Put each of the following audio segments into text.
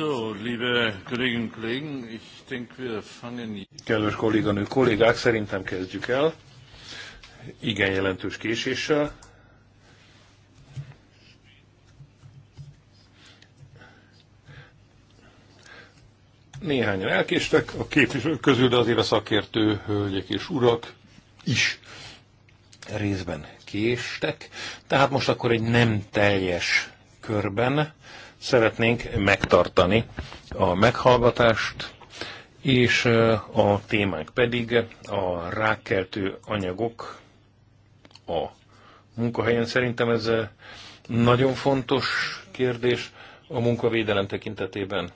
So, liebe Kolleginnen und Kollegen, ich denke, wir fangen... Kedves kolléganő kollégák, szerintem kezdjük el. Igen jelentős késéssel. Néhányan elkéstek a képviselők közül, de azért a szakértő hölgyek és urak is részben késtek. Tehát most akkor egy nem teljes körben Szeretnénk megtartani a meghallgatást, és a témánk pedig a rákkeltő anyagok a munkahelyen. Szerintem ez nagyon fontos kérdés a munkavédelem tekintetében.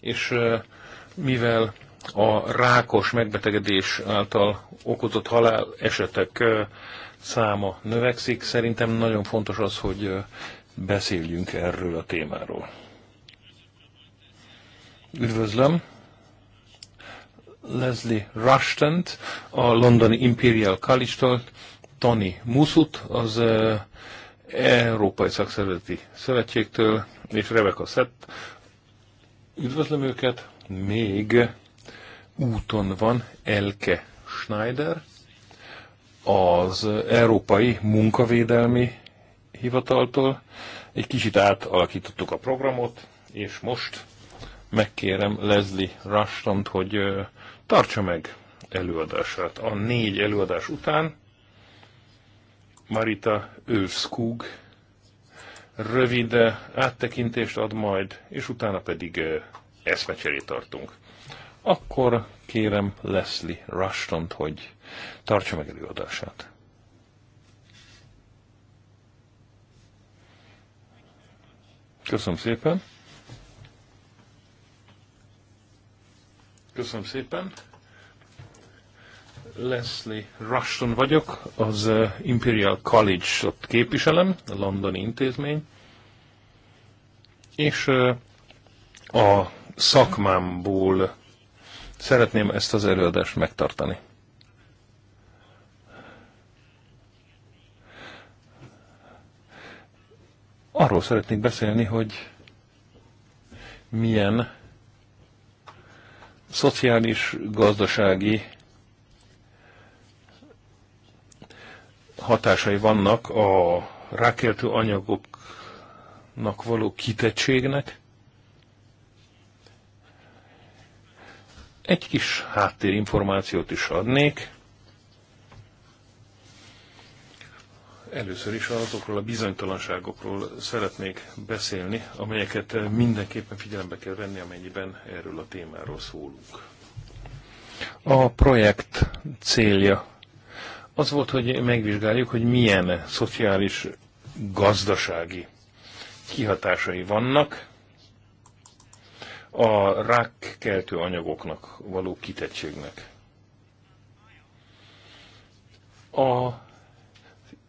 És mivel a rákos megbetegedés által okozott halálesetek száma növekszik. Szerintem nagyon fontos az, hogy beszéljünk erről a témáról. Üdvözlöm Leslie rushton a londoni Imperial College-tól, Tony Musut az Európai Szakszervezeti Szövetségtől, és Rebecca Szett. Üdvözlöm őket, még úton van Elke Schneider, az Európai Munkavédelmi Hivataltól. Egy kicsit átalakítottuk a programot, és most megkérem Leslie Rastont, hogy tartsa meg előadását. A négy előadás után Marita Őszkúg rövid áttekintést ad majd, és utána pedig eszmecserét tartunk. Akkor kérem Leslie Rushtont, hogy Tartsa meg előadását. Köszönöm szépen. Köszönöm szépen. Leslie Rushton vagyok, az Imperial college ott képviselem, a londoni intézmény, és a szakmámból szeretném ezt az előadást megtartani. Arról szeretnék beszélni, hogy milyen szociális, gazdasági hatásai vannak a rákeltő anyagoknak való kitettségnek. Egy kis háttérinformációt is adnék. Először is azokról a bizonytalanságokról szeretnék beszélni, amelyeket mindenképpen figyelembe kell venni, amennyiben erről a témáról szólunk. A projekt célja az volt, hogy megvizsgáljuk, hogy milyen szociális, gazdasági kihatásai vannak a rákkeltő anyagoknak való kitettségnek. A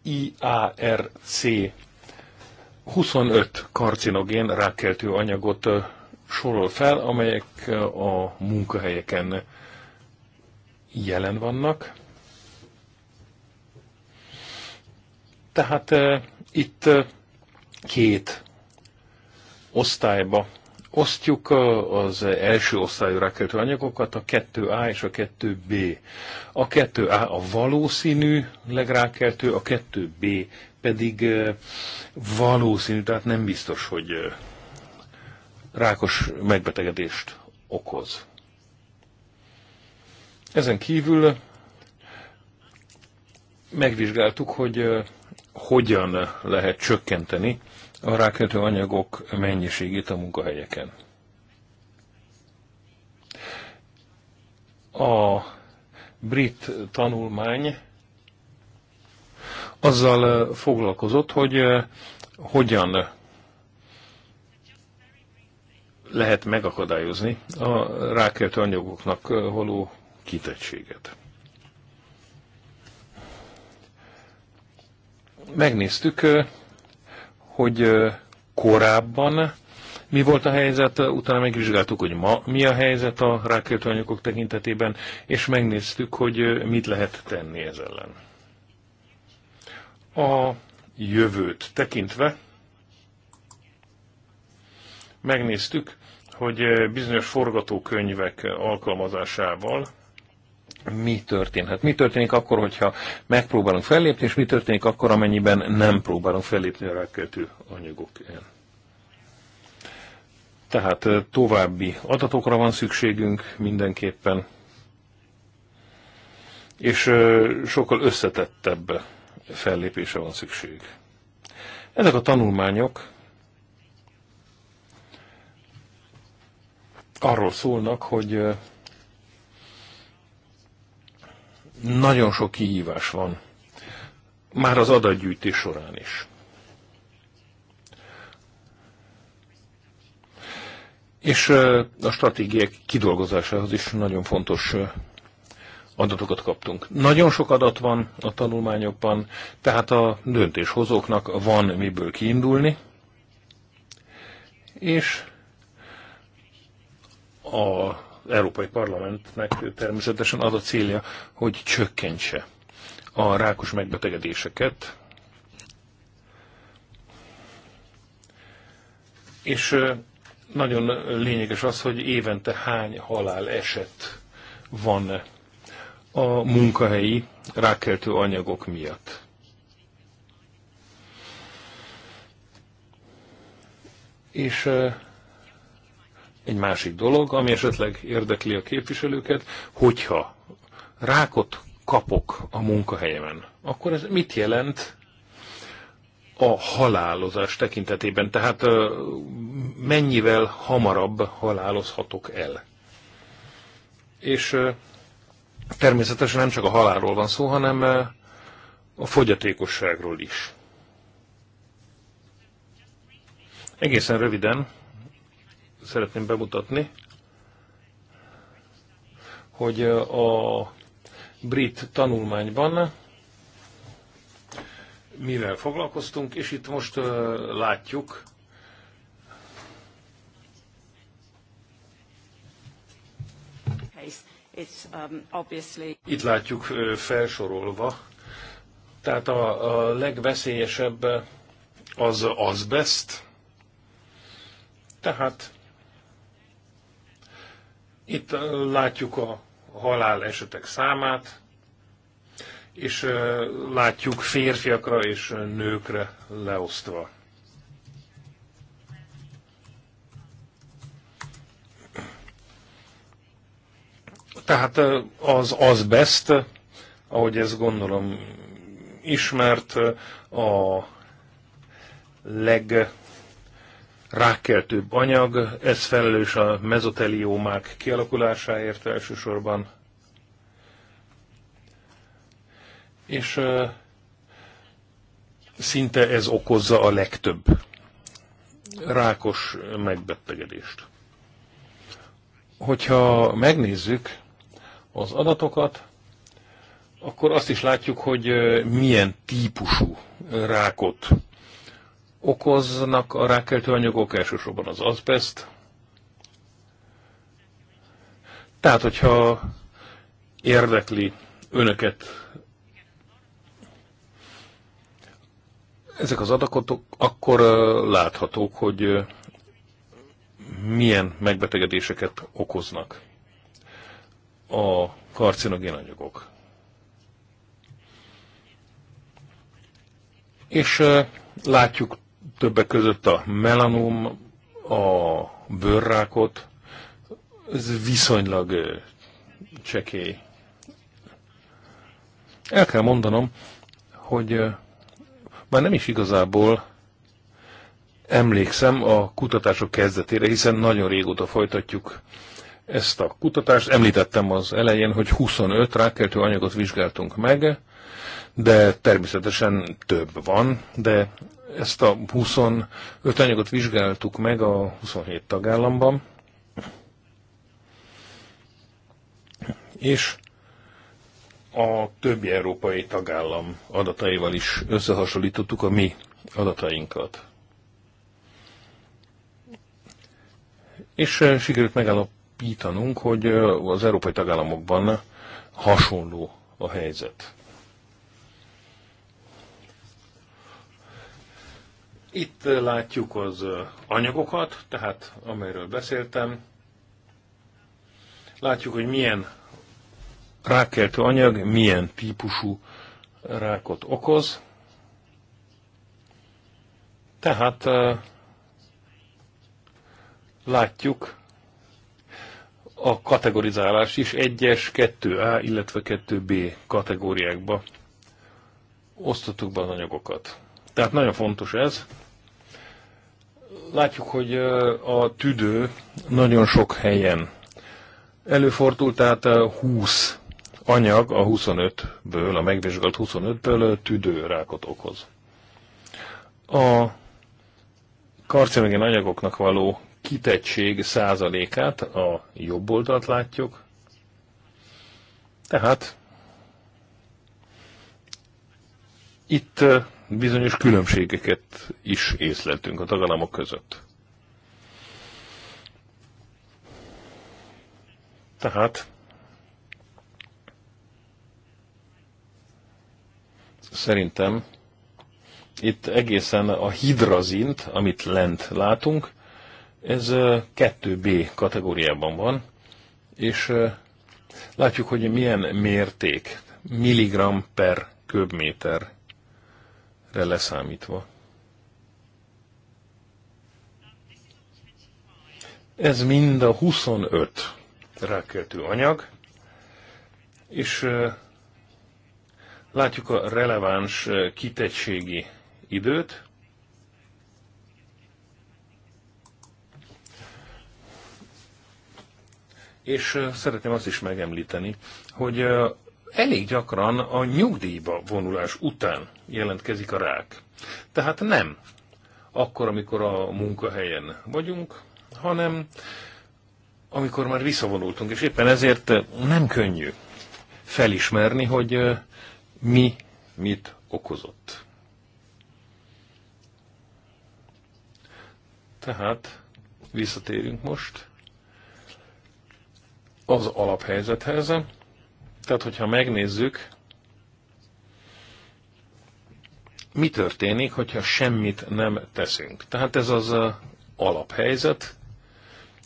IARC 25 karcinogén rákeltő anyagot sorol fel, amelyek a munkahelyeken jelen vannak. Tehát itt két osztályba osztjuk az első osztályú rákkeltő anyagokat, a 2A és a 2B. A 2A a valószínű legrákeltő, a 2B pedig valószínű, tehát nem biztos, hogy rákos megbetegedést okoz. Ezen kívül megvizsgáltuk, hogy hogyan lehet csökkenteni a rákötő anyagok mennyiségét a munkahelyeken. A brit tanulmány azzal eh, foglalkozott, hogy eh, hogyan lehet megakadályozni a rákeltő anyagoknak eh, való kitettséget. megnéztük, hogy korábban mi volt a helyzet, utána megvizsgáltuk, hogy ma mi a helyzet a rákkeltő anyagok tekintetében, és megnéztük, hogy mit lehet tenni ez ellen. A jövőt tekintve megnéztük, hogy bizonyos forgatókönyvek alkalmazásával mi történhet. Mi történik akkor, hogyha megpróbálunk fellépni, és mi történik akkor, amennyiben nem próbálunk fellépni a rákkeltő anyagok Tehát további adatokra van szükségünk mindenképpen, és sokkal összetettebb fellépése van szükség. Ezek a tanulmányok arról szólnak, hogy nagyon sok kihívás van. Már az adatgyűjtés során is. És a stratégiák kidolgozásához is nagyon fontos adatokat kaptunk. Nagyon sok adat van a tanulmányokban, tehát a döntéshozóknak van miből kiindulni, és a Európai Parlamentnek természetesen az a célja, hogy csökkentse a rákos megbetegedéseket, és nagyon lényeges az, hogy évente hány halál eset van a munkahelyi rákeltő anyagok miatt. És egy másik dolog, ami esetleg érdekli a képviselőket, hogyha rákot kapok a munkahelyemen, akkor ez mit jelent a halálozás tekintetében? Tehát mennyivel hamarabb halálozhatok el? És természetesen nem csak a halálról van szó, hanem a fogyatékosságról is. Egészen röviden szeretném bemutatni, hogy a brit tanulmányban mivel foglalkoztunk, és itt most látjuk, um, Itt látjuk felsorolva, tehát a, a legveszélyesebb az azbest, tehát itt látjuk a halál esetek számát, és látjuk férfiakra és nőkre leosztva. Tehát az azbest, ahogy ezt gondolom ismert, a leg rákkeltőbb anyag, ez felelős a mezoteliómák kialakulásáért elsősorban. És uh, szinte ez okozza a legtöbb rákos megbetegedést. Hogyha megnézzük az adatokat, akkor azt is látjuk, hogy milyen típusú rákot okoznak a rákeltő anyagok, elsősorban az azbest. Tehát, hogyha érdekli önöket ezek az adatok, akkor láthatók, hogy milyen megbetegedéseket okoznak a karcinogén anyagok. És látjuk többek között a melanom, a bőrrákot, ez viszonylag csekély. El kell mondanom, hogy már nem is igazából emlékszem a kutatások kezdetére, hiszen nagyon régóta folytatjuk ezt a kutatást. Említettem az elején, hogy 25 rákkeltő anyagot vizsgáltunk meg, de természetesen több van, de ezt a 25 anyagot vizsgáltuk meg a 27 tagállamban, és a többi európai tagállam adataival is összehasonlítottuk a mi adatainkat. És eh, sikerült megállapítanunk, hogy eh, az európai tagállamokban hasonló a helyzet. Itt eh, látjuk az eh, anyagokat, tehát amelyről beszéltem. Látjuk, hogy milyen rákkeltő anyag milyen típusú rákot okoz. Tehát eh, látjuk a kategorizálás is 1-es, 2A, illetve 2B kategóriákba osztottuk be az anyagokat. Tehát nagyon fontos ez látjuk, hogy a tüdő nagyon sok helyen előfordult, tehát 20 anyag a 25-ből, a megvizsgált 25-ből tüdőrákot okoz. A karcinogén anyagoknak való kitettség százalékát a jobb oldalt látjuk, tehát itt bizonyos különbségeket is észleltünk a tagállamok között. Tehát szerintem itt egészen a hidrazint, amit lent látunk, ez 2B kategóriában van, és látjuk, hogy milyen mérték, milligram per köbméter re leszámítva. Ez mind a 25 rákkeltő anyag, és látjuk a releváns kitettségi időt. És szeretném azt is megemlíteni, hogy elég gyakran a nyugdíjba vonulás után jelentkezik a rák. Tehát nem akkor, amikor a munkahelyen vagyunk, hanem amikor már visszavonultunk, és éppen ezért eh, nem könnyű felismerni, hogy eh, mi mit okozott. Tehát visszatérünk most az alaphelyzethez. Tehát, hogyha megnézzük, mi történik, hogyha semmit nem teszünk. Tehát ez az alaphelyzet,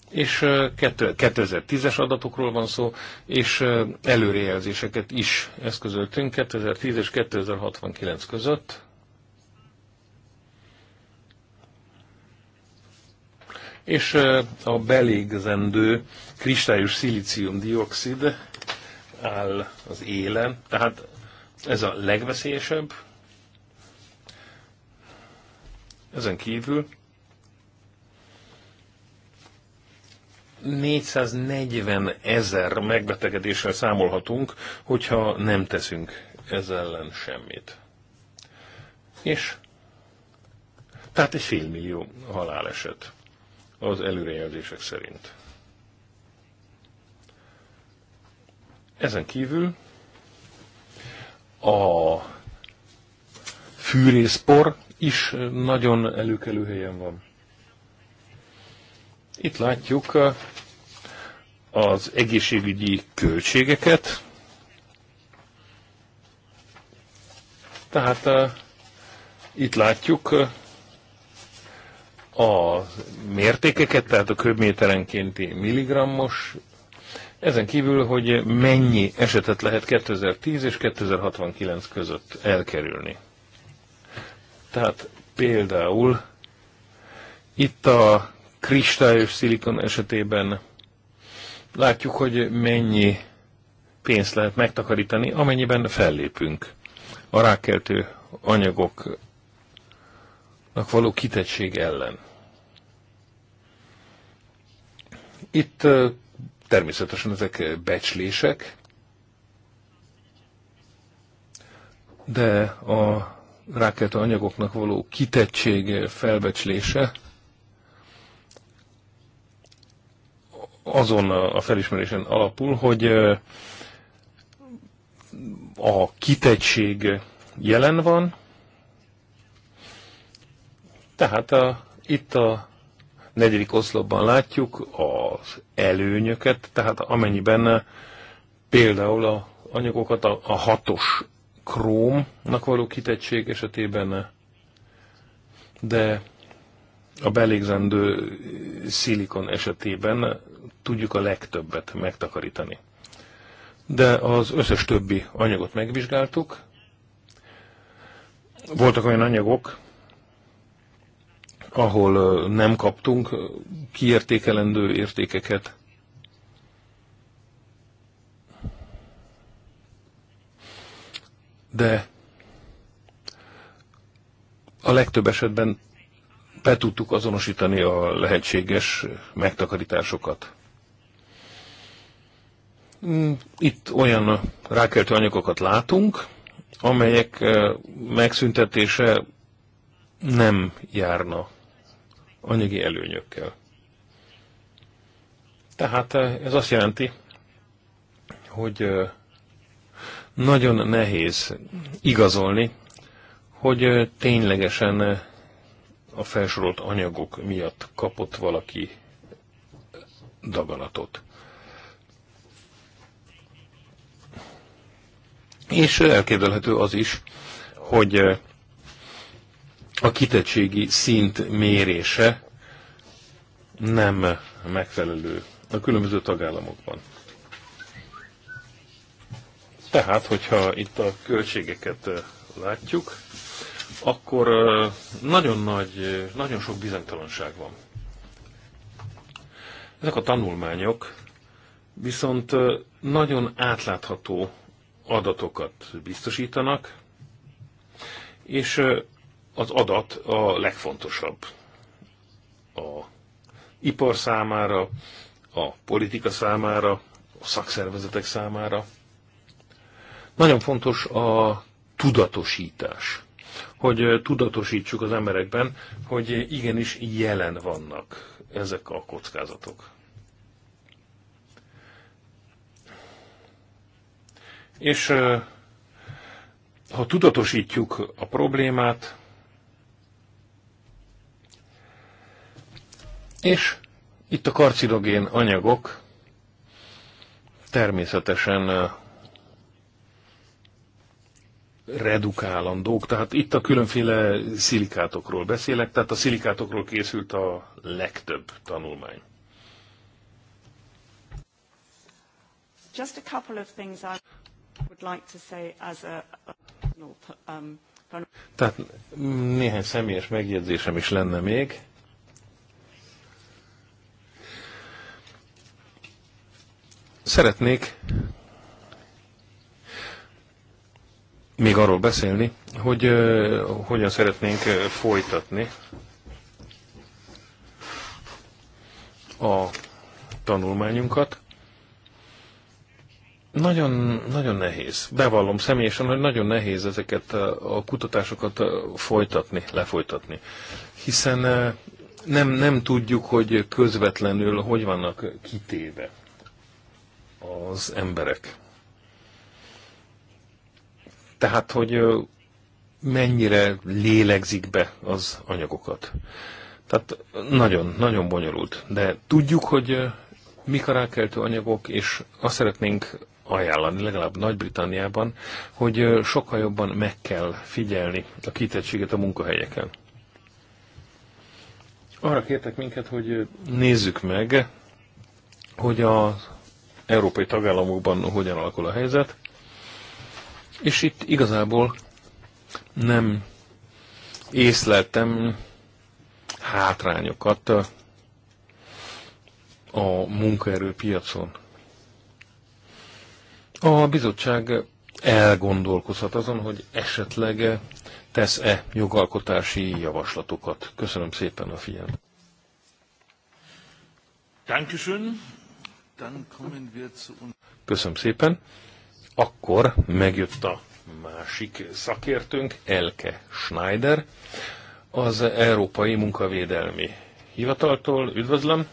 és 2010-es adatokról van szó, és előrejelzéseket is eszközöltünk 2010 és 2069 között. És a belégzendő kristályos szilícium-dioxid áll az élen, tehát ez a legveszélyesebb. Ezen kívül 440 ezer megbetegedéssel számolhatunk, hogyha nem teszünk ez ellen semmit. És tehát egy félmillió haláleset az előrejelzések szerint. Ezen kívül a fűrészpor is nagyon előkelő helyen van. Itt látjuk az egészségügyi költségeket, tehát eh, itt látjuk eh, a mértékeket, tehát a köbméterenkénti milligrammos ezen kívül, hogy mennyi esetet lehet 2010 és 2069 között elkerülni. Tehát például itt a kristályos szilikon esetében látjuk, hogy mennyi pénzt lehet megtakarítani, amennyiben fellépünk. A rákeltő anyagoknak való kitettség ellen. Itt Természetesen ezek becslések, de a rákeltő anyagoknak való kitettség felbecslése azon a felismerésen alapul, hogy a kitettség jelen van, tehát a, itt a negyedik oszlopban látjuk az előnyöket, tehát amennyiben például a anyagokat a, a hatos krómnak való kitettség esetében, de a belégzendő szilikon esetében tudjuk a legtöbbet megtakarítani. De az összes többi anyagot megvizsgáltuk. Voltak olyan anyagok, ahol nem kaptunk kiértékelendő értékeket. De a legtöbb esetben be tudtuk azonosítani a lehetséges megtakarításokat. Mm, itt olyan rákeltő anyagokat látunk, amelyek megszüntetése nem járna anyagi előnyökkel. Tehát eh, ez azt jelenti, hogy eh, nagyon nehéz igazolni, hogy eh, ténylegesen a felsorolt anyagok miatt kapott valaki daganatot. És elképzelhető az is, hogy a kitettségi szint mérése nem megfelelő a különböző tagállamokban. Tehát, hogyha itt a költségeket látjuk, akkor nagyon nagy, nagyon sok bizonytalanság van. Ezek a tanulmányok viszont nagyon átlátható adatokat biztosítanak, és az adat a legfontosabb. A ipar számára, a politika számára, a szakszervezetek számára. Nagyon fontos a tudatosítás. Hogy tudatosítsuk az emberekben, hogy igenis jelen vannak ezek a kockázatok. És ha tudatosítjuk a problémát, És itt a karcinogén anyagok természetesen redukálandók, tehát itt a különféle szilikátokról beszélek, tehát a szilikátokról készült a legtöbb tanulmány. Just a couple of things I would like to say as a, um, tehát néhány személyes megjegyzésem is lenne még. Szeretnék még arról beszélni, hogy uh, hogyan szeretnénk folytatni a tanulmányunkat. Nagyon, nagyon nehéz. Bevallom személyesen, hogy nagyon nehéz ezeket a kutatásokat folytatni, lefolytatni. Hiszen nem, nem tudjuk, hogy közvetlenül hogy vannak kitéve az emberek. Tehát, hogy mennyire lélegzik be az anyagokat. Tehát nagyon, nagyon bonyolult. De tudjuk, hogy mik a rákeltő anyagok, és azt szeretnénk ajánlani, legalább Nagy-Britanniában, hogy sokkal jobban meg kell figyelni a kitettséget a munkahelyeken. Arra kértek minket, hogy nézzük meg, hogy az európai tagállamokban hogyan alakul a helyzet. És itt igazából nem észleltem hátrányokat a munkaerőpiacon. A bizottság elgondolkozhat azon, hogy esetleg tesz-e jogalkotási javaslatokat. Köszönöm szépen a figyelmet. Köszönöm szépen. Akkor megjött a másik szakértőnk, Elke Schneider, az Európai Munkavédelmi Hivataltól. Üdvözlöm,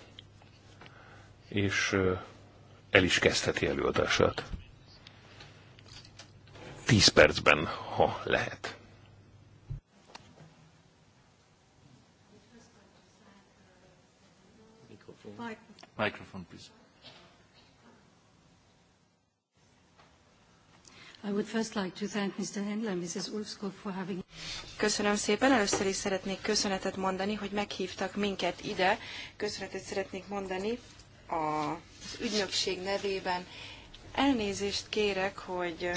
és el is kezdheti előadását. Tíz percben, ha lehet. Mikrofon, please. Köszönöm szépen. Először is szeretnék köszönetet mondani, hogy meghívtak minket ide. Köszönetet szeretnék mondani az ügynökség nevében. Elnézést kérek, hogy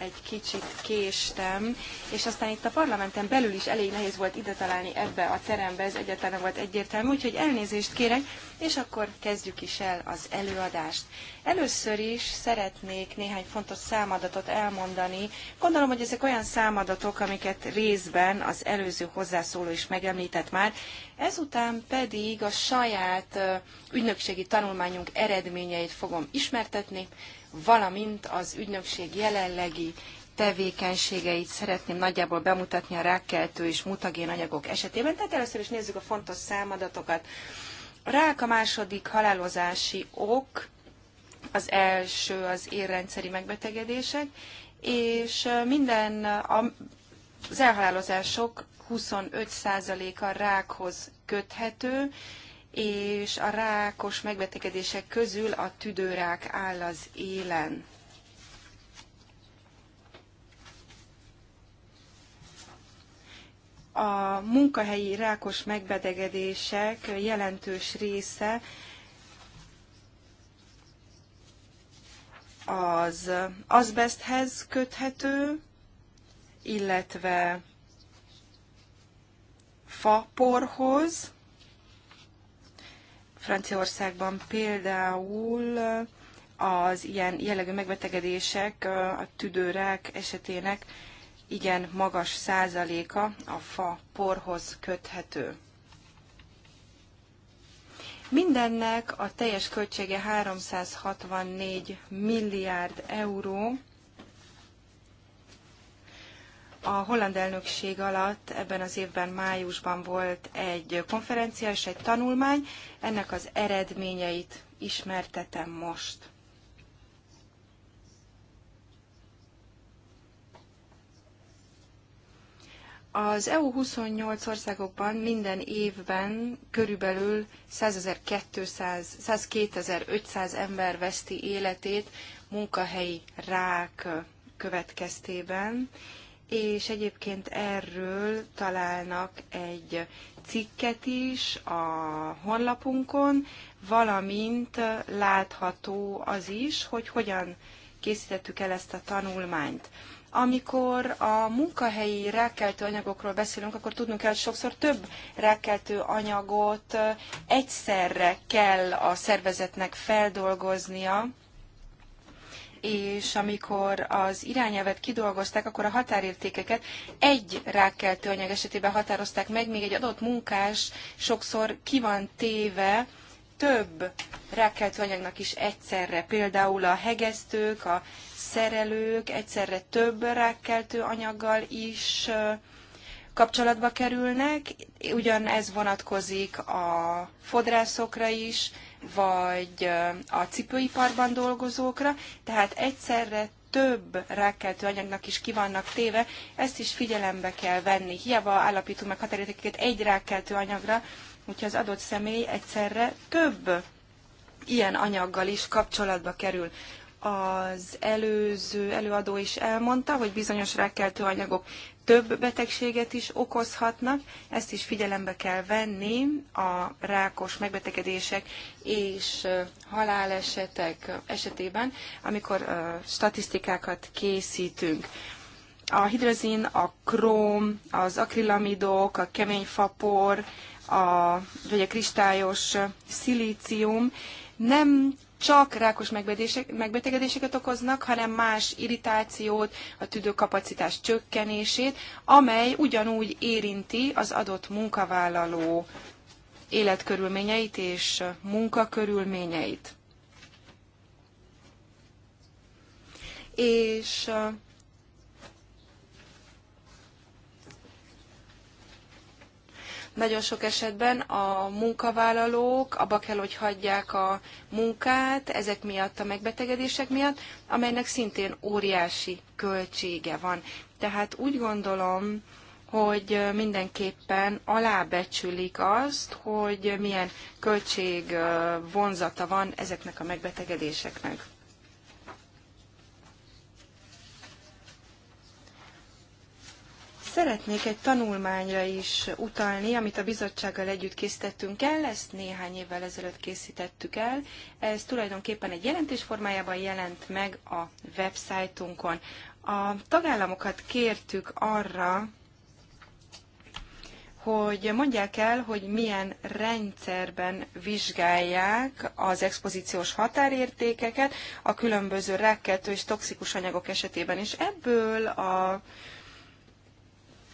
egy kicsit késtem, és aztán itt a parlamenten belül is elég nehéz volt ide találni ebbe a terembe, ez egyáltalán volt egyértelmű, úgyhogy elnézést kérek, és akkor kezdjük is el az előadást. Először is szeretnék néhány fontos számadatot elmondani. Gondolom, hogy ezek olyan számadatok, amiket részben az előző hozzászóló is megemlített már. Ezután pedig a saját ügynökségi tanulmányunk eredményeit fogom ismertetni, valamint az ügynökség jelenlegi tevékenységeit szeretném nagyjából bemutatni a rákkeltő és mutagén anyagok esetében. Tehát először is nézzük a fontos számadatokat. A rák a második halálozási ok, az első az érrendszeri megbetegedések, és minden az elhalálozások 25%-a rákhoz köthető, és a rákos megbetegedések közül a tüdőrák áll az élen. A munkahelyi rákos megbetegedések jelentős része az azbeszthez köthető, illetve faporhoz, Franciaországban például az ilyen jellegű megbetegedések a tüdőrák esetének igen magas százaléka a fa porhoz köthető. Mindennek a teljes költsége 364 milliárd euró, a holland elnökség alatt ebben az évben májusban volt egy konferencia és egy tanulmány, ennek az eredményeit ismertetem most. Az EU 28 országokban minden évben körülbelül 102.500 ember veszti életét munkahelyi rák következtében, és egyébként erről találnak egy cikket is a honlapunkon, valamint látható az is, hogy hogyan készítettük el ezt a tanulmányt. Amikor a munkahelyi rákkeltő anyagokról beszélünk, akkor tudnunk kell, hogy sokszor több rákkeltő anyagot egyszerre kell a szervezetnek feldolgoznia, és amikor az irányelvet kidolgozták, akkor a határértékeket egy rákkeltő anyag esetében határozták meg, még egy adott munkás sokszor ki van téve több rákkeltő anyagnak is egyszerre, például a hegesztők, a szerelők egyszerre több rákkeltő anyaggal is kapcsolatba kerülnek, ugyanez vonatkozik a fodrászokra is, vagy a cipőiparban dolgozókra, tehát egyszerre több rákkeltő anyagnak is ki vannak téve, ezt is figyelembe kell venni. Hiába állapítunk meg határértékeket egy rákkeltő anyagra, hogyha az adott személy egyszerre több ilyen anyaggal is kapcsolatba kerül az előző előadó is elmondta, hogy bizonyos rákkeltő anyagok több betegséget is okozhatnak, ezt is figyelembe kell venni a rákos megbetegedések és halálesetek esetében, amikor statisztikákat készítünk. A hidrazin, a króm, az akrilamidok, a kemény fapor, a, vagy a kristályos szilícium nem csak rákos megbetegedéseket okoznak, hanem más irritációt, a tüdőkapacitás csökkenését, amely ugyanúgy érinti az adott munkavállaló életkörülményeit és munkakörülményeit. És Nagyon sok esetben a munkavállalók abba kell, hogy hagyják a munkát ezek miatt, a megbetegedések miatt, amelynek szintén óriási költsége van. Tehát úgy gondolom, hogy mindenképpen alábecsülik azt, hogy milyen költség vonzata van ezeknek a megbetegedéseknek. Szeretnék egy tanulmányra is utalni, amit a bizottsággal együtt készítettünk el, ezt néhány évvel ezelőtt készítettük el. Ez tulajdonképpen egy jelentés formájában jelent meg a websájtunkon. A tagállamokat kértük arra, hogy mondják el, hogy milyen rendszerben vizsgálják az expozíciós határértékeket a különböző rákkeltő és toxikus anyagok esetében. És ebből a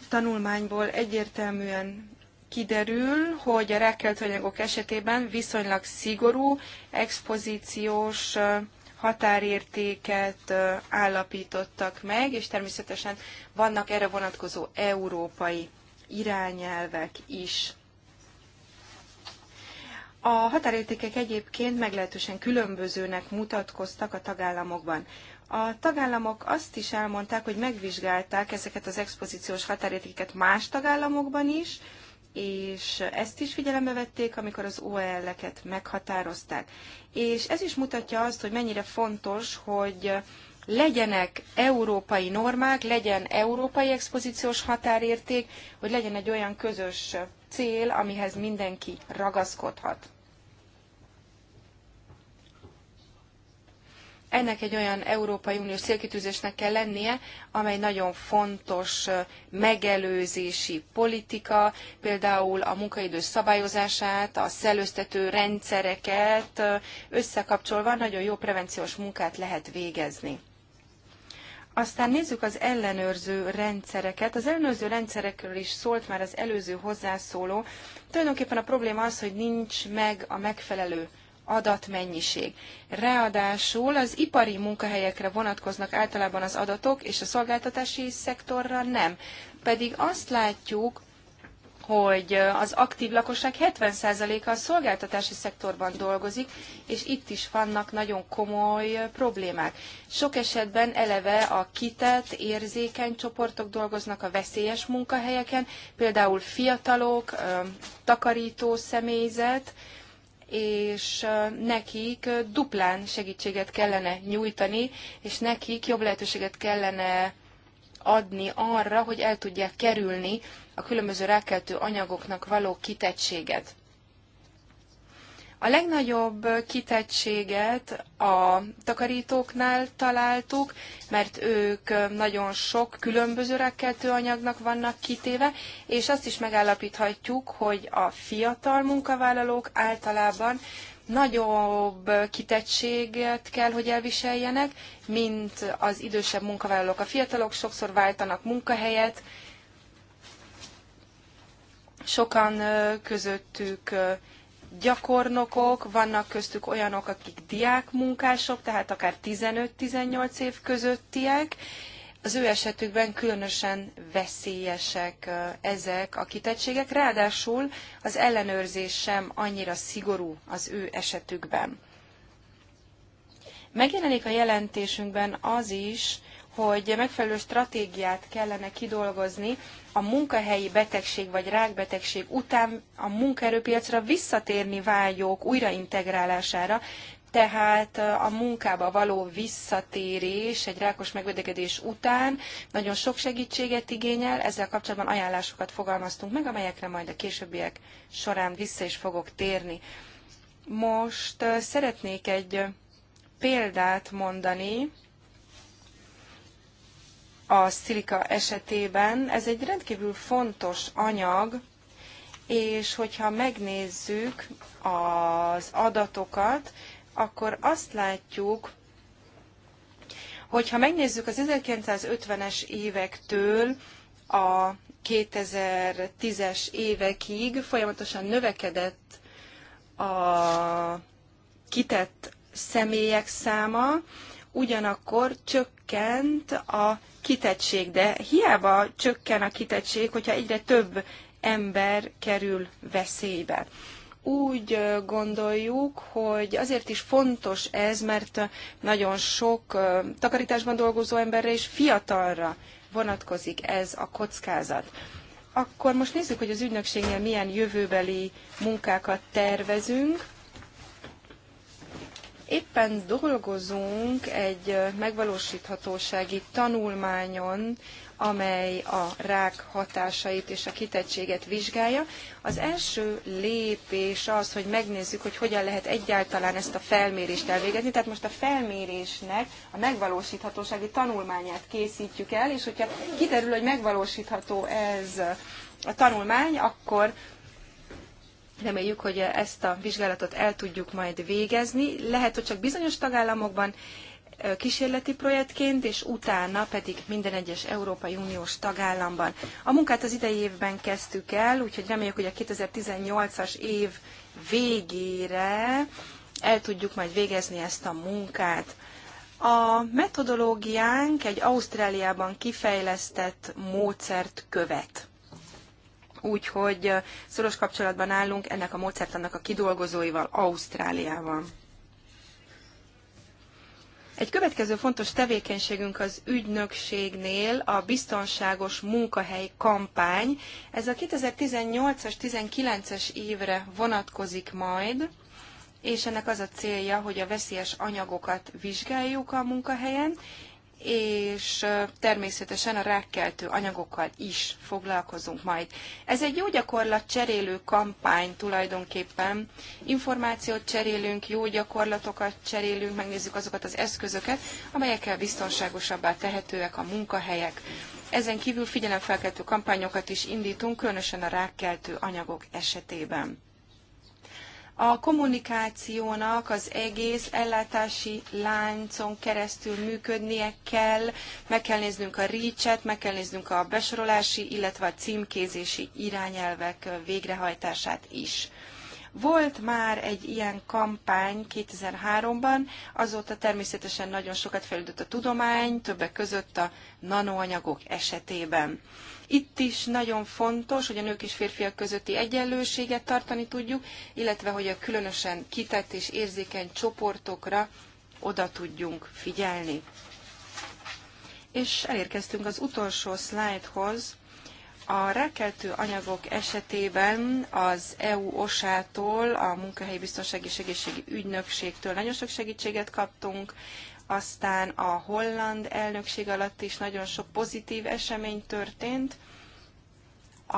tanulmányból egyértelműen kiderül, hogy a rákkeltő anyagok esetében viszonylag szigorú expozíciós határértéket állapítottak meg, és természetesen vannak erre vonatkozó európai irányelvek is. A határértékek egyébként meglehetősen különbözőnek mutatkoztak a tagállamokban. A tagállamok azt is elmondták, hogy megvizsgálták ezeket az expozíciós határértékeket más tagállamokban is, és ezt is figyelembe vették, amikor az OEL-eket meghatározták. És ez is mutatja azt, hogy mennyire fontos, hogy legyenek európai normák, legyen európai expozíciós határérték, hogy legyen egy olyan közös cél, amihez mindenki ragaszkodhat. ennek egy olyan Európai Uniós célkitűzésnek kell lennie, amely nagyon fontos megelőzési politika, például a munkaidő szabályozását, a szellőztető rendszereket összekapcsolva nagyon jó prevenciós munkát lehet végezni. Aztán nézzük az ellenőrző rendszereket. Az ellenőrző rendszerekről is szólt már az előző hozzászóló. Tulajdonképpen a probléma az, hogy nincs meg a megfelelő adatmennyiség. Ráadásul az ipari munkahelyekre vonatkoznak általában az adatok, és a szolgáltatási szektorra nem. Pedig azt látjuk, hogy az aktív lakosság 70%-a a szolgáltatási szektorban dolgozik, és itt is vannak nagyon komoly problémák. Sok esetben eleve a kitett, érzékeny csoportok dolgoznak a veszélyes munkahelyeken, például fiatalok, takarító személyzet, és nekik duplán segítséget kellene nyújtani, és nekik jobb lehetőséget kellene adni arra, hogy el tudják kerülni a különböző rákeltő anyagoknak való kitettséget. A legnagyobb kitettséget a takarítóknál találtuk, mert ők nagyon sok különböző anyagnak vannak kitéve, és azt is megállapíthatjuk, hogy a fiatal munkavállalók általában nagyobb kitettséget kell, hogy elviseljenek, mint az idősebb munkavállalók. A fiatalok sokszor váltanak munkahelyet, sokan közöttük gyakornokok, vannak köztük olyanok, akik diákmunkások, tehát akár 15-18 év közöttiek. Az ő esetükben különösen veszélyesek ezek a kitettségek, ráadásul az ellenőrzés sem annyira szigorú az ő esetükben. Megjelenik a jelentésünkben az is, hogy megfelelő stratégiát kellene kidolgozni a munkahelyi betegség vagy rákbetegség után a munkaerőpiacra visszatérni vágyók újraintegrálására, tehát a munkába való visszatérés egy rákos megbetegedés után nagyon sok segítséget igényel, ezzel kapcsolatban ajánlásokat fogalmaztunk meg, amelyekre majd a későbbiek során vissza is fogok térni. Most szeretnék egy példát mondani, a szilika esetében. Ez egy rendkívül fontos anyag, és hogyha megnézzük az adatokat, akkor azt látjuk, hogyha megnézzük az 1950-es évektől a 2010-es évekig folyamatosan növekedett a kitett személyek száma, ugyanakkor csökkent csökkent a kitettség, de hiába csökken a kitettség, hogyha egyre több ember kerül veszélybe. Úgy gondoljuk, hogy azért is fontos ez, mert nagyon sok takarításban dolgozó emberre és fiatalra vonatkozik ez a kockázat. Akkor most nézzük, hogy az ügynökségnél milyen jövőbeli munkákat tervezünk Éppen dolgozunk egy megvalósíthatósági tanulmányon, amely a rák hatásait és a kitettséget vizsgálja. Az első lépés az, hogy megnézzük, hogy hogyan lehet egyáltalán ezt a felmérést elvégezni. Tehát most a felmérésnek a megvalósíthatósági tanulmányát készítjük el, és hogyha kiderül, hogy megvalósítható ez a tanulmány, akkor Reméljük, hogy ezt a vizsgálatot el tudjuk majd végezni. Lehet, hogy csak bizonyos tagállamokban kísérleti projektként, és utána pedig minden egyes Európai Uniós tagállamban. A munkát az idei évben kezdtük el, úgyhogy reméljük, hogy a 2018-as év végére el tudjuk majd végezni ezt a munkát. A metodológiánk egy Ausztráliában kifejlesztett módszert követ. Úgyhogy szoros kapcsolatban állunk ennek a módszertannak a kidolgozóival, Ausztráliával. Egy következő fontos tevékenységünk az ügynökségnél a biztonságos munkahely kampány. Ez a 2018-as, 19-es évre vonatkozik majd, és ennek az a célja, hogy a veszélyes anyagokat vizsgáljuk a munkahelyen, és természetesen a rákkeltő anyagokkal is foglalkozunk majd. Ez egy jó gyakorlat cserélő kampány tulajdonképpen. Információt cserélünk, jó gyakorlatokat cserélünk, megnézzük azokat az eszközöket, amelyekkel biztonságosabbá tehetőek a munkahelyek. Ezen kívül figyelemfelkeltő kampányokat is indítunk, különösen a rákkeltő anyagok esetében a kommunikációnak az egész ellátási láncon keresztül működnie kell, meg kell néznünk a reach meg kell néznünk a besorolási, illetve a címkézési irányelvek végrehajtását is. Volt már egy ilyen kampány 2003-ban, azóta természetesen nagyon sokat fejlődött a tudomány, többek között a nanoanyagok esetében. Itt is nagyon fontos, hogy a nők és férfiak közötti egyenlőséget tartani tudjuk, illetve hogy a különösen kitett és érzékeny csoportokra oda tudjunk figyelni. És elérkeztünk az utolsó szlájdhoz. A rákeltő anyagok esetében az EU osától, a Munkahelyi Biztonsági és Egészségi Ügynökségtől nagyon sok segítséget kaptunk, aztán a holland elnökség alatt is nagyon sok pozitív esemény történt. A,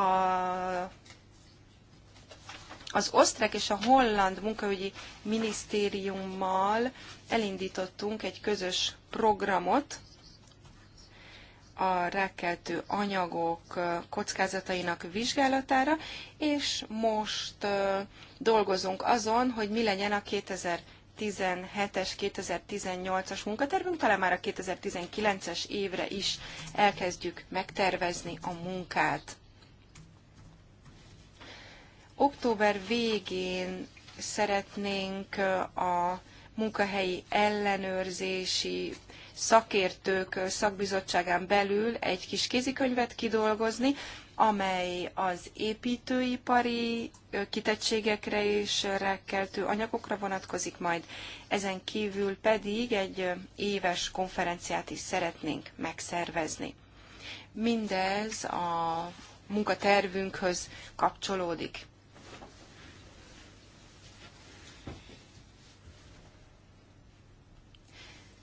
az osztrák és a holland munkaügyi minisztériummal elindítottunk egy közös programot a rákeltő anyagok kockázatainak vizsgálatára, és most dolgozunk azon, hogy mi legyen a 2000 2017-es, 2018-as munkatervünk, talán már a 2019-es évre is elkezdjük megtervezni a munkát. Október végén szeretnénk a munkahelyi ellenőrzési szakértők szakbizottságán belül egy kis kézikönyvet kidolgozni, amely az építőipari kitettségekre és rákkeltő anyagokra vonatkozik majd. Ezen kívül pedig egy éves konferenciát is szeretnénk megszervezni. Mindez a munkatervünkhöz kapcsolódik.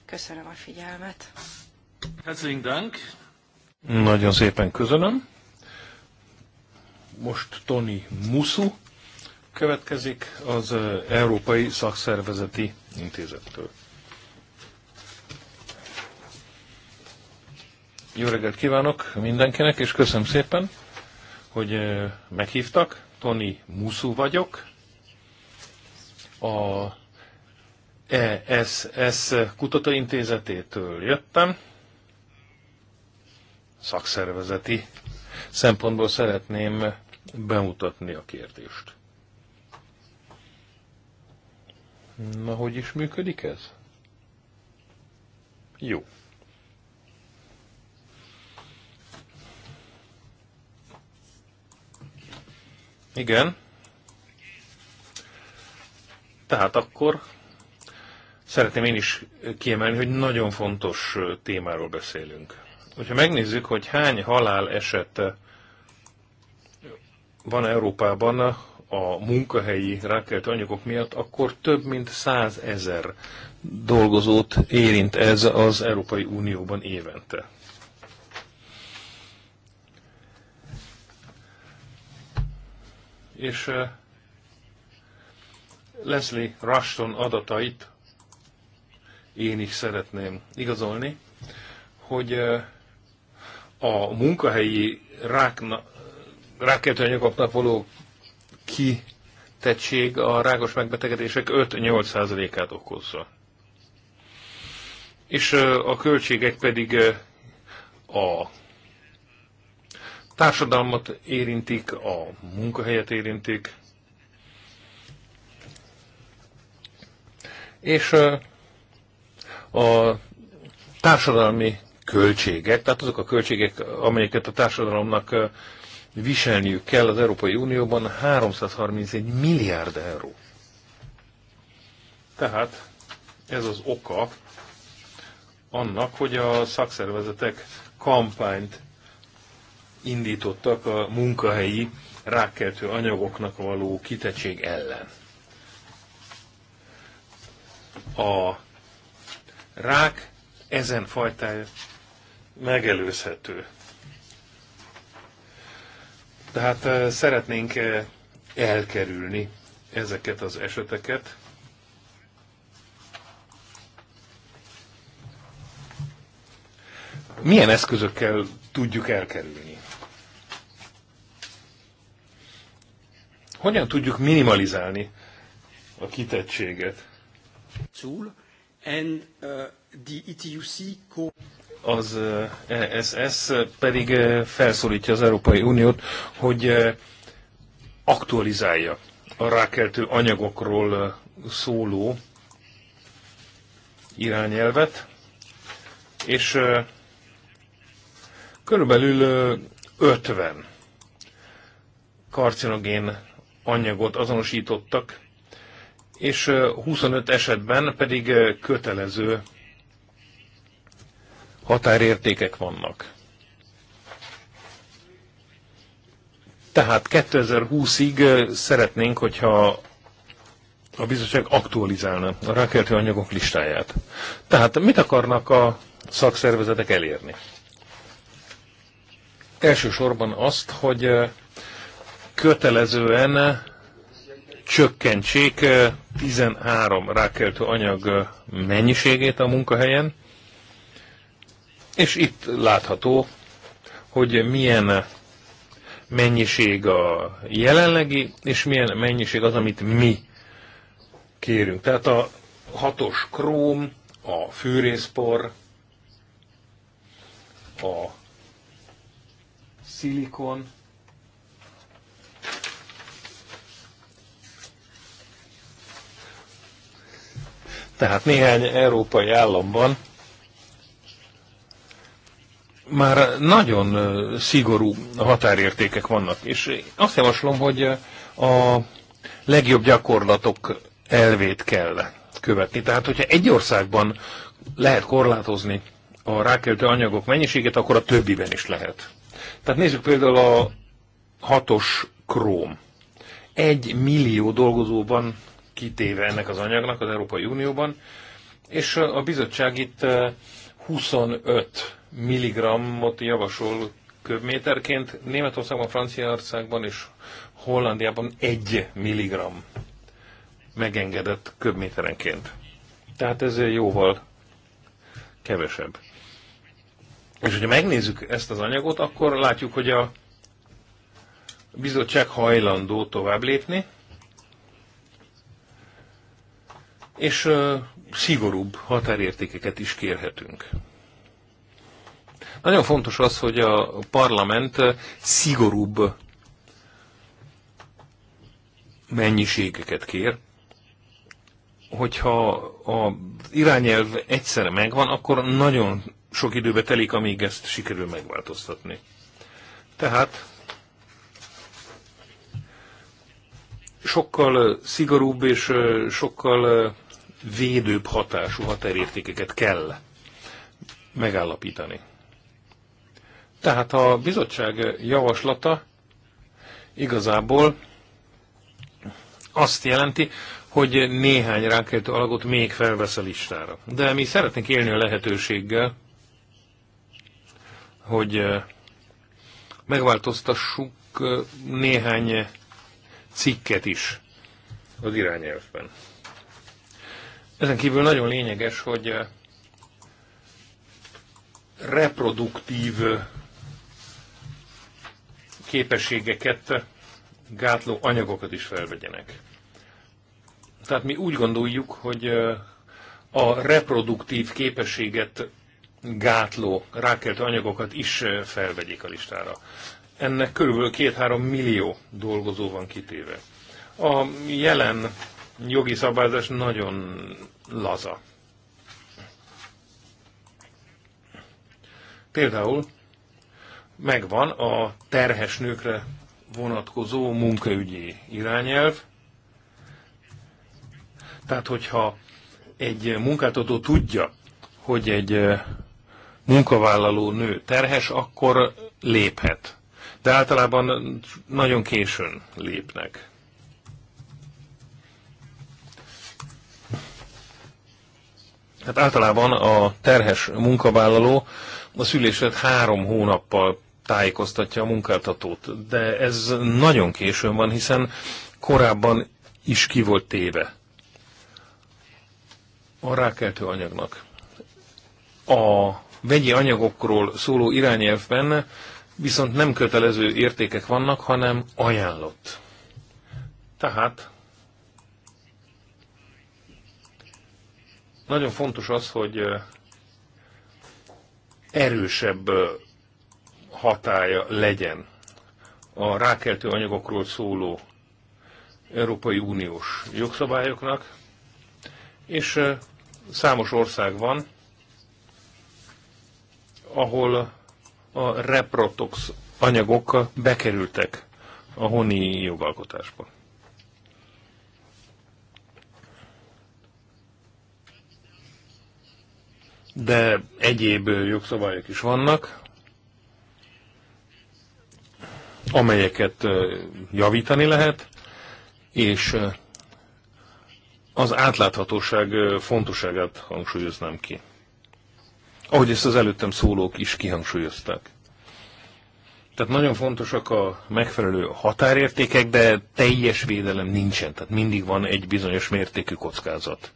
Köszönöm a figyelmet. Herzlichen Dank. Nagyon szépen köszönöm. Most Tony Musu következik az Európai Szakszervezeti Intézettől. Jó reggelt kívánok mindenkinek, és köszönöm szépen, hogy meghívtak. Tony Musu vagyok, a ESS kutatóintézetétől jöttem. Szakszervezeti szempontból szeretném bemutatni a kérdést. Na, hogy is működik ez? Jó. Igen. Tehát akkor szeretném én is kiemelni, hogy nagyon fontos témáról beszélünk. Hogyha megnézzük, hogy hány halál esett van Európában a munkahelyi rákkeltő anyagok miatt, akkor több mint százezer dolgozót érint ez az Európai Unióban évente. És eh, Leslie Rushton adatait én is szeretném igazolni, hogy eh, a munkahelyi rákna, rákkeltő anyagoknak való kitettség a rákos megbetegedések 5-8%-át okozza. És a költségek pedig a társadalmat érintik, a munkahelyet érintik, és a társadalmi költségek, tehát azok a költségek, amelyeket a társadalomnak viselniük kell az Európai Unióban 331 milliárd euró. Tehát ez az oka annak, hogy a szakszervezetek kampányt indítottak a munkahelyi rákkeltő anyagoknak való kitettség ellen. A rák ezen fajtája megelőzhető. Tehát szeretnénk elkerülni ezeket az eseteket. Milyen eszközökkel tudjuk elkerülni? Hogyan tudjuk minimalizálni a kitettséget? Tool and uh, the ETUC az ESS eh, e pedig eh, felszólítja az Európai Uniót, hogy eh, aktualizálja a rákeltő anyagokról szóló irányelvet, és körülbelül 50 karcinogén anyagot azonosítottak, és 25 esetben pedig kötelező határértékek vannak. Tehát 2020-ig szeretnénk, hogyha a bizottság aktualizálna a rákeltő anyagok listáját. Tehát mit akarnak a szakszervezetek elérni? Elsősorban azt, hogy kötelezően csökkentsék 13 rákeltő anyag mennyiségét a munkahelyen, és itt látható, hogy milyen mennyiség a jelenlegi, és milyen mennyiség az, amit mi kérünk. Tehát a hatos króm, a fűrészpor, a szilikon, Tehát néhány európai államban már nagyon szigorú határértékek vannak, és azt javaslom, hogy a legjobb gyakorlatok elvét kell követni. Tehát, hogyha egy országban lehet korlátozni a rákeltő anyagok mennyiségét, akkor a többiben is lehet. Tehát nézzük például a hatos króm. Egy millió dolgozóban kitéve ennek az anyagnak az Európai Unióban, és a bizottság itt 25 milligrammot javasol köbméterként, Németországban, Franciaországban és Hollandiában egy milligram megengedett köbméterenként. Tehát ez jóval kevesebb. És hogyha megnézzük ezt az anyagot, akkor látjuk, hogy a bizottság hajlandó tovább lépni, és uh, szigorúbb határértékeket is kérhetünk. Nagyon fontos az, hogy a parlament eh, szigorúbb mennyiségeket kér, hogyha az irányelv egyszer megvan, akkor nagyon sok időbe telik, amíg ezt sikerül megváltoztatni. Tehát sokkal eh, szigorúbb és eh, sokkal védőbb hatású határértékeket kell megállapítani. Tehát a bizottság javaslata igazából azt jelenti, hogy néhány rákkeltő alagot még felvesz a listára. De mi szeretnénk élni a lehetőséggel, hogy eh, megváltoztassuk eh, néhány cikket is az irányelvben. Ezen kívül nagyon lényeges, hogy eh, reproduktív képességeket gátló anyagokat is felvegyenek. Tehát mi úgy gondoljuk, hogy a reproduktív képességet gátló, rákeltő anyagokat is felvegyék a listára. Ennek körülbelül 2-3 millió dolgozó van kitéve. A jelen jogi szabályzás nagyon laza. Például megvan a terhes nőkre vonatkozó munkaügyi irányelv. Tehát, hogyha egy munkáltató tudja, hogy egy eh, munkavállaló nő terhes, akkor léphet. De általában nagyon későn lépnek. Hát általában a terhes munkavállaló a szülésed három hónappal tájékoztatja a munkáltatót. De ez nagyon későn van, hiszen korábban is ki volt téve a rákeltő anyagnak. A vegyi anyagokról szóló irányelvben viszont nem kötelező értékek vannak, hanem ajánlott. Tehát nagyon fontos az, hogy erősebb hatája legyen a rákeltő anyagokról szóló Európai Uniós jogszabályoknak, és számos ország van, ahol a reprotox anyagok bekerültek a honi jogalkotásba. De egyéb jogszabályok is vannak, amelyeket javítani lehet, és az átláthatóság fontosságát hangsúlyoznám ki. Ahogy ezt az előttem szólók is kihangsúlyozták. Tehát nagyon fontosak a megfelelő határértékek, de teljes védelem nincsen, tehát mindig van egy bizonyos mértékű kockázat.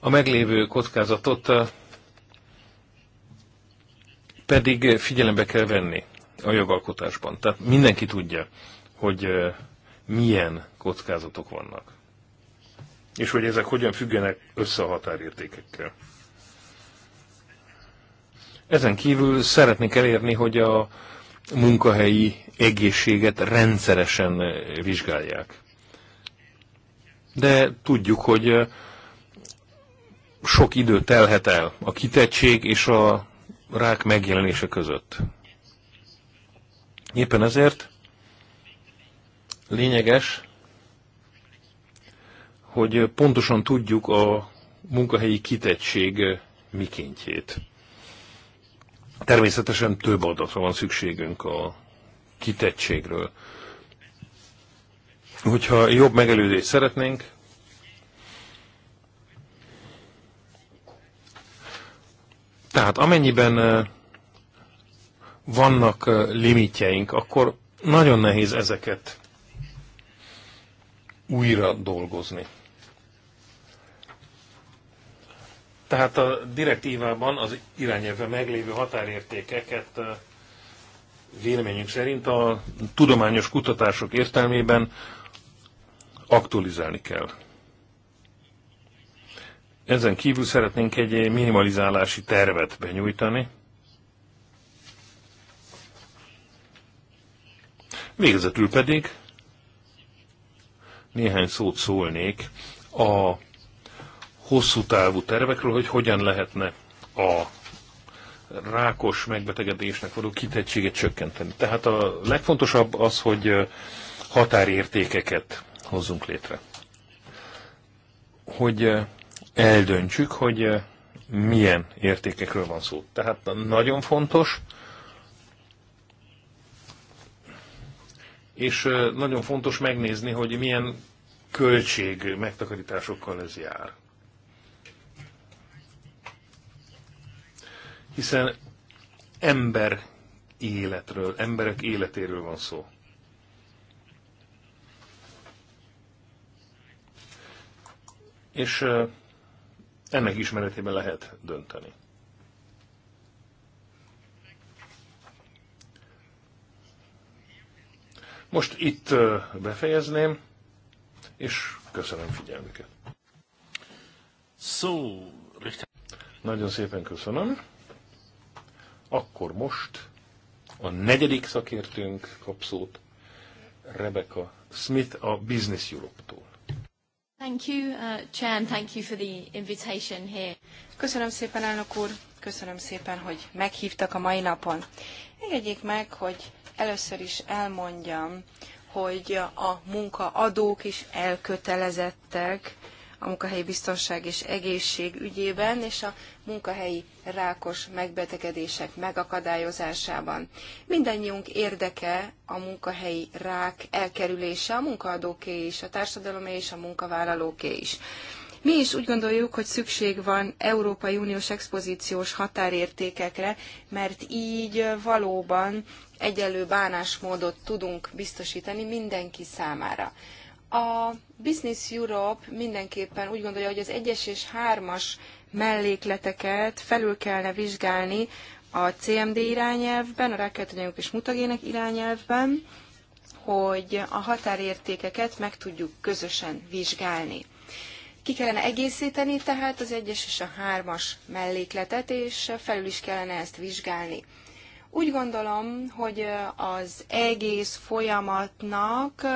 A meglévő kockázatot pedig figyelembe kell venni a jogalkotásban. Tehát mindenki tudja, hogy milyen kockázatok vannak. És hogy ezek hogyan függenek össze a határértékekkel. Ezen kívül szeretnék elérni, hogy a munkahelyi egészséget rendszeresen vizsgálják. De tudjuk, hogy sok idő telhet el a kitettség és a rák megjelenése között. Éppen ezért lényeges, hogy pontosan tudjuk a munkahelyi kitettség mikéntjét. Természetesen több adatra van szükségünk a kitettségről. Hogyha jobb megelőzést szeretnénk, tehát amennyiben vannak limitjeink, akkor nagyon nehéz ezeket újra dolgozni. Tehát a direktívában az irányelve meglévő határértékeket véleményünk szerint a tudományos kutatások értelmében aktualizálni kell. Ezen kívül szeretnénk egy minimalizálási tervet benyújtani, Végezetül pedig néhány szót szólnék a hosszú távú tervekről, hogy hogyan lehetne a rákos megbetegedésnek való kitettséget csökkenteni. Tehát a legfontosabb az, hogy határértékeket hozzunk létre. Hogy eldöntsük, hogy milyen értékekről van szó. Tehát nagyon fontos, és nagyon fontos megnézni, hogy milyen költség megtakarításokkal ez jár. Hiszen ember életről, emberek életéről van szó. És ennek ismeretében lehet dönteni. Most itt befejezném, és köszönöm figyelmüket. Szó, Nagyon szépen köszönöm. Akkor most a negyedik szakértőnk kap szót, Rebecca Smith a Business Europe-tól. Thank you, uh, Chair, and thank you for the invitation here. Köszönöm szépen, elnök úr, köszönöm szépen, hogy meghívtak a mai napon. Engedjék meg, hogy Először is elmondjam, hogy a munkaadók is elkötelezettek a munkahelyi biztonság és egészség ügyében, és a munkahelyi rákos megbetegedések megakadályozásában. Mindennyiunk érdeke a munkahelyi rák elkerülése, a munkaadóké is, a társadalomé és a munkavállalóké is. Mi is úgy gondoljuk, hogy szükség van Európai Uniós expozíciós határértékekre, mert így valóban egyenlő bánásmódot tudunk biztosítani mindenki számára. A Business Europe mindenképpen úgy gondolja, hogy az egyes és hármas mellékleteket felül kellene vizsgálni a CMD irányelvben, a rákeltanyagok és mutagének irányelvben, hogy a határértékeket meg tudjuk közösen vizsgálni. Ki kellene egészíteni tehát az egyes és a hármas mellékletet, és felül is kellene ezt vizsgálni. Úgy gondolom, hogy az egész folyamatnak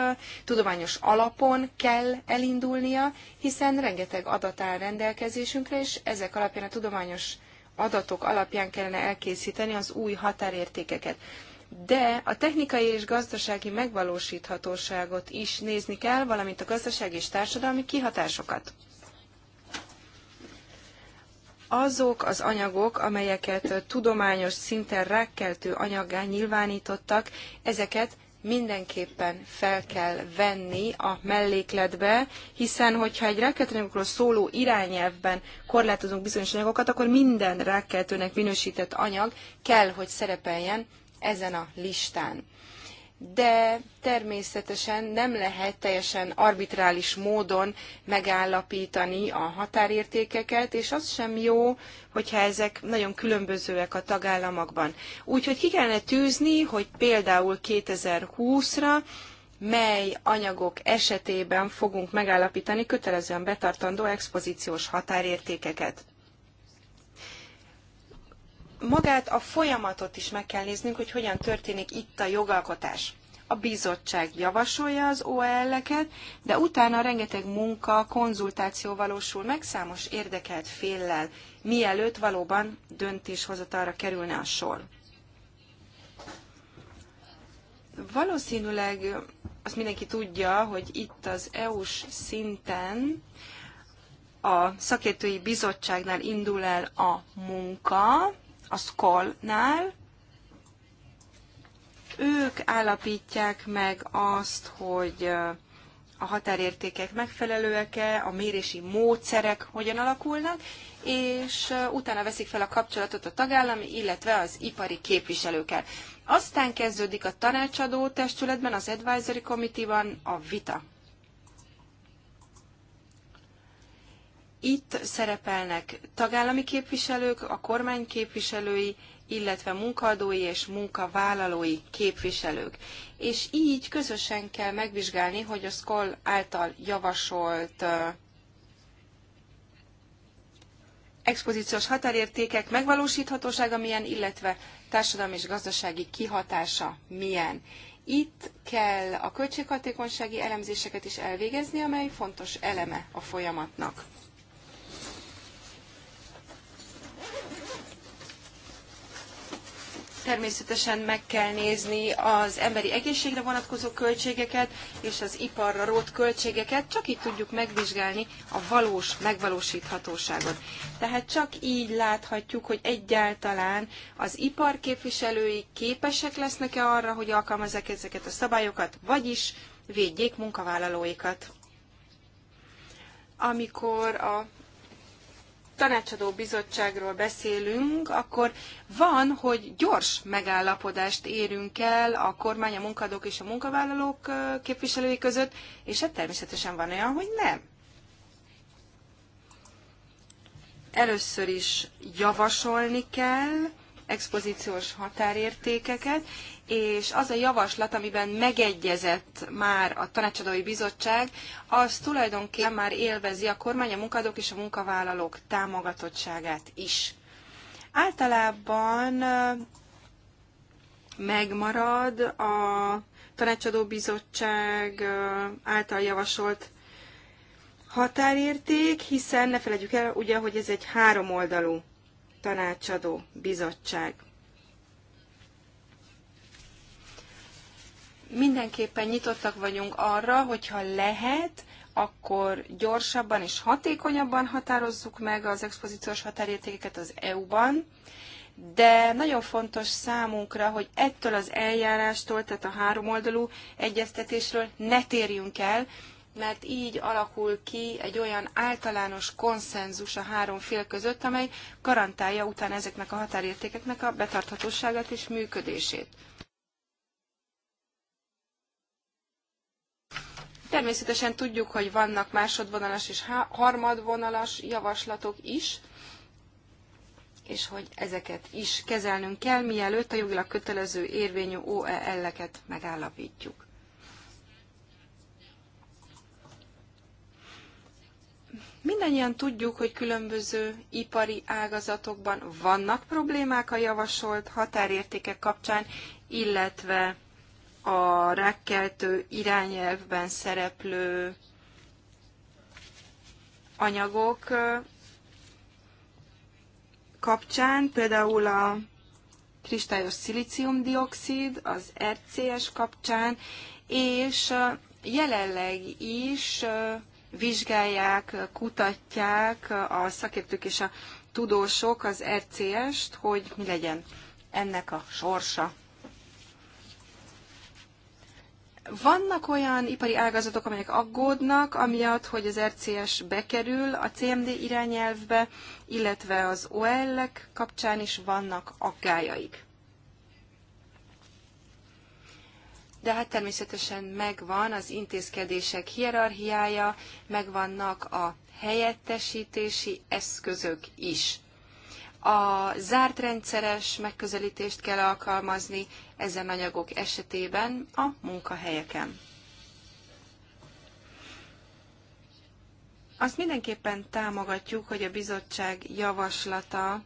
tudományos alapon kell elindulnia, hiszen rengeteg adat áll rendelkezésünkre, és ezek alapján a tudományos adatok alapján kellene elkészíteni az új határértékeket. De a technikai és gazdasági megvalósíthatóságot is nézni kell, valamint a gazdasági és társadalmi kihatásokat azok az anyagok, amelyeket tudományos szinten rákkeltő anyaggá nyilvánítottak, ezeket mindenképpen fel kell venni a mellékletbe, hiszen hogyha egy rákkeltőanyagokról szóló irányelvben korlátozunk bizonyos anyagokat, akkor minden rákkeltőnek minősített anyag kell, hogy szerepeljen ezen a listán de természetesen nem lehet teljesen arbitrális módon megállapítani a határértékeket, és az sem jó, hogyha ezek nagyon különbözőek a tagállamokban. Úgyhogy ki kellene tűzni, hogy például 2020-ra mely anyagok esetében fogunk megállapítani kötelezően betartandó expozíciós határértékeket magát a folyamatot is meg kell néznünk, hogy hogyan történik itt a jogalkotás. A bizottság javasolja az OEL-eket, de utána rengeteg munka, konzultáció valósul meg számos érdekelt féllel, mielőtt valóban döntéshozatalra kerülne a sor. Valószínűleg azt mindenki tudja, hogy itt az EU-s szinten a szakértői bizottságnál indul el a munka, a Skoll-nál. Ők állapítják meg azt, hogy a határértékek megfelelőek-e, a mérési módszerek hogyan alakulnak, és utána veszik fel a kapcsolatot a tagállami, illetve az ipari képviselőkkel. Aztán kezdődik a tanácsadó testületben, az advisory committee-ban a vita. Itt szerepelnek tagállami képviselők, a kormány képviselői, illetve munkaadói és munkavállalói képviselők. És így közösen kell megvizsgálni, hogy a SZKOL által javasolt expozíciós határértékek megvalósíthatósága milyen, illetve társadalmi és gazdasági kihatása milyen. Itt kell a költséghatékonysági elemzéseket is elvégezni, amely fontos eleme a folyamatnak. Természetesen meg kell nézni az emberi egészségre vonatkozó költségeket és az iparra rót költségeket, csak így tudjuk megvizsgálni a valós megvalósíthatóságot. Tehát csak így láthatjuk, hogy egyáltalán az ipar képviselői képesek lesznek-e arra, hogy alkalmazzák ezeket a szabályokat, vagyis védjék munkavállalóikat amikor a tanácsadó bizottságról beszélünk, akkor van, hogy gyors megállapodást érünk el a kormány, a munkadók és a munkavállalók képviselői között, és hát természetesen van olyan, hogy nem. Először is javasolni kell expozíciós határértékeket, és az a javaslat, amiben megegyezett már a tanácsadói bizottság, az tulajdonképpen már élvezi a kormány, a munkadók és a munkavállalók támogatottságát is. Általában megmarad a tanácsadó bizottság által javasolt határérték, hiszen ne felejtjük el, ugye, hogy ez egy háromoldalú tanácsadó bizottság. Mindenképpen nyitottak vagyunk arra, hogyha lehet, akkor gyorsabban és hatékonyabban határozzuk meg az expozíciós határértékeket az EU-ban, de nagyon fontos számunkra, hogy ettől az eljárástól, tehát a háromoldalú egyeztetésről ne térjünk el, mert így alakul ki egy olyan általános konszenzus a három fél között, amely garantálja utána ezeknek a határértékeknek a betarthatóságát és működését. Természetesen tudjuk, hogy vannak másodvonalas és harmadvonalas javaslatok is, és hogy ezeket is kezelnünk kell, mielőtt a jogilag kötelező érvényű OEL-eket megállapítjuk. Mindannyian tudjuk, hogy különböző ipari ágazatokban vannak problémák a javasolt határértékek kapcsán, illetve a rákkeltő irányelvben szereplő anyagok kapcsán, például a kristályos szilíciumdioxid, az RCS kapcsán, és jelenleg is vizsgálják, kutatják a szakértők és a tudósok az RCS-t, hogy mi legyen ennek a sorsa. Vannak olyan ipari ágazatok, amelyek aggódnak, amiatt, hogy az RCS bekerül a CMD irányelvbe, illetve az OL-ek kapcsán is vannak aggájaik. de hát természetesen megvan az intézkedések hierarchiája, megvannak a helyettesítési eszközök is. A zárt rendszeres megközelítést kell alkalmazni ezen anyagok esetében a munkahelyeken. Azt mindenképpen támogatjuk, hogy a bizottság javaslata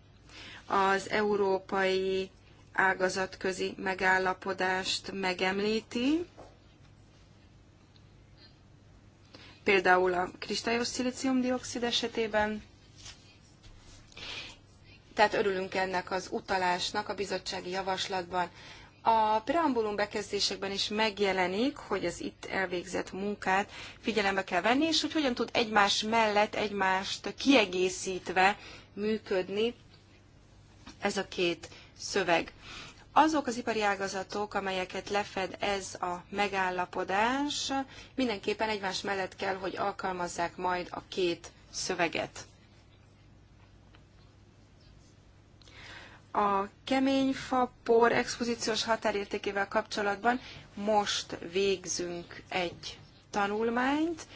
az európai ágazatközi megállapodást megemlíti, például a kristályos szilíciumdioxid esetében, tehát örülünk ennek az utalásnak a bizottsági javaslatban. A preambulum bekezdésekben is megjelenik, hogy az itt elvégzett munkát figyelembe kell venni, és hogy hogyan tud egymás mellett, egymást kiegészítve működni ez a két szöveg. Azok az ipari ágazatok, amelyeket lefed ez a megállapodás, mindenképpen egymás mellett kell, hogy alkalmazzák majd a két szöveget. a kemény fa por expozíciós határértékével kapcsolatban most végzünk egy tanulmányt,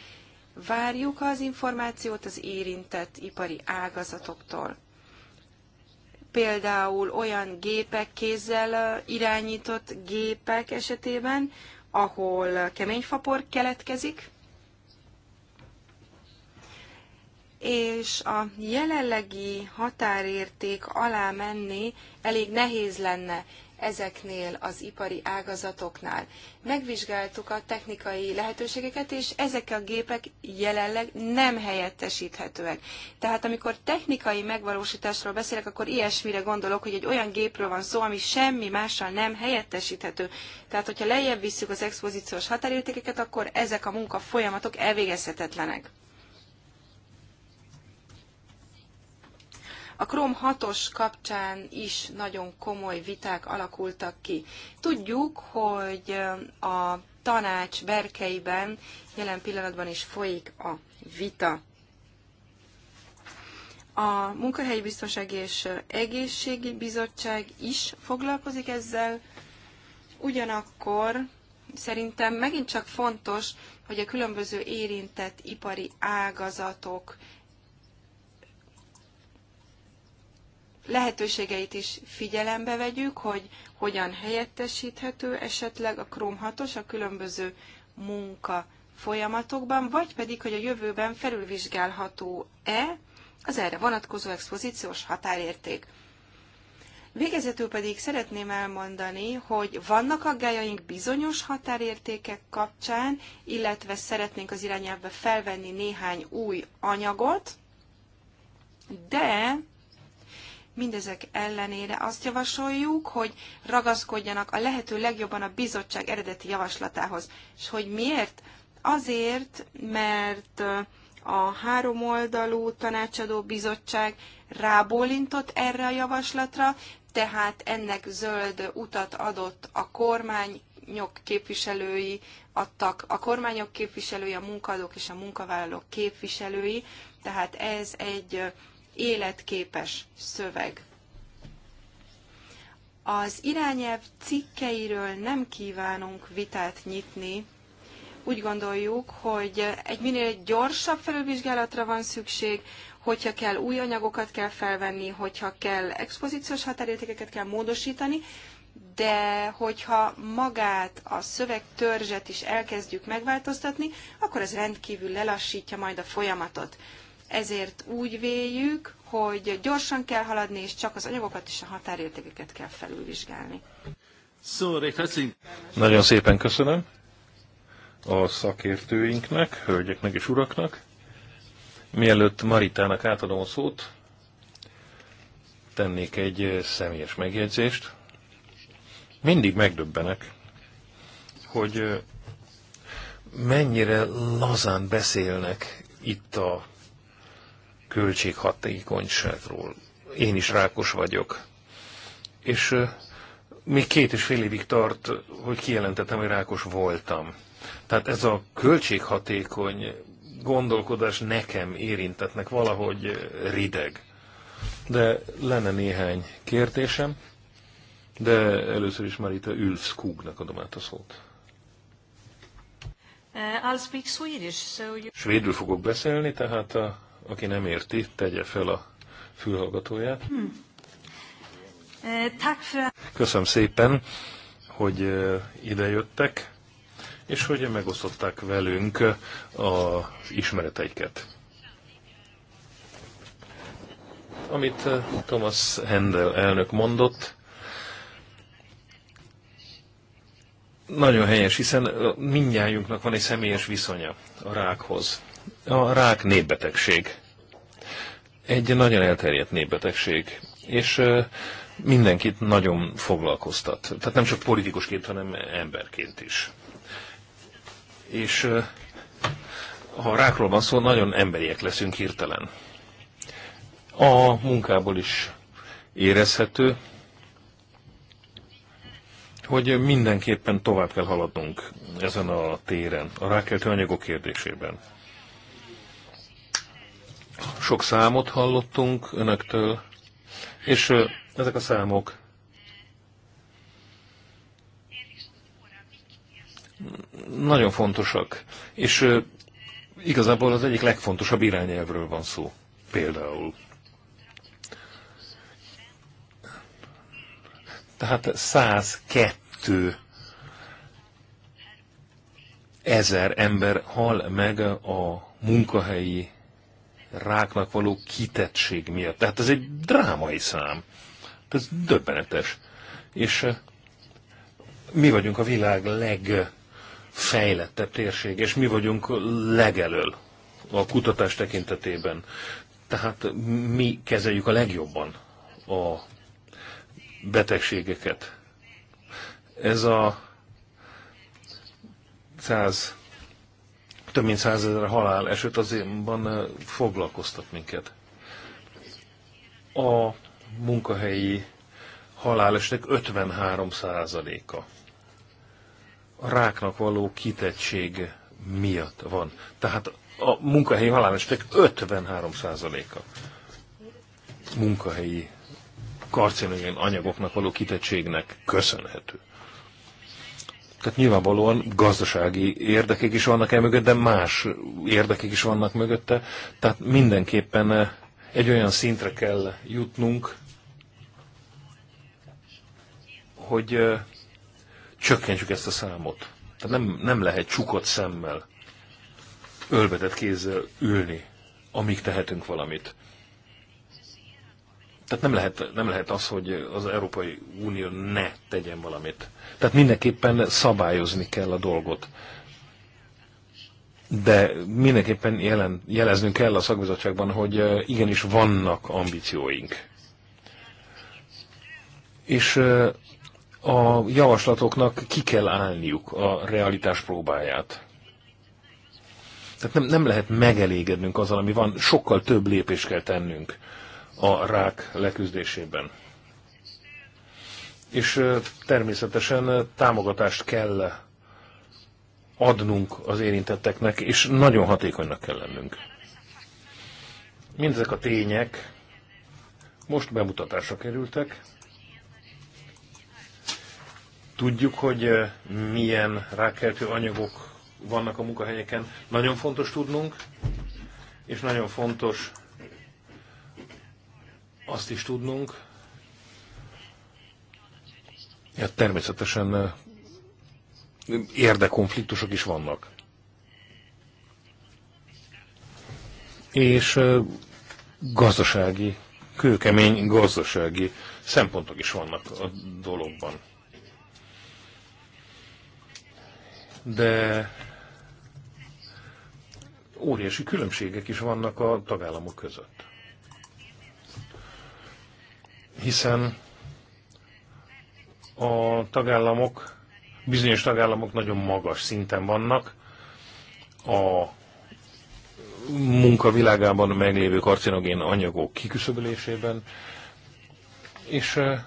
várjuk az információt az érintett ipari ágazatoktól. Például olyan gépek, kézzel irányított gépek esetében, ahol kemény fapor keletkezik, és a jelenlegi határérték alá menni elég nehéz lenne ezeknél az ipari ágazatoknál. Megvizsgáltuk a technikai lehetőségeket, és ezek a gépek jelenleg nem helyettesíthetőek. Tehát amikor technikai megvalósításról beszélek, akkor ilyesmire gondolok, hogy egy olyan gépről van szó, ami semmi mással nem helyettesíthető. Tehát, hogyha lejjebb visszük az expozíciós határértékeket, akkor ezek a munka folyamatok elvégezhetetlenek. A Krom 6-os kapcsán is nagyon komoly viták alakultak ki. Tudjuk, hogy a tanács berkeiben jelen pillanatban is folyik a vita. A Munkahelyi Biztonsági és Egészségi Bizottság is foglalkozik ezzel, ugyanakkor szerintem megint csak fontos, hogy a különböző érintett ipari ágazatok lehetőségeit is figyelembe vegyük, hogy hogyan helyettesíthető esetleg a Chrome 6 a különböző munka folyamatokban, vagy pedig, hogy a jövőben felülvizsgálható-e az erre vonatkozó expozíciós határérték. Végezetül pedig szeretném elmondani, hogy vannak aggájaink bizonyos határértékek kapcsán, illetve szeretnénk az irányába felvenni néhány új anyagot, de Mindezek ellenére azt javasoljuk, hogy ragaszkodjanak a lehető legjobban a bizottság eredeti javaslatához. És hogy miért? Azért, mert a háromoldalú tanácsadó bizottság rábólintott erre a javaslatra, tehát ennek zöld utat adott a kormányok képviselői, adtak a kormányok képviselői, a munkadók és a munkavállalók képviselői, tehát ez egy életképes szöveg. Az irányelv cikkeiről nem kívánunk vitát nyitni, úgy gondoljuk, hogy egy minél gyorsabb felülvizsgálatra van szükség, hogyha kell új anyagokat kell felvenni, hogyha kell expozíciós határértékeket kell módosítani, de hogyha magát a szövegtörzset is elkezdjük megváltoztatni, akkor ez rendkívül lelassítja majd a folyamatot. Ezért úgy véljük, hogy gyorsan kell haladni, és csak az anyagokat és a határértékeket kell felülvizsgálni. Nagyon szépen köszönöm a szakértőinknek, hölgyeknek és uraknak. Mielőtt Maritának átadom a szót, tennék egy személyes megjegyzést. Mindig megdöbbenek, hogy mennyire lazán beszélnek itt a költséghatékonyságról. Én is rákos vagyok. És még két és fél évig tart, hogy kijelentettem, hogy rákos voltam. Tehát ez a költséghatékony gondolkodás nekem érintetnek valahogy rideg. De lenne néhány kérdésem, de először is már a Ülsz Skugnak adom át a szót. Uh, I'll speak Swedish, so you... Svédül fogok beszélni, tehát a aki nem érti, tegye fel a fülhallgatóját. Hm. Eh, Köszönöm szépen, hogy eh, idejöttek, és hogy megosztották velünk eh, az ismereteiket. Amit Thomas Hendel elnök mondott, nagyon helyes, hiszen mindnyájunknak van egy személyes viszonya a rákhoz. A rák népbetegség egy nagyon elterjedt népbetegség, és mindenkit nagyon foglalkoztat. Tehát nem csak politikusként, hanem emberként is. És ha rákról van szó, nagyon emberiek leszünk hirtelen. A munkából is érezhető, hogy mindenképpen tovább kell haladnunk ezen a téren, a rákeltő anyagok kérdésében. Sok számot hallottunk önöktől, és ezek a számok nagyon fontosak, és igazából az egyik legfontosabb irányelvről van szó, például. Tehát 102 ezer ember hal meg a munkahelyi ráknak való kitettség miatt. Tehát ez egy drámai szám. Ez döbbenetes. És eh, mi vagyunk a világ legfejlettebb térség, és mi vagyunk legelől a kutatás tekintetében. Tehát mi kezeljük a legjobban a betegségeket. Ez a 100 több mint százezer halál eset azonban foglalkoztat minket. A munkahelyi halálesetek 53 százaléka a ráknak való kitettség miatt van. Tehát a munkahelyi halálesetek 53 százaléka munkahelyi karcinogén anyagoknak való kitettségnek köszönhető. Tehát nyilvánvalóan gazdasági érdekek is vannak el mögött, de más érdekek is vannak mögötte. Tehát mindenképpen eh, egy olyan szintre kell jutnunk, hogy eh, csökkentsük ezt a számot. Tehát nem, nem lehet csukott szemmel, ölbetett kézzel ülni, amíg tehetünk valamit. Tehát nem lehet, nem lehet az, hogy az Európai Unió ne tegyen valamit. Tehát mindenképpen szabályozni kell a dolgot. De mindenképpen jelen, jeleznünk kell a szakbizottságban, hogy igenis vannak ambícióink. És a javaslatoknak ki kell állniuk a realitás próbáját. Tehát nem, nem lehet megelégednünk azzal, ami van, sokkal több lépést kell tennünk a rák leküzdésében. És természetesen támogatást kell adnunk az érintetteknek, és nagyon hatékonynak kell lennünk. Mindezek a tények most bemutatásra kerültek. Tudjuk, hogy milyen rákkeltő anyagok vannak a munkahelyeken. Nagyon fontos tudnunk, és nagyon fontos azt is tudnunk, ja, természetesen eh, érdekonfliktusok is vannak. És eh, gazdasági, kőkemény gazdasági szempontok is vannak a dologban. De óriási különbségek is vannak a tagállamok között hiszen a tagállamok, bizonyos tagállamok nagyon magas szinten vannak a munkavilágában meglévő karcinogén anyagok kiküszöbölésében, és eh,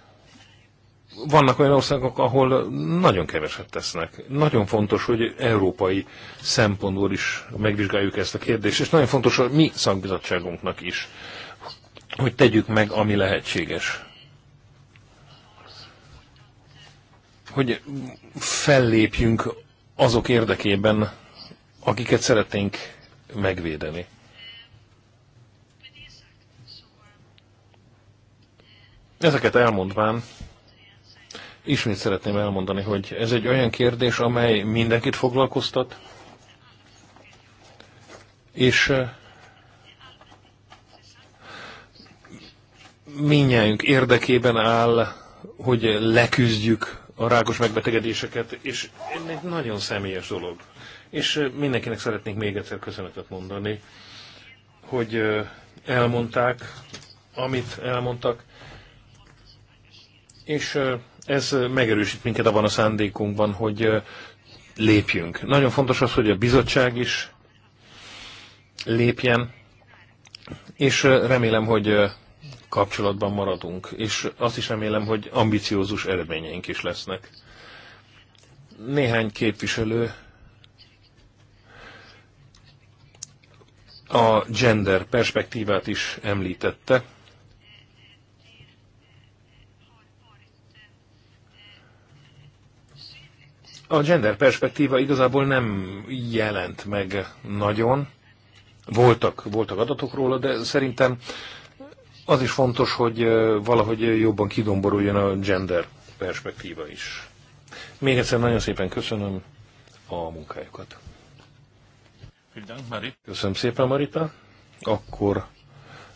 vannak olyan országok, ahol nagyon keveset tesznek. Nagyon fontos, hogy európai szempontból is megvizsgáljuk ezt a kérdést, és nagyon fontos, hogy mi szakbizottságunknak is hogy tegyük meg, ami lehetséges. Hogy fellépjünk azok érdekében, akiket szeretnénk megvédeni. Ezeket elmondván, ismét szeretném elmondani, hogy ez egy olyan kérdés, amely mindenkit foglalkoztat, és minnyájunk érdekében áll, hogy leküzdjük a rákos megbetegedéseket, és egy nagyon személyes dolog. És mindenkinek szeretnék még egyszer köszönetet mondani, hogy elmondták, amit elmondtak, és ez megerősít minket abban a szándékunkban, hogy lépjünk. Nagyon fontos az, hogy a bizottság is lépjen, és remélem, hogy kapcsolatban maradunk, és azt is remélem, hogy ambiciózus eredményeink is lesznek. Néhány képviselő a gender perspektívát is említette. A gender perspektíva igazából nem jelent meg nagyon. Voltak, voltak adatok róla, de szerintem az is fontos, hogy valahogy jobban kidomboruljon a gender perspektíva is. Még egyszer nagyon szépen köszönöm a munkájukat. Köszönöm szépen, Marita. Akkor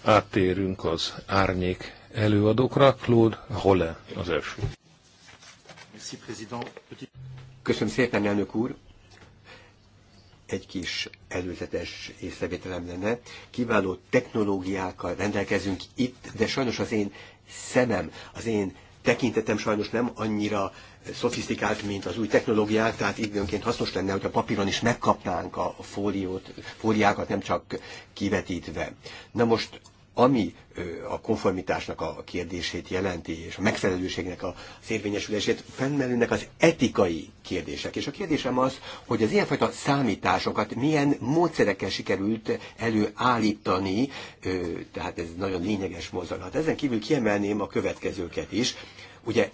áttérünk az árnyék előadókra. Claude Holle az első. Köszönöm szépen, elnök úr egy kis előzetes észrevételem lenne. Kiváló technológiákkal rendelkezünk itt, de sajnos az én szemem, az én tekintetem sajnos nem annyira szofisztikált, mint az új technológiák, tehát időnként hasznos lenne, hogy a papíron is megkapnánk a fóliót, fóliákat, nem csak kivetítve. Na most ami a konformitásnak a kérdését jelenti, és a megfelelőségnek a érvényesülését, fennmerülnek az etikai kérdések. És a kérdésem az, hogy az ilyenfajta számításokat milyen módszerekkel sikerült előállítani, tehát ez nagyon lényeges mozgalat. Ezen kívül kiemelném a következőket is. Ugye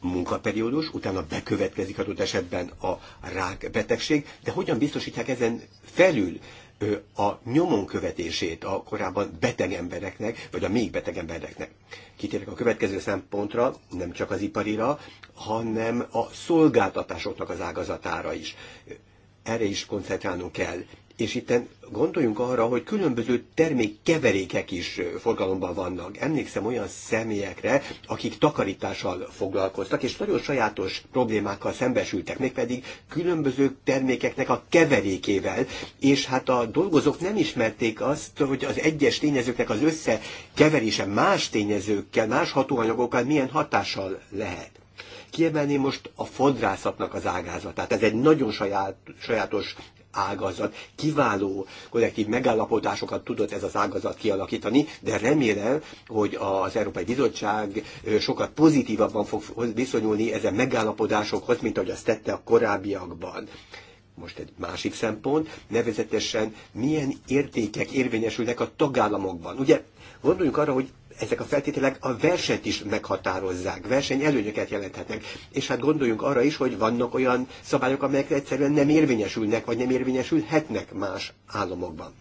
munkaperiódus, utána bekövetkezik adott esetben a rákbetegség, de hogyan biztosítják ezen felül a nyomon követését a korábban beteg embereknek, vagy a még beteg embereknek. Kitérek a következő szempontra, nem csak az iparira, hanem a szolgáltatásoknak az ágazatára is. Erre is koncentrálnunk kell és itten gondoljunk arra, hogy különböző termékkeverékek is forgalomban vannak. Emlékszem olyan személyekre, akik takarítással foglalkoztak, és nagyon sajátos problémákkal szembesültek, mégpedig különböző termékeknek a keverékével, és hát a dolgozók nem ismerték azt, hogy az egyes tényezőknek az összekeverése más tényezőkkel, más hatóanyagokkal milyen hatással lehet kiemelném most a fodrászatnak az ágázatát. Ez egy nagyon saját, sajátos ágazat. Kiváló kollektív megállapodásokat tudott ez az ágazat kialakítani, de remélem, hogy az Európai Bizottság sokat pozitívabban fog viszonyulni ezen megállapodásokhoz, mint ahogy azt tette a korábbiakban most egy másik szempont, nevezetesen milyen értékek érvényesülnek a tagállamokban. Ugye gondoljunk arra, hogy ezek a feltételek a versenyt is meghatározzák, versenyelőnyöket jelenthetnek. És hát gondoljunk arra is, hogy vannak olyan szabályok, amelyek egyszerűen nem érvényesülnek, vagy nem érvényesülhetnek más államokban.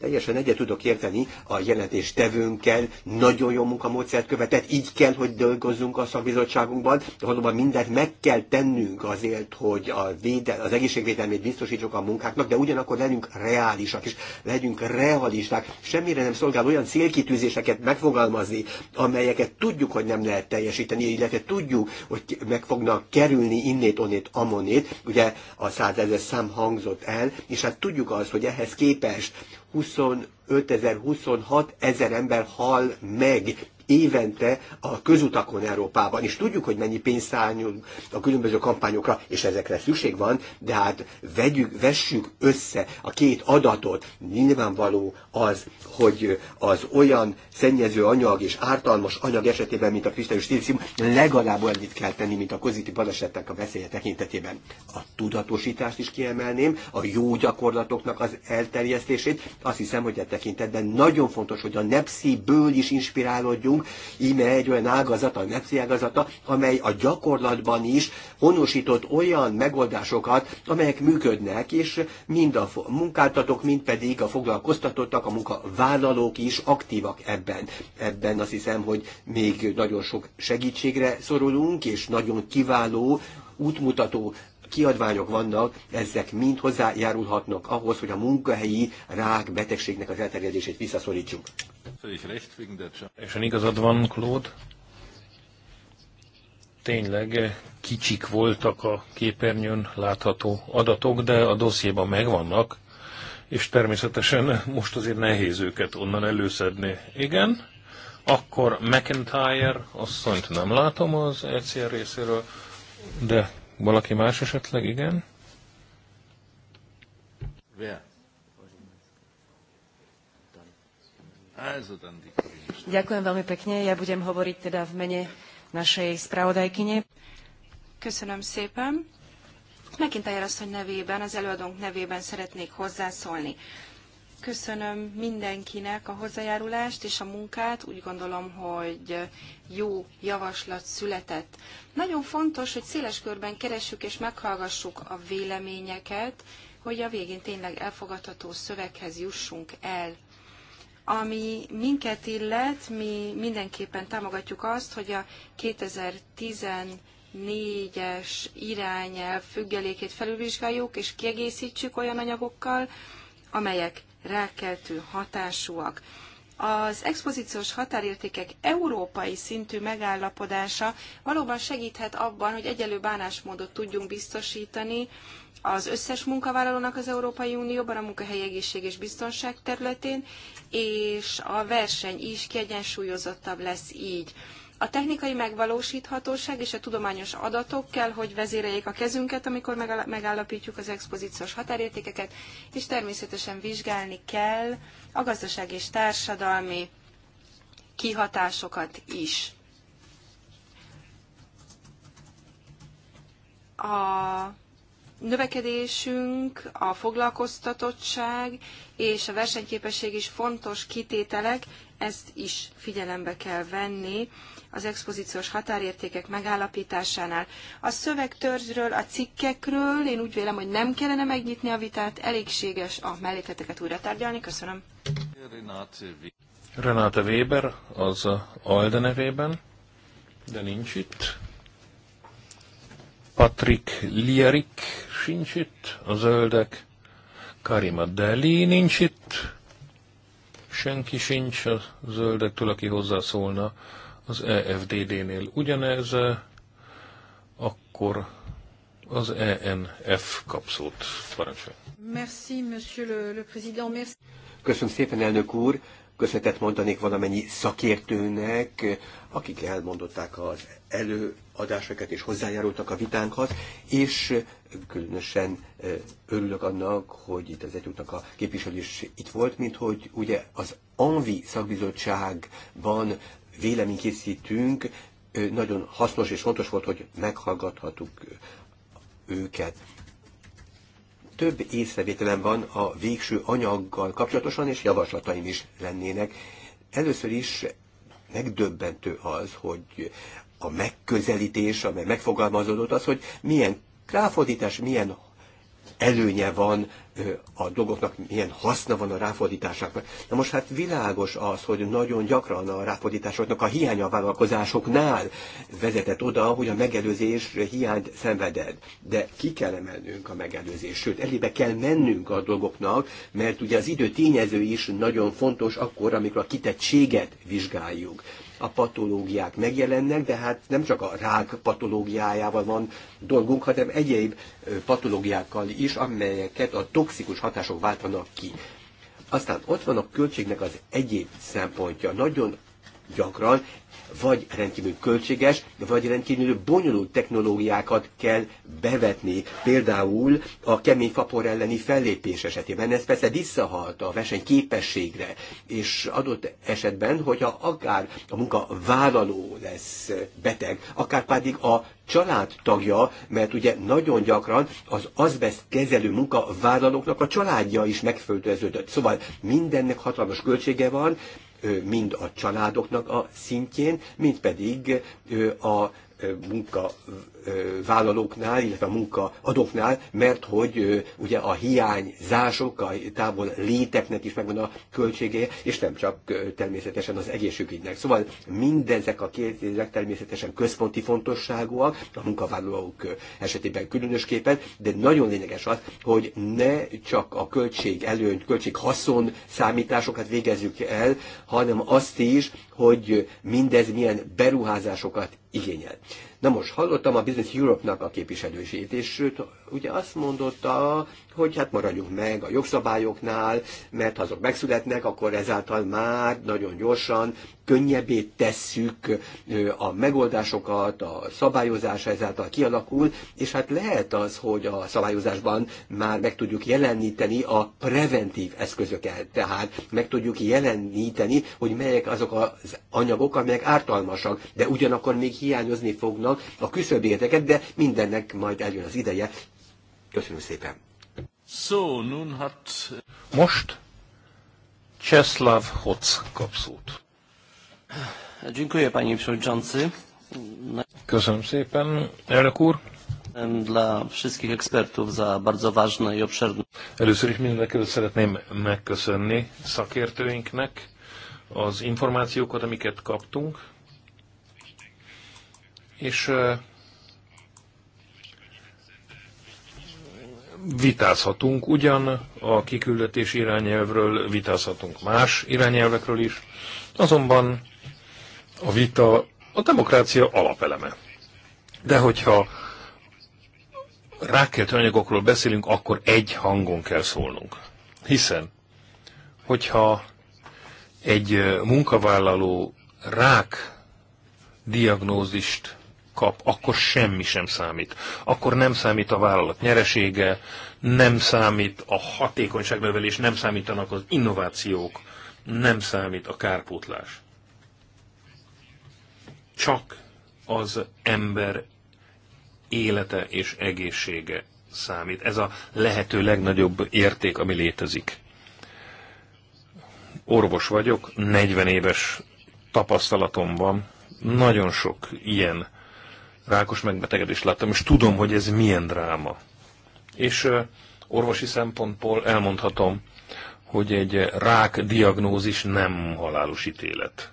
Teljesen egyet tudok érteni a jelentés tevőnkkel, nagyon jó munkamódszert követett, így kell, hogy dolgozzunk a szakbizottságunkban, valóban mindent meg kell tennünk azért, hogy a védel, az egészségvédelmét biztosítsuk a munkáknak, de ugyanakkor legyünk reálisak, és legyünk realisták. Semmire nem szolgál olyan célkitűzéseket megfogalmazni, amelyeket tudjuk, hogy nem lehet teljesíteni, illetve tudjuk, hogy meg fognak kerülni innét, onnét, amonét. Ugye a százezer szám hangzott el, és hát tudjuk azt, hogy ehhez képest 25 ezer, 26 ezer ember hal meg évente a közutakon Európában. És tudjuk, hogy mennyi pénzt szállunk a különböző kampányokra, és ezekre szükség van, de hát vegyük, vessük össze a két adatot. Nyilvánvaló az, hogy az olyan szennyező anyag és ártalmas anyag esetében, mint a kristályos szilícium, legalább annyit kell tenni, mint a pozitív balesetek a veszélye tekintetében. A tudatosítást is kiemelném, a jó gyakorlatoknak az elterjesztését. Azt hiszem, hogy e tekintetben nagyon fontos, hogy a nepsziből is inspirálódjunk, tartunk, íme egy olyan ágazata, egy NEPSZI ágazata, amely a gyakorlatban is honosított olyan megoldásokat, amelyek működnek, és mind a munkáltatók, mind pedig a foglalkoztatottak, a munkavállalók is aktívak ebben. Ebben azt hiszem, hogy még nagyon sok segítségre szorulunk, és nagyon kiváló útmutató kiadványok vannak, ezek mind hozzájárulhatnak ahhoz, hogy a munkahelyi rák betegségnek az elterjedését visszaszorítsuk. És igazad van, Claude? Tényleg kicsik voltak a képernyőn látható adatok, de a dossziéban megvannak, és természetesen most azért nehéz őket onnan előszedni. Igen, akkor McIntyre asszonyt nem látom az ECR részéről, de valaki más esetleg, igen? Ďakujem veľmi pekne. Ja budem hovoriť teda v mene našej spravodajkyne. Köszönöm szépen. Megint asszony nevében, az előadónk nevében szeretnék hozzászólni. Köszönöm mindenkinek a hozzájárulást és a munkát. Úgy gondolom, hogy jó javaslat született. Nagyon fontos, hogy széles körben keressük és meghallgassuk a véleményeket, hogy a végén tényleg elfogadható szöveghez jussunk el. Ami minket illet, mi mindenképpen támogatjuk azt, hogy a 2014-es irányelv függelékét felülvizsgáljuk és kiegészítsük olyan anyagokkal, amelyek rákeltő hatásúak. Az expozíciós határértékek európai szintű megállapodása valóban segíthet abban, hogy egyelő bánásmódot tudjunk biztosítani az összes munkavállalónak az Európai Unióban, a munkahelyi egészség és biztonság területén, és a verseny is kiegyensúlyozottabb lesz így. A technikai megvalósíthatóság és a tudományos adatok kell, hogy vezéreljék a kezünket, amikor megállapítjuk az expozíciós határértékeket, és természetesen vizsgálni kell a gazdaság és társadalmi kihatásokat is. a növekedésünk, a foglalkoztatottság és a versenyképesség is fontos kitételek, ezt is figyelembe kell venni az expozíciós határértékek megállapításánál. A szövegtörzsről, a cikkekről én úgy vélem, hogy nem kellene megnyitni a vitát, elégséges a mellékleteket újra tárgyalni. Köszönöm. Renáta Weber az Alde nevében, de nincs itt. Patrick Lierik sincs itt, a zöldek. Karima Deli nincs itt. Senki sincs a zöldektől, aki hozzászólna az EFDD-nél ugyanez, akkor az ENF kapszót parancsolja. Merci, monsieur le, le président. Merci. Köszönöm szépen, elnök úr. Köszönetet mondanék valamennyi szakértőnek, akik elmondották az előadásokat és hozzájárultak a vitánkhoz, és különösen örülök annak, hogy itt az egyútnak a képviselő is itt volt, mint hogy ugye az ANVI szakbizottságban véleménykészítünk, nagyon hasznos és fontos volt, hogy meghallgathatuk őket. Több észrevételem van a végső anyaggal kapcsolatosan, és javaslataim is lennének. Először is megdöbbentő az, hogy a megközelítés, amely megfogalmazódott, az, hogy milyen ráfordítás, milyen előnye van a dolgoknak, milyen haszna van a ráfordításoknak. Na most hát világos az, hogy nagyon gyakran a ráfordításoknak a hiánya a vállalkozásoknál vezetett oda, hogy a megelőzés hiányt szenveded. De ki kell emelnünk a megelőzés, sőt, elébe kell mennünk a dolgoknak, mert ugye az idő tényező is nagyon fontos akkor, amikor a kitettséget vizsgáljuk a patológiák megjelennek, de hát nem csak a rák patológiájával van dolgunk, hanem egyéb patológiákkal is, amelyeket a toxikus hatások váltanak ki. Aztán ott van a költségnek az egyéb szempontja. Nagyon gyakran vagy rendkívül költséges, vagy rendkívül bonyolult technológiákat kell bevetni. Például a kemény fapor elleni fellépés esetében ez persze visszahalt a verseny képességre, és adott esetben, hogyha akár a munka vállaló lesz beteg, akár pedig a családtagja, mert ugye nagyon gyakran az azbest kezelő munkavállalóknak a családja is megföldöződött. Szóval mindennek hatalmas költsége van, mind a családoknak a szintjén, mind pedig a munka vállalóknál illetve a munkaadóknál, mert hogy ugye a hiányzások, a távol léteknek is megvan a költsége, és nem csak természetesen az egészségügynek. Szóval mindezek a kérdések természetesen központi fontosságúak, a munkavállalók esetében különösképpen, de nagyon lényeges az, hogy ne csak a költség előny, költség haszon számításokat végezzük el, hanem azt is, hogy mindez milyen beruházásokat igényel. Na most hallottam a Business Europe-nak a képviselőjét és őt ugye azt mondotta, hogy hát maradjunk meg a jogszabályoknál, mert ha azok megszületnek, akkor ezáltal már nagyon gyorsan könnyebbé tesszük a megoldásokat, a szabályozás ezáltal kialakul, és hát lehet az, hogy a szabályozásban már meg tudjuk jeleníteni a preventív eszközöket, tehát meg tudjuk jeleníteni, hogy melyek azok az anyagok, amelyek ártalmasak, de ugyanakkor még hiányozni fognak a küszöbérteket, de mindennek majd eljön az ideje, Köszönöm szépen. So, nun hat... Most Czeslaw Hoc kapszót. Dziękuję, panie przewodniczący. Köszönöm szépen, elnök úr. Dla wszystkich ekspertów za bardzo ważne i obszerne. Először is mindenkit szeretném megköszönni szakértőinknek az információkat, amiket kaptunk, és vitázhatunk ugyan a kiküldetés irányelvről, vitázhatunk más irányelvekről is, azonban a vita a demokrácia alapeleme. De hogyha rákkeltő anyagokról beszélünk, akkor egy hangon kell szólnunk. Hiszen, hogyha egy munkavállaló rák diagnózist kap, akkor semmi sem számít. Akkor nem számít a vállalat nyeresége, nem számít a hatékonyságnövelés, nem számítanak az innovációk, nem számít a kárpótlás. Csak az ember élete és egészsége számít. Ez a lehető legnagyobb érték, ami létezik. Orvos vagyok, 40 éves tapasztalatom van, nagyon sok ilyen rákos megbetegedést láttam, és tudom, hogy ez milyen dráma. És orvosi szempontból elmondhatom, hogy egy rák diagnózis nem halálos ítélet.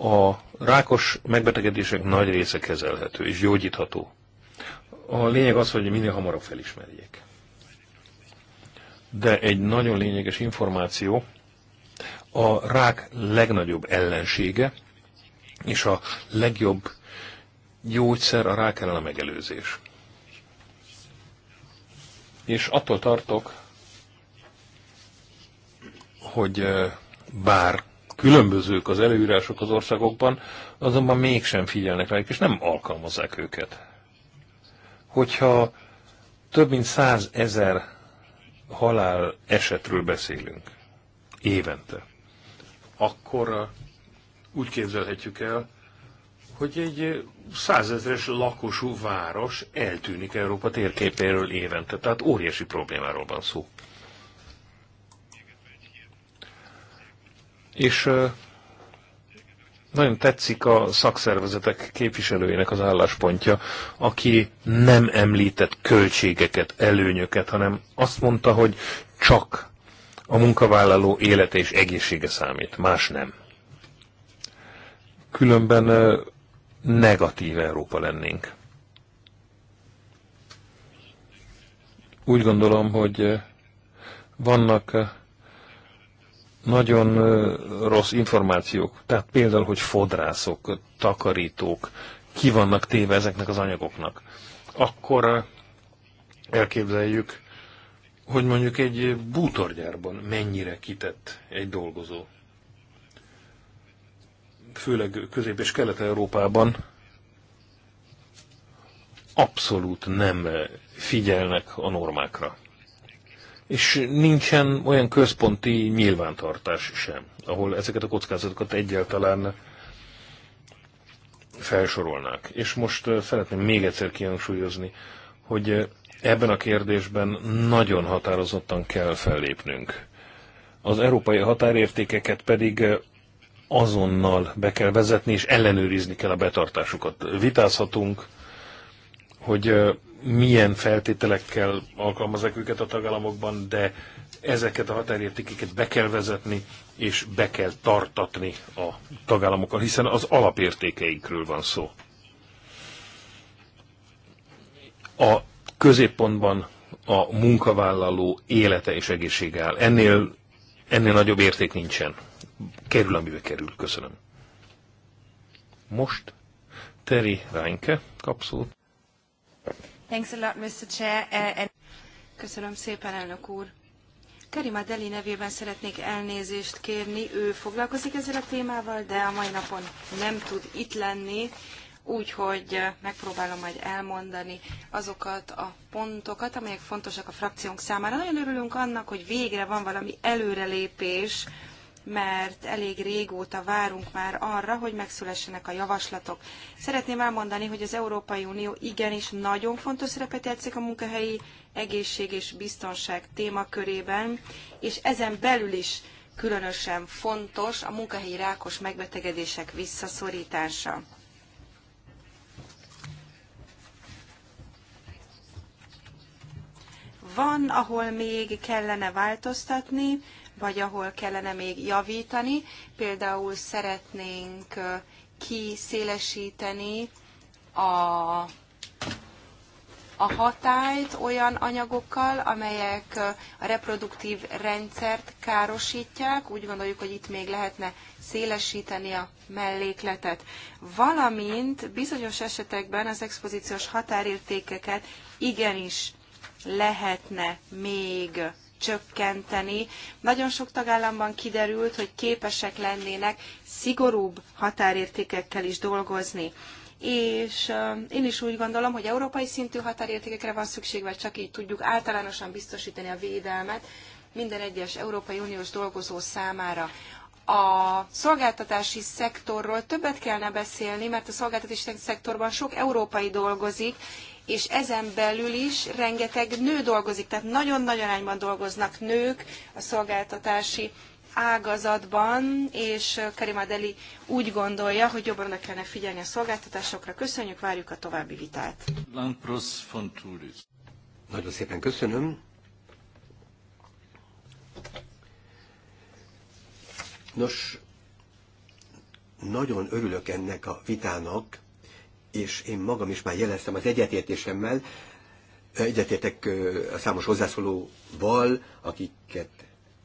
A rákos megbetegedések nagy része kezelhető és gyógyítható. A lényeg az, hogy minél hamarabb felismerjék. De egy nagyon lényeges információ, a rák legnagyobb ellensége és a legjobb gyógyszer a rák ellen a megelőzés. És attól tartok, hogy bár különbözők az előírások az országokban, azonban mégsem figyelnek rájuk, és nem alkalmazzák őket. Hogyha több mint százezer halál esetről beszélünk évente, akkor úgy képzelhetjük el, hogy egy százezres lakosú város eltűnik Európa térképéről évente. Tehát óriási problémáról van szó. És nagyon tetszik a szakszervezetek képviselőjének az álláspontja, aki nem említett költségeket, előnyöket, hanem azt mondta, hogy csak a munkavállaló élete és egészsége számít, más nem. Különben negatív Európa lennénk. Úgy gondolom, hogy eh, vannak eh, nagyon eh, rossz információk, tehát például, hogy fodrászok, takarítók ki vannak téve ezeknek az anyagoknak, akkor elképzeljük, hogy mondjuk egy bútorgyárban mennyire kitett egy dolgozó főleg Közép- és Kelet-Európában abszolút nem figyelnek a normákra. És nincsen olyan központi nyilvántartás sem, ahol ezeket a kockázatokat egyáltalán felsorolnák. És most szeretném még egyszer kihangsúlyozni, hogy ebben a kérdésben nagyon határozottan kell fellépnünk. Az európai határértékeket pedig azonnal be kell vezetni, és ellenőrizni kell a betartásukat. Vitázhatunk, hogy milyen feltételekkel alkalmazzák őket a tagállamokban, de ezeket a határértékeket be kell vezetni, és be kell tartatni a tagállamokkal, hiszen az alapértékeikről van szó. A középpontban a munkavállaló élete és egészsége áll. Ennél, ennél nagyobb érték nincsen kerül, amibe kerül. Köszönöm. Most Terry Reinke kapszót. Thanks a lot, Mr. Chair. Eh, and... Köszönöm szépen, elnök úr. Karima Deli nevében szeretnék elnézést kérni. Ő foglalkozik ezzel a témával, de a mai napon nem tud itt lenni, úgyhogy eh, megpróbálom majd elmondani azokat a pontokat, amelyek fontosak a frakciónk számára. Nagyon örülünk annak, hogy végre van valami előrelépés mert elég régóta várunk már arra, hogy megszülessenek a javaslatok. Szeretném elmondani, hogy az Európai Unió igenis nagyon fontos szerepet játszik a munkahelyi egészség és biztonság témakörében, és ezen belül is különösen fontos a munkahelyi rákos megbetegedések visszaszorítása. Van, ahol még kellene változtatni, vagy ahol kellene még javítani. Például szeretnénk kiszélesíteni a, a hatályt olyan anyagokkal, amelyek a reproduktív rendszert károsítják. Úgy gondoljuk, hogy itt még lehetne szélesíteni a mellékletet. Valamint bizonyos esetekben az expozíciós határértékeket igenis lehetne még csökkenteni. Nagyon sok tagállamban kiderült, hogy képesek lennének szigorúbb határértékekkel is dolgozni és én is úgy gondolom, hogy európai szintű határértékekre van szükség, vagy csak így tudjuk általánosan biztosítani a védelmet minden egyes Európai Uniós dolgozó számára. A szolgáltatási szektorról többet kellene beszélni, mert a szolgáltatási szektorban sok európai dolgozik, és ezen belül is rengeteg nő dolgozik, tehát nagyon nagy arányban dolgoznak nők a szolgáltatási ágazatban, és Karimadeli úgy gondolja, hogy jobban oda kellene figyelni a szolgáltatásokra. Köszönjük, várjuk a további vitát. Nagyon szépen köszönöm. Nos, nagyon örülök ennek a vitának, és én magam is már jeleztem az egyetértésemmel, egyetértek a számos hozzászólóval, akiket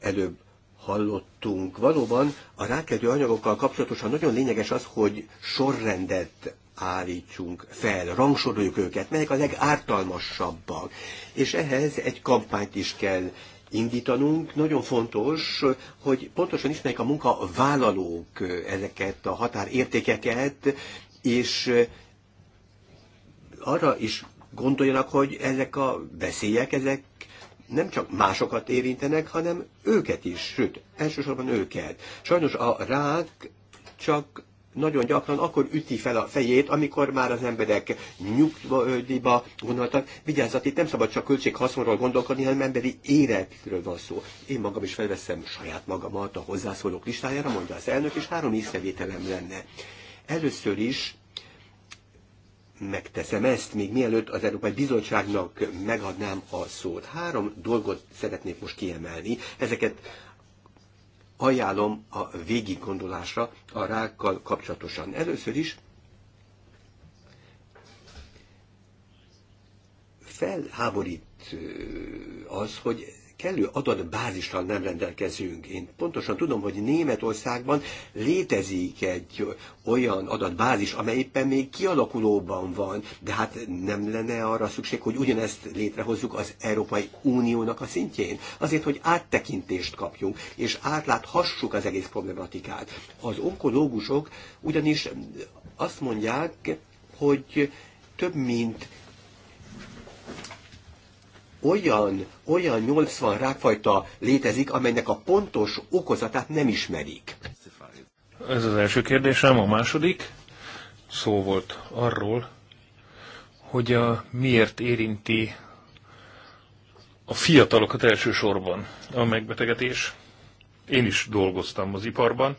előbb hallottunk. Valóban a rákedő anyagokkal kapcsolatosan nagyon lényeges az, hogy sorrendet állítsunk fel, rangsoroljuk őket, melyek a legártalmasabbak. És ehhez egy kampányt is kell indítanunk. Nagyon fontos, hogy pontosan ismerjék a munka vállalók ezeket a határértékeket, és arra is gondoljanak, hogy ezek a veszélyek, ezek nem csak másokat érintenek, hanem őket is, sőt, elsősorban őket. Sajnos a rák csak nagyon gyakran akkor üti fel a fejét, amikor már az emberek nyugdíjba gondoltak. Vigyázzat, itt nem szabad csak költséghaszonról gondolkodni, hanem emberi életről van szó. Én magam is felveszem saját magamat a hozzászólók listájára, mondja az elnök, és három észrevételem lenne. Először is megteszem ezt, még mielőtt az Európai Bizottságnak megadnám a szót. Három dolgot szeretnék most kiemelni. Ezeket ajánlom a végig gondolásra a rákkal kapcsolatosan. Először is felháborít az, hogy kellő adatbázissal nem rendelkezünk. Én pontosan tudom, hogy Németországban létezik egy olyan adatbázis, amely éppen még kialakulóban van, de hát nem lenne arra szükség, hogy ugyanezt létrehozzuk az Európai Uniónak a szintjén, azért, hogy áttekintést kapjunk, és átláthassuk az egész problematikát. Az onkológusok ugyanis azt mondják, hogy több mint olyan, olyan 80 rákfajta létezik, amelynek a pontos okozatát nem ismerik. Ez az első kérdésem, a második szó volt arról, hogy a miért érinti a fiatalokat elsősorban a megbetegetés. Én is dolgoztam az iparban,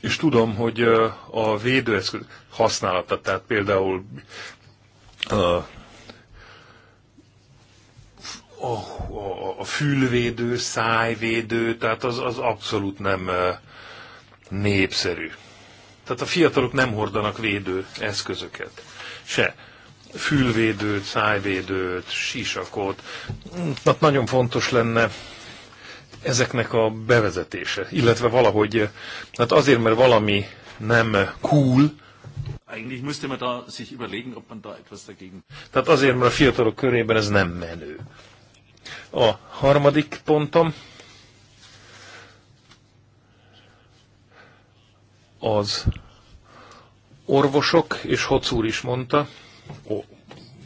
és tudom, hogy a védőeszköz használata, tehát például a a, a, a fülvédő, szájvédő, tehát az, az abszolút nem népszerű. Tehát a fiatalok nem hordanak védő eszközöket. Se fülvédőt, szájvédőt, sisakot. Na, nagyon fontos lenne ezeknek a bevezetése, illetve valahogy, hát azért, mert valami nem cool, Eigentlich müsste man da sich überlegen, ob man da etwas dagegen... Tehát azért, mert a fiatalok körében ez nem menő. A harmadik pontom az orvosok, és úr is mondta, ó,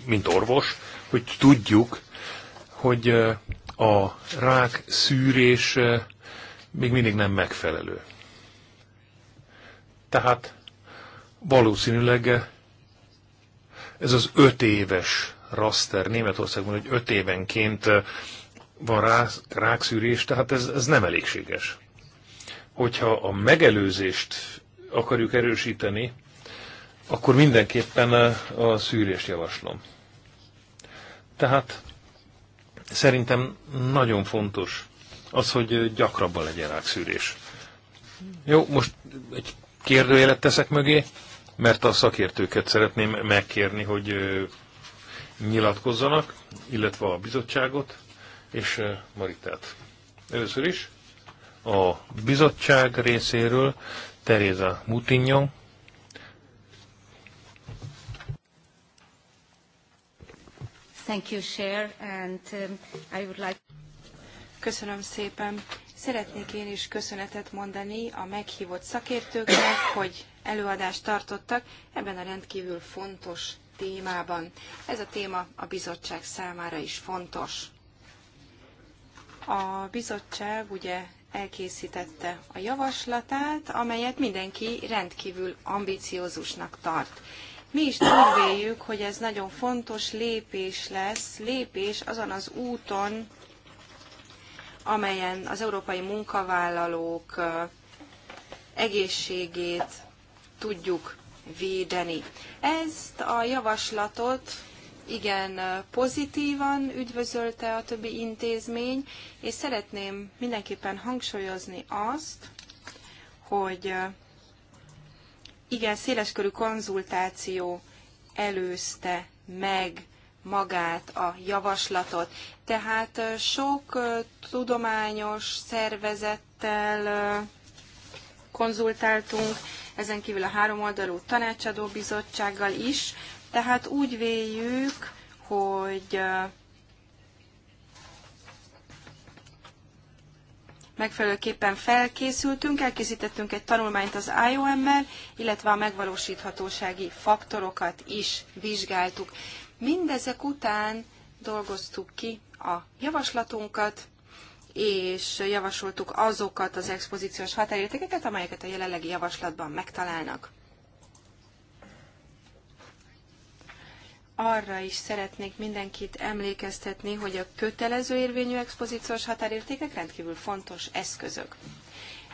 mint orvos, hogy tudjuk, hogy a rák szűrés még mindig nem megfelelő. Tehát valószínűleg ez az öt éves raster Németországban, hogy öt évenként van rá, rákszűrés, tehát ez, ez nem elégséges. Hogyha a megelőzést akarjuk erősíteni, akkor mindenképpen a szűrést javaslom. Tehát szerintem nagyon fontos az, hogy gyakrabban legyen rákszűrés. Jó, most egy kérdőjelet teszek mögé, mert a szakértőket szeretném megkérni, hogy nyilatkozzanak, illetve a bizottságot és eh, Maritát. Először is a bizottság részéről Teréza Mutinyon. Thank you, Cher, and um, I would like... Köszönöm szépen. Szeretnék én is köszönetet mondani a meghívott szakértőknek, hogy előadást tartottak ebben a rendkívül fontos témában. Ez a téma a bizottság számára is fontos. A bizottság ugye elkészítette a javaslatát, amelyet mindenki rendkívül ambiciózusnak tart. Mi is úgy véljük, hogy ez nagyon fontos lépés lesz, lépés azon az úton, amelyen az európai munkavállalók egészségét tudjuk védeni. Ezt a javaslatot igen pozitívan üdvözölte a többi intézmény, és szeretném mindenképpen hangsúlyozni azt, hogy igen széleskörű konzultáció előzte meg magát a javaslatot. Tehát sok tudományos szervezettel konzultáltunk, ezen kívül a háromoldalú tanácsadó bizottsággal is. Tehát úgy véljük, hogy megfelelőképpen felkészültünk, elkészítettünk egy tanulmányt az IOM-mel, illetve a megvalósíthatósági faktorokat is vizsgáltuk. Mindezek után dolgoztuk ki a javaslatunkat, és javasoltuk azokat az expozíciós határértékeket, amelyeket a jelenlegi javaslatban megtalálnak. arra is szeretnék mindenkit emlékeztetni, hogy a kötelező érvényű expozíciós határértékek rendkívül fontos eszközök.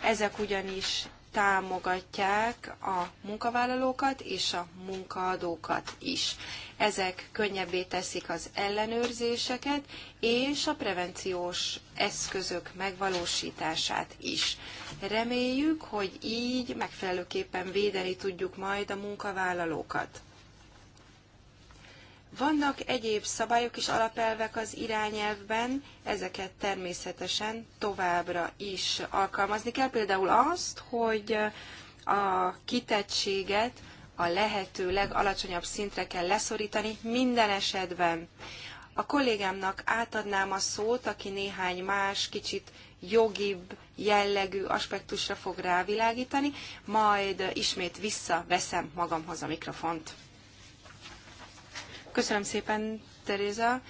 Ezek ugyanis támogatják a munkavállalókat és a munkaadókat is. Ezek könnyebbé teszik az ellenőrzéseket és a prevenciós eszközök megvalósítását is. Reméljük, hogy így megfelelőképpen védeni tudjuk majd a munkavállalókat. Vannak egyéb szabályok és alapelvek az irányelvben, ezeket természetesen továbbra is alkalmazni kell. Például azt, hogy a kitettséget a lehető legalacsonyabb szintre kell leszorítani minden esetben. A kollégámnak átadnám a szót, aki néhány más, kicsit jogibb jellegű aspektusra fog rávilágítani, majd ismét visszaveszem magamhoz a mikrofont. Köszönöm szépen, Teréza.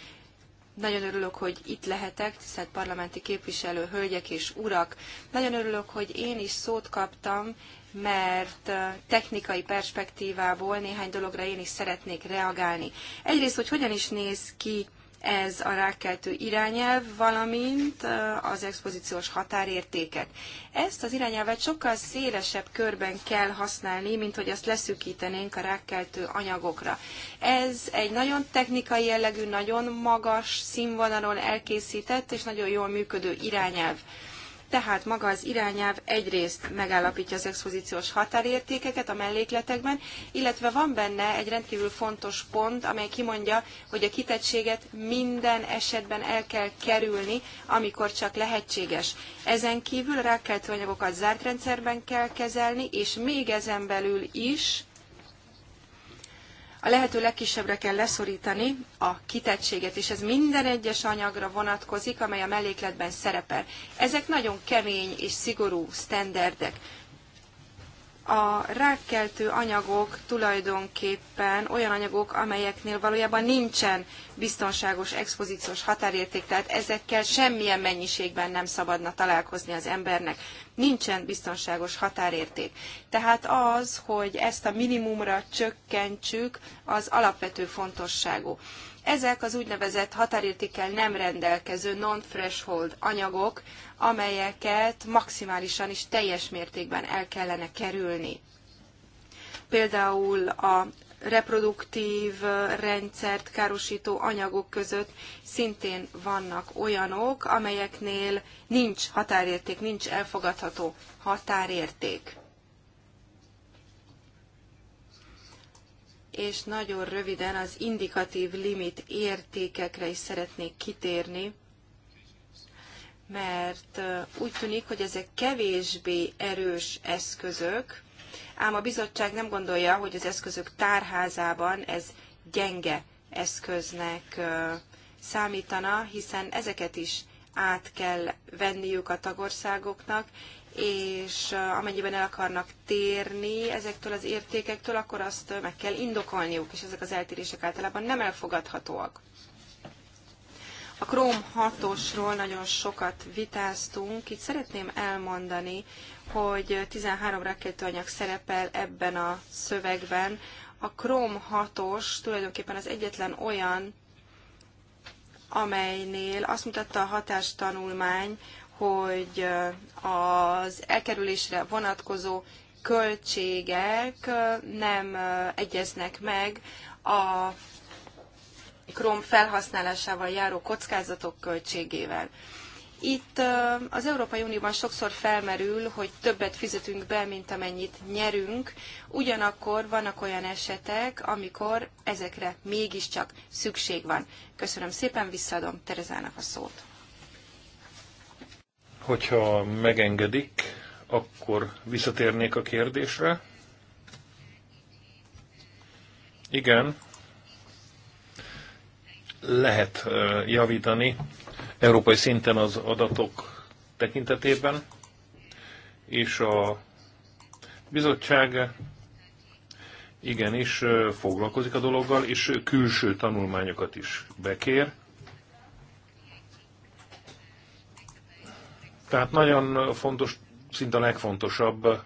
Nagyon örülök, hogy itt lehetek, tisztelt parlamenti képviselő, hölgyek és urak. Nagyon örülök, hogy én is szót kaptam, mert technikai perspektívából néhány dologra én is szeretnék reagálni. Egyrészt, hogy hogyan is néz ki ez a rákkeltő irányelv, valamint az expozíciós határértéket. Ezt az irányelvet sokkal szélesebb körben kell használni, mint hogy azt leszűkítenénk a rákkeltő anyagokra. Ez egy nagyon technikai jellegű, nagyon magas színvonalon elkészített és nagyon jól működő irányelv. Tehát maga az irányelv egyrészt megállapítja az expozíciós határértékeket a mellékletekben, illetve van benne egy rendkívül fontos pont, amely kimondja, hogy a kitettséget minden esetben el kell kerülni, amikor csak lehetséges. Ezen kívül rákkeltő anyagokat zárt rendszerben kell kezelni, és még ezen belül is a lehető legkisebbre kell leszorítani a kitettséget, és ez minden egyes anyagra vonatkozik, amely a mellékletben szerepel. Ezek nagyon kemény és szigorú sztenderdek a rákkeltő anyagok tulajdonképpen olyan anyagok, amelyeknél valójában nincsen biztonságos expozíciós határérték, tehát ezekkel semmilyen mennyiségben nem szabadna találkozni az embernek. Nincsen biztonságos határérték. Tehát az, hogy ezt a minimumra csökkentsük, az alapvető fontosságú. Ezek az úgynevezett határértékkel nem rendelkező non-threshold anyagok, amelyeket maximálisan és teljes mértékben el kellene kerülni. Például a reproduktív rendszert károsító anyagok között szintén vannak olyanok, amelyeknél nincs határérték, nincs elfogadható határérték. És nagyon röviden az indikatív limit értékekre is szeretnék kitérni mert úgy tűnik, hogy ezek kevésbé erős eszközök, ám a bizottság nem gondolja, hogy az eszközök tárházában ez gyenge eszköznek számítana, hiszen ezeket is át kell venniük a tagországoknak, és amennyiben el akarnak térni ezektől az értékektől, akkor azt meg kell indokolniuk, és ezek az eltérések általában nem elfogadhatóak. A Chrome 6-osról nagyon sokat vitáztunk. Itt szeretném elmondani, hogy 13 rakétőanyag szerepel ebben a szövegben. A Chrome 6-os tulajdonképpen az egyetlen olyan, amelynél azt mutatta a hatástanulmány, hogy az elkerülésre vonatkozó költségek nem egyeznek meg a krom felhasználásával járó kockázatok költségével. Itt az Európai Unióban sokszor felmerül, hogy többet fizetünk be, mint amennyit nyerünk, ugyanakkor vannak olyan esetek, amikor ezekre mégiscsak szükség van. Köszönöm szépen, visszaadom Terezának a szót. Hogyha megengedik, akkor visszatérnék a kérdésre. Igen, lehet javítani európai szinten az adatok tekintetében, és a bizottság igenis foglalkozik a dologgal, és külső tanulmányokat is bekér. Tehát nagyon fontos, szinte a legfontosabb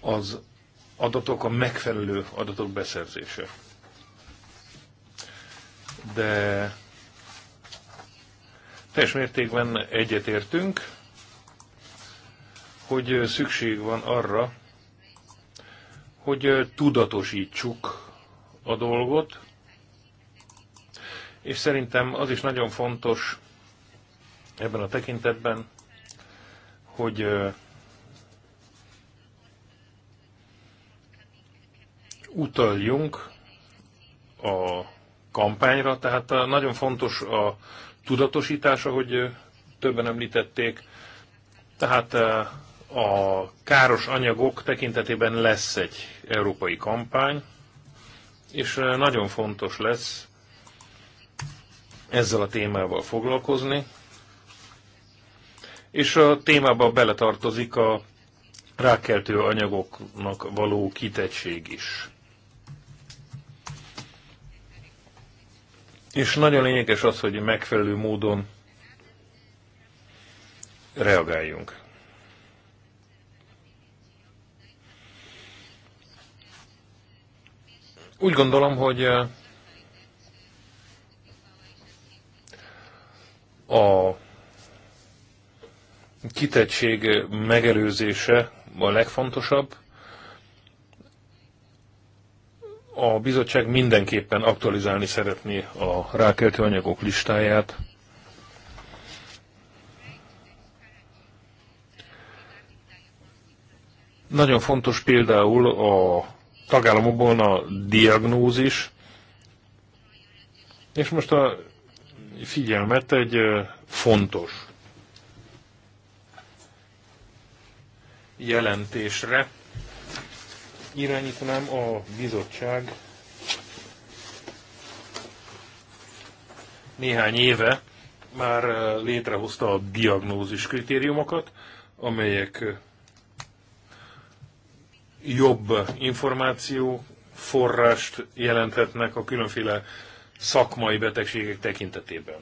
az adatok, a megfelelő adatok beszerzése. De teljes mértékben egyetértünk, hogy szükség van arra, hogy tudatosítsuk a dolgot, és szerintem az is nagyon fontos ebben a tekintetben, hogy utaljunk a kampányra, tehát eh, nagyon fontos a tudatosítás, ahogy eh, többen említették, tehát eh, a káros anyagok tekintetében lesz egy európai kampány, és nagyon fontos lesz ezzel a témával foglalkozni, és a témába beletartozik a rákeltő anyagoknak való kitettség is. És nagyon lényeges az, hogy megfelelő módon reagáljunk. Úgy gondolom, hogy eh, a kitettség megelőzése a legfontosabb, a bizottság mindenképpen aktualizálni szeretné a rákeltő anyagok listáját. Nagyon fontos például a tagállamokban a diagnózis, és most a figyelmet egy fontos jelentésre irányítanám a bizottság néhány éve már eh, létrehozta a diagnózis kritériumokat, amelyek eh, jobb információ forrást jelenthetnek a különféle szakmai betegségek tekintetében.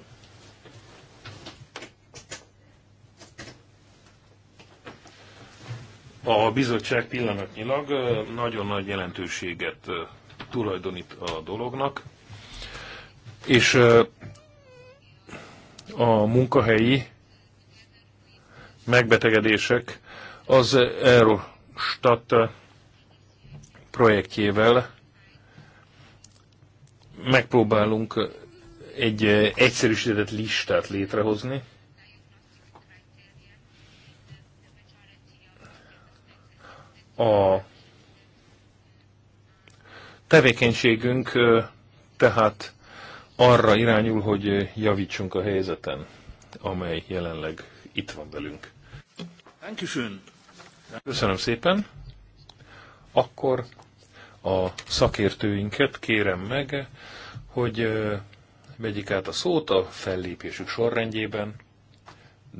A bizottság pillanatnyilag nagyon nagy jelentőséget tulajdonít a dolognak, és a munkahelyi megbetegedések az Eurostat projektjével megpróbálunk egy egyszerűsített listát létrehozni, A tevékenységünk tehát arra irányul, hogy javítsunk a helyzeten, amely jelenleg itt van velünk. Köszönöm szépen. Akkor a szakértőinket kérem meg, hogy vegyék át a szót a fellépésük sorrendjében,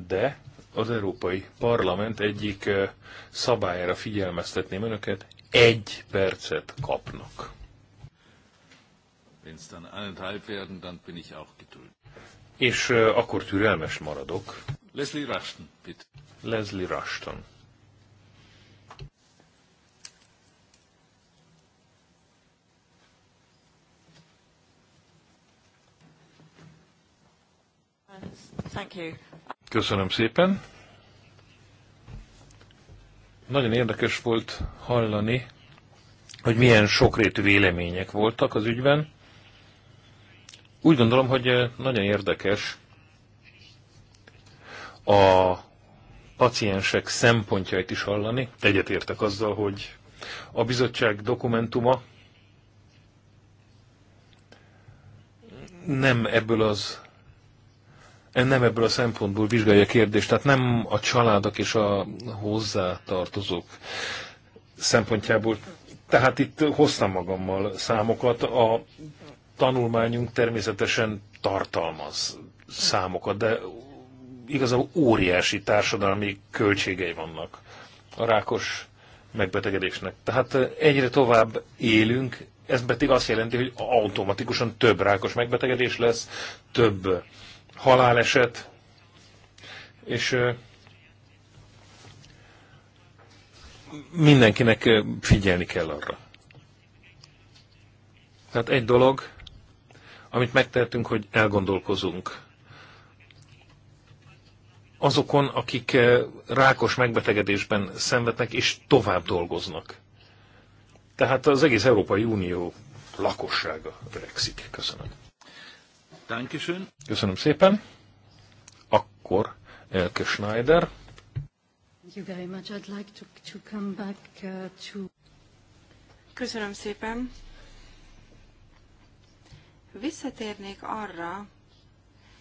de az Európai Parlament egyik szabályára figyelmeztetném önöket, egy percet kapnak. És akkor türelmes maradok. Leslie Rushton, bitte. Leslie Rushton. Thank you. Köszönöm szépen. Nagyon érdekes volt hallani, hogy milyen sokrétű vélemények voltak az ügyben. Úgy gondolom, hogy eh, nagyon érdekes a paciensek szempontjait is hallani. Egyetértek azzal, hogy a bizottság dokumentuma nem ebből az nem ebből a szempontból vizsgálja a kérdést, tehát nem a családok és a hozzátartozók szempontjából. Tehát itt hoztam magammal számokat, a tanulmányunk természetesen tartalmaz számokat, de igazából óriási társadalmi költségei vannak a rákos megbetegedésnek. Tehát egyre tovább élünk, ez pedig azt jelenti, hogy automatikusan több rákos megbetegedés lesz, több haláleset, és mindenkinek figyelni kell arra. Tehát egy dolog, amit megtehetünk, hogy elgondolkozunk azokon, akik rákos megbetegedésben szenvednek és tovább dolgoznak. Tehát az egész Európai Unió lakossága öregszik. Köszönöm. Köszönöm szépen. Akkor Elke Schneider. Uh, Köszönöm szépen. Visszatérnék arra,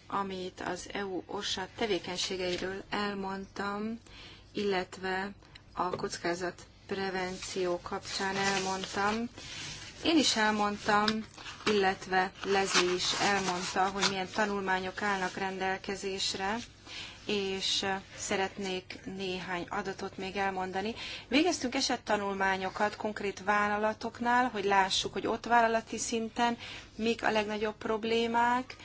amit az EU OSA tevékenységeiről elmondtam, illetve a kockázat prevenció kapcsán elmondtam, én is elmondtam, illetve Leslie is elmondta, hogy milyen tanulmányok állnak rendelkezésre, és szeretnék néhány adatot még elmondani. Végeztünk esettanulmányokat konkrét vállalatoknál, hogy lássuk, hogy ott vállalati szinten mik a legnagyobb problémák,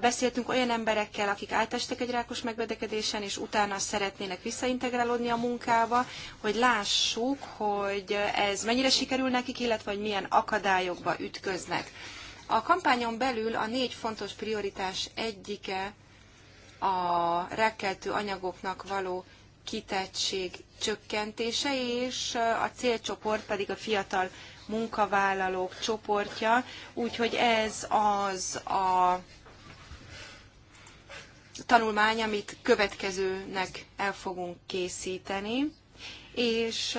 beszéltünk olyan emberekkel, akik átestek egy rákos megbetegedésen, és utána szeretnének visszaintegrálódni a munkába, hogy lássuk, hogy ez mennyire sikerül nekik, illetve hogy milyen akadályokba ütköznek. A kampányon belül a négy fontos prioritás egyike a rákkeltő anyagoknak való kitettség csökkentése, és a célcsoport pedig a fiatal munkavállalók csoportja, úgyhogy ez az a tanulmány, amit következőnek el fogunk készíteni, és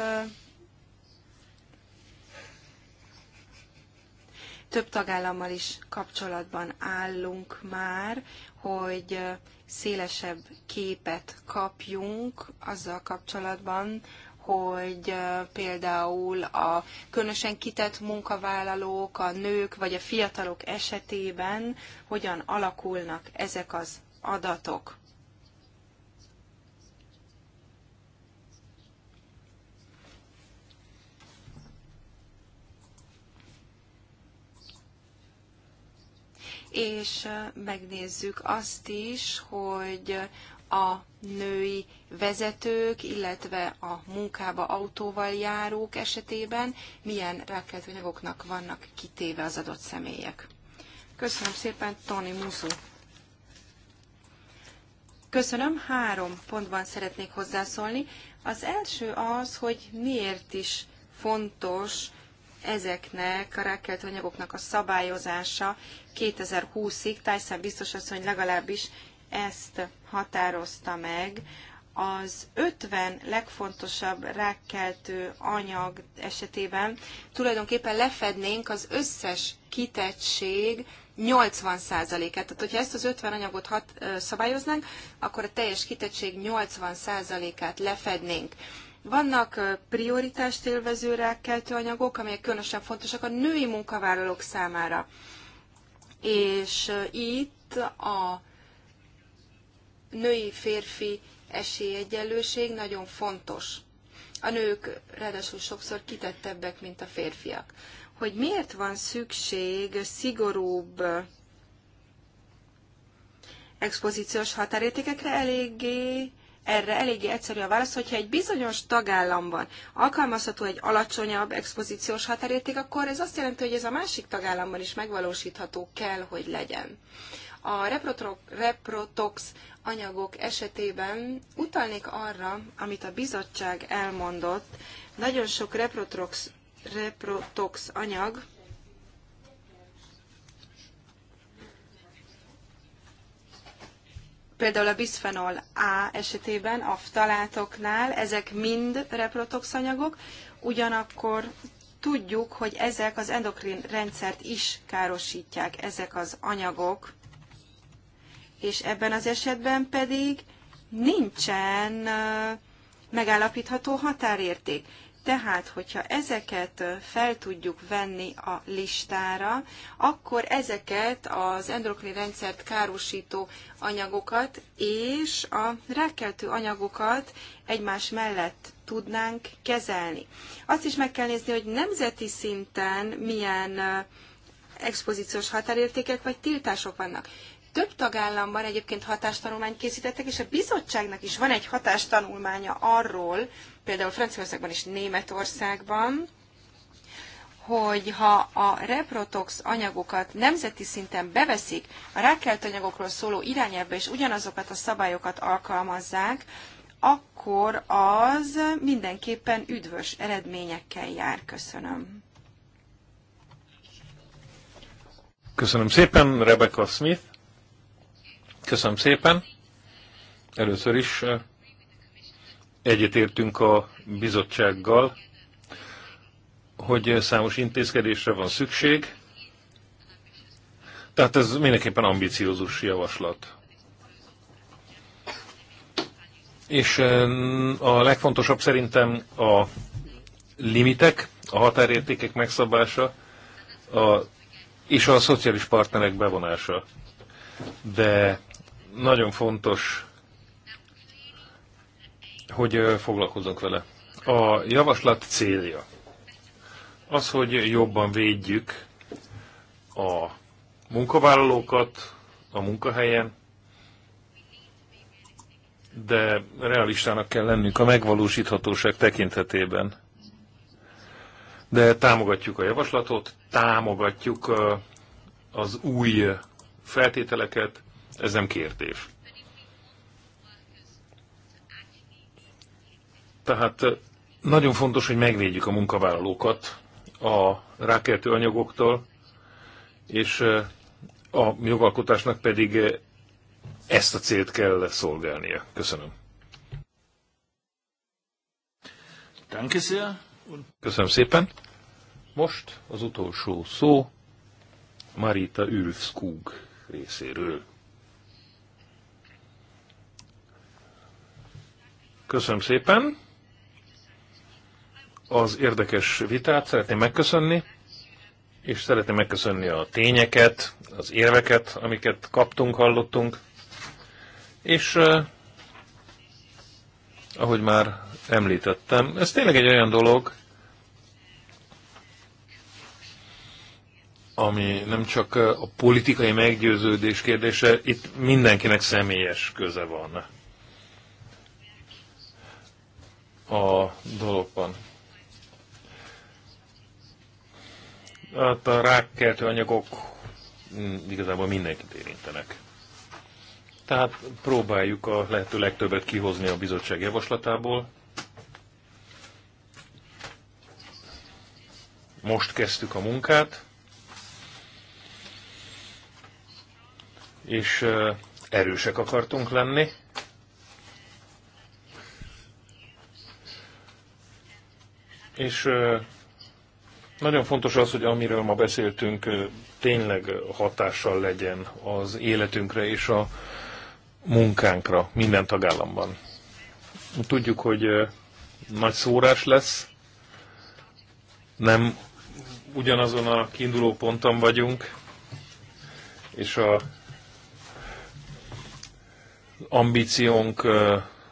több tagállammal is kapcsolatban állunk már, hogy szélesebb képet kapjunk azzal kapcsolatban, hogy például a különösen kitett munkavállalók, a nők vagy a fiatalok esetében hogyan alakulnak ezek az adatok. És megnézzük azt is, hogy a női vezetők, illetve a munkába autóval járók esetében milyen rákkeltő vannak kitéve az adott személyek. Köszönöm szépen, Tony Muszu. Köszönöm, három pontban szeretnék hozzászólni. Az első az, hogy miért is fontos ezeknek a rákkeltő anyagoknak a szabályozása 2020-ig. Tyson biztos az, hogy legalábbis ezt határozta meg. Az 50 legfontosabb rákkeltő anyag esetében tulajdonképpen lefednénk az összes kitettség 80%-át. Tehát, hogyha ezt az 50 anyagot hat, ö, szabályoznánk, akkor a teljes kitettség 80%-át lefednénk. Vannak prioritást élvező rákkeltő anyagok, amelyek különösen fontosak a női munkavállalók számára. És itt a női-férfi esélyegyenlőség nagyon fontos. A nők ráadásul sokszor kitettebbek, mint a férfiak hogy miért van szükség szigorúbb expozíciós határértékekre eléggé erre eléggé egyszerű a válasz, hogyha egy bizonyos tagállamban alkalmazható egy alacsonyabb expozíciós határérték, akkor ez azt jelenti, hogy ez a másik tagállamban is megvalósítható kell, hogy legyen. A reprotox anyagok esetében utalnék arra, amit a bizottság elmondott, nagyon sok reprotox reprotox anyag, például a bisphenol A esetében, a ftalátoknál, ezek mind reprotox anyagok, ugyanakkor tudjuk, hogy ezek az endokrin rendszert is károsítják, ezek az anyagok, és ebben az esetben pedig nincsen megállapítható határérték. Tehát, hogyha ezeket fel tudjuk venni a listára, akkor ezeket az endokrin rendszert károsító anyagokat és a rákkeltő anyagokat egymás mellett tudnánk kezelni. Azt is meg kell nézni, hogy nemzeti szinten milyen expozíciós határértékek vagy tiltások vannak több tagállamban egyébként hatástanulmányt készítettek, és a bizottságnak is van egy hatástanulmánya arról, például Franciaországban és Németországban, hogy ha a reprotox anyagokat nemzeti szinten beveszik, a rákelt anyagokról szóló irányelvbe és ugyanazokat a szabályokat alkalmazzák, akkor az mindenképpen üdvös eredményekkel jár. Köszönöm. Köszönöm szépen, Rebecca Smith. Köszönöm szépen. Először is eh, egyetértünk a bizottsággal, hogy számos intézkedésre van szükség, tehát ez mindenképpen ambiciózus javaslat. És a legfontosabb szerintem a limitek, a határértékek megszabása a, és a szociális partnerek bevonása. De nagyon fontos hogy foglalkozzunk vele. A javaslat célja az, hogy jobban védjük a munkavállalókat a munkahelyen, de realistának kell lennünk a megvalósíthatóság tekintetében. De támogatjuk a javaslatot, támogatjuk az új feltételeket, ez nem kérdés. Tehát eh, nagyon fontos, hogy megvédjük a munkavállalókat a rákeltő anyagoktól, és eh, a jogalkotásnak pedig eh, ezt a célt kell szolgálnia. Köszönöm. Köszönöm szépen. Most az utolsó szó Marita Ülfskug részéről. Köszönöm szépen az érdekes vitát, szeretném megköszönni, és szeretném megköszönni a tényeket, az érveket, amiket kaptunk, hallottunk, és ahogy már említettem, ez tényleg egy olyan dolog, ami nem csak a politikai meggyőződés kérdése, itt mindenkinek személyes köze van a dologban. a rákkeltő anyagok mm, igazából mindenkit érintenek. Tehát próbáljuk a lehető legtöbbet kihozni a bizottság javaslatából. Most kezdtük a munkát, és erősek akartunk lenni. És nagyon fontos az, hogy amiről ma beszéltünk, tényleg hatással legyen az életünkre és a munkánkra minden tagállamban. Tudjuk, hogy nagy szórás lesz, nem ugyanazon a kiinduló ponton vagyunk, és a ambíciónk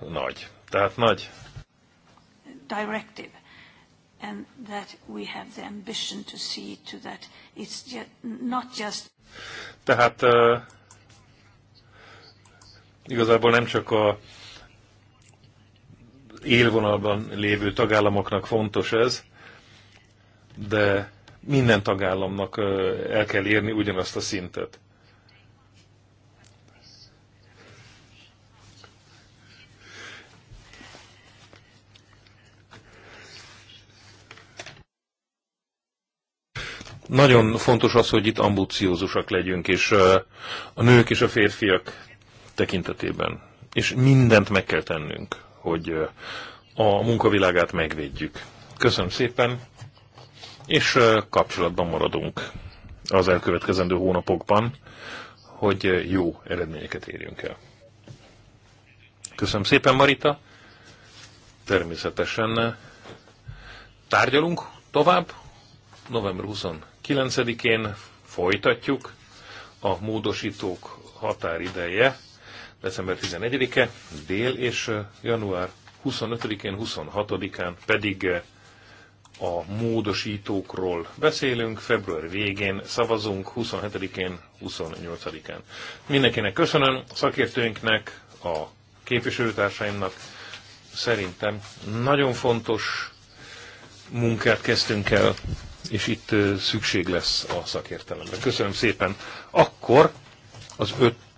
nagy. Tehát nagy. Directive and that we have the ambition to see to that it's just, not just Tehát uh, igazából nem csak a élvonalban lévő tagállamoknak fontos ez, de minden tagállamnak el kell érni ugyanazt a szintet. Nagyon fontos az, hogy itt ambiciózusak legyünk, és a nők és a férfiak tekintetében. És mindent meg kell tennünk, hogy a munkavilágát megvédjük. Köszönöm szépen, és kapcsolatban maradunk az elkövetkezendő hónapokban, hogy jó eredményeket érjünk el. Köszönöm szépen, Marita. Természetesen tárgyalunk tovább. November 20 9-én folytatjuk a módosítók határideje, december 11-e, dél és január 25-én, 26-án pedig a módosítókról beszélünk, február végén szavazunk, 27-én, 28-án. Mindenkinek köszönöm, szakértőinknek, a képviselőtársaimnak, szerintem nagyon fontos munkát kezdtünk el és itt szükség lesz a szakértelemre. Köszönöm szépen. Akkor az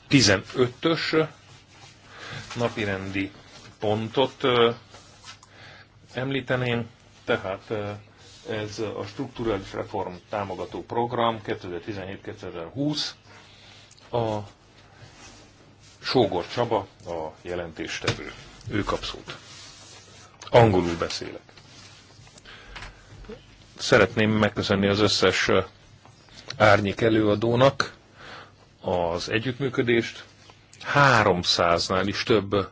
15-ös napirendi pontot említeném, tehát ez a strukturális reform támogató program 2017-2020, a Sógor Csaba a jelentéstevő. Ő kap szót. Angolul beszélek. Szeretném megköszönni az összes árnyék előadónak az együttműködést. 300-nál is több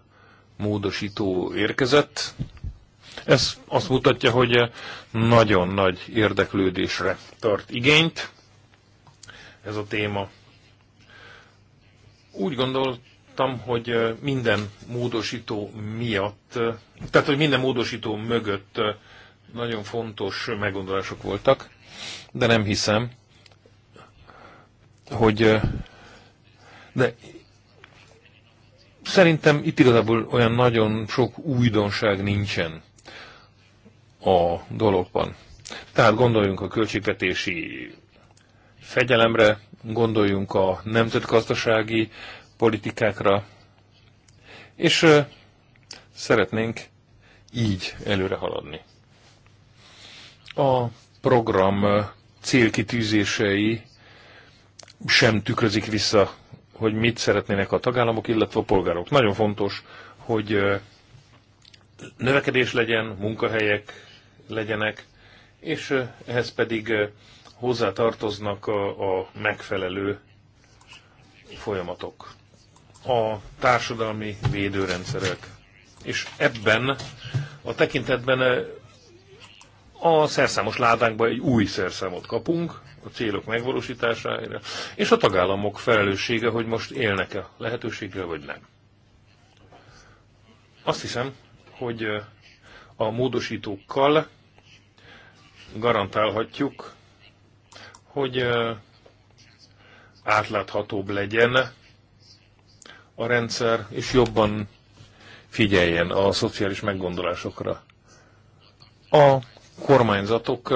módosító érkezett. Ez azt mutatja, hogy nagyon nagy érdeklődésre tart igényt ez a téma. Úgy gondoltam, hogy minden módosító miatt, tehát hogy minden módosító mögött nagyon fontos meggondolások voltak, de nem hiszem, hogy de szerintem itt igazából olyan nagyon sok újdonság nincsen a dologban. Tehát gondoljunk a költségvetési fegyelemre, gondoljunk a nemzetgazdasági politikákra, és szeretnénk így előre haladni. A program célkitűzései sem tükrözik vissza, hogy mit szeretnének a tagállamok, illetve a polgárok. Nagyon fontos, hogy növekedés legyen, munkahelyek legyenek, és ehhez pedig hozzátartoznak a, a megfelelő folyamatok. A társadalmi védőrendszerek. És ebben a tekintetben a szerszámos ládánkba egy új szerszámot kapunk, a célok megvalósítására, és a tagállamok felelőssége, hogy most élnek-e lehetőséggel, vagy nem. Azt hiszem, hogy a módosítókkal garantálhatjuk, hogy átláthatóbb legyen a rendszer, és jobban figyeljen a szociális meggondolásokra. A kormányzatok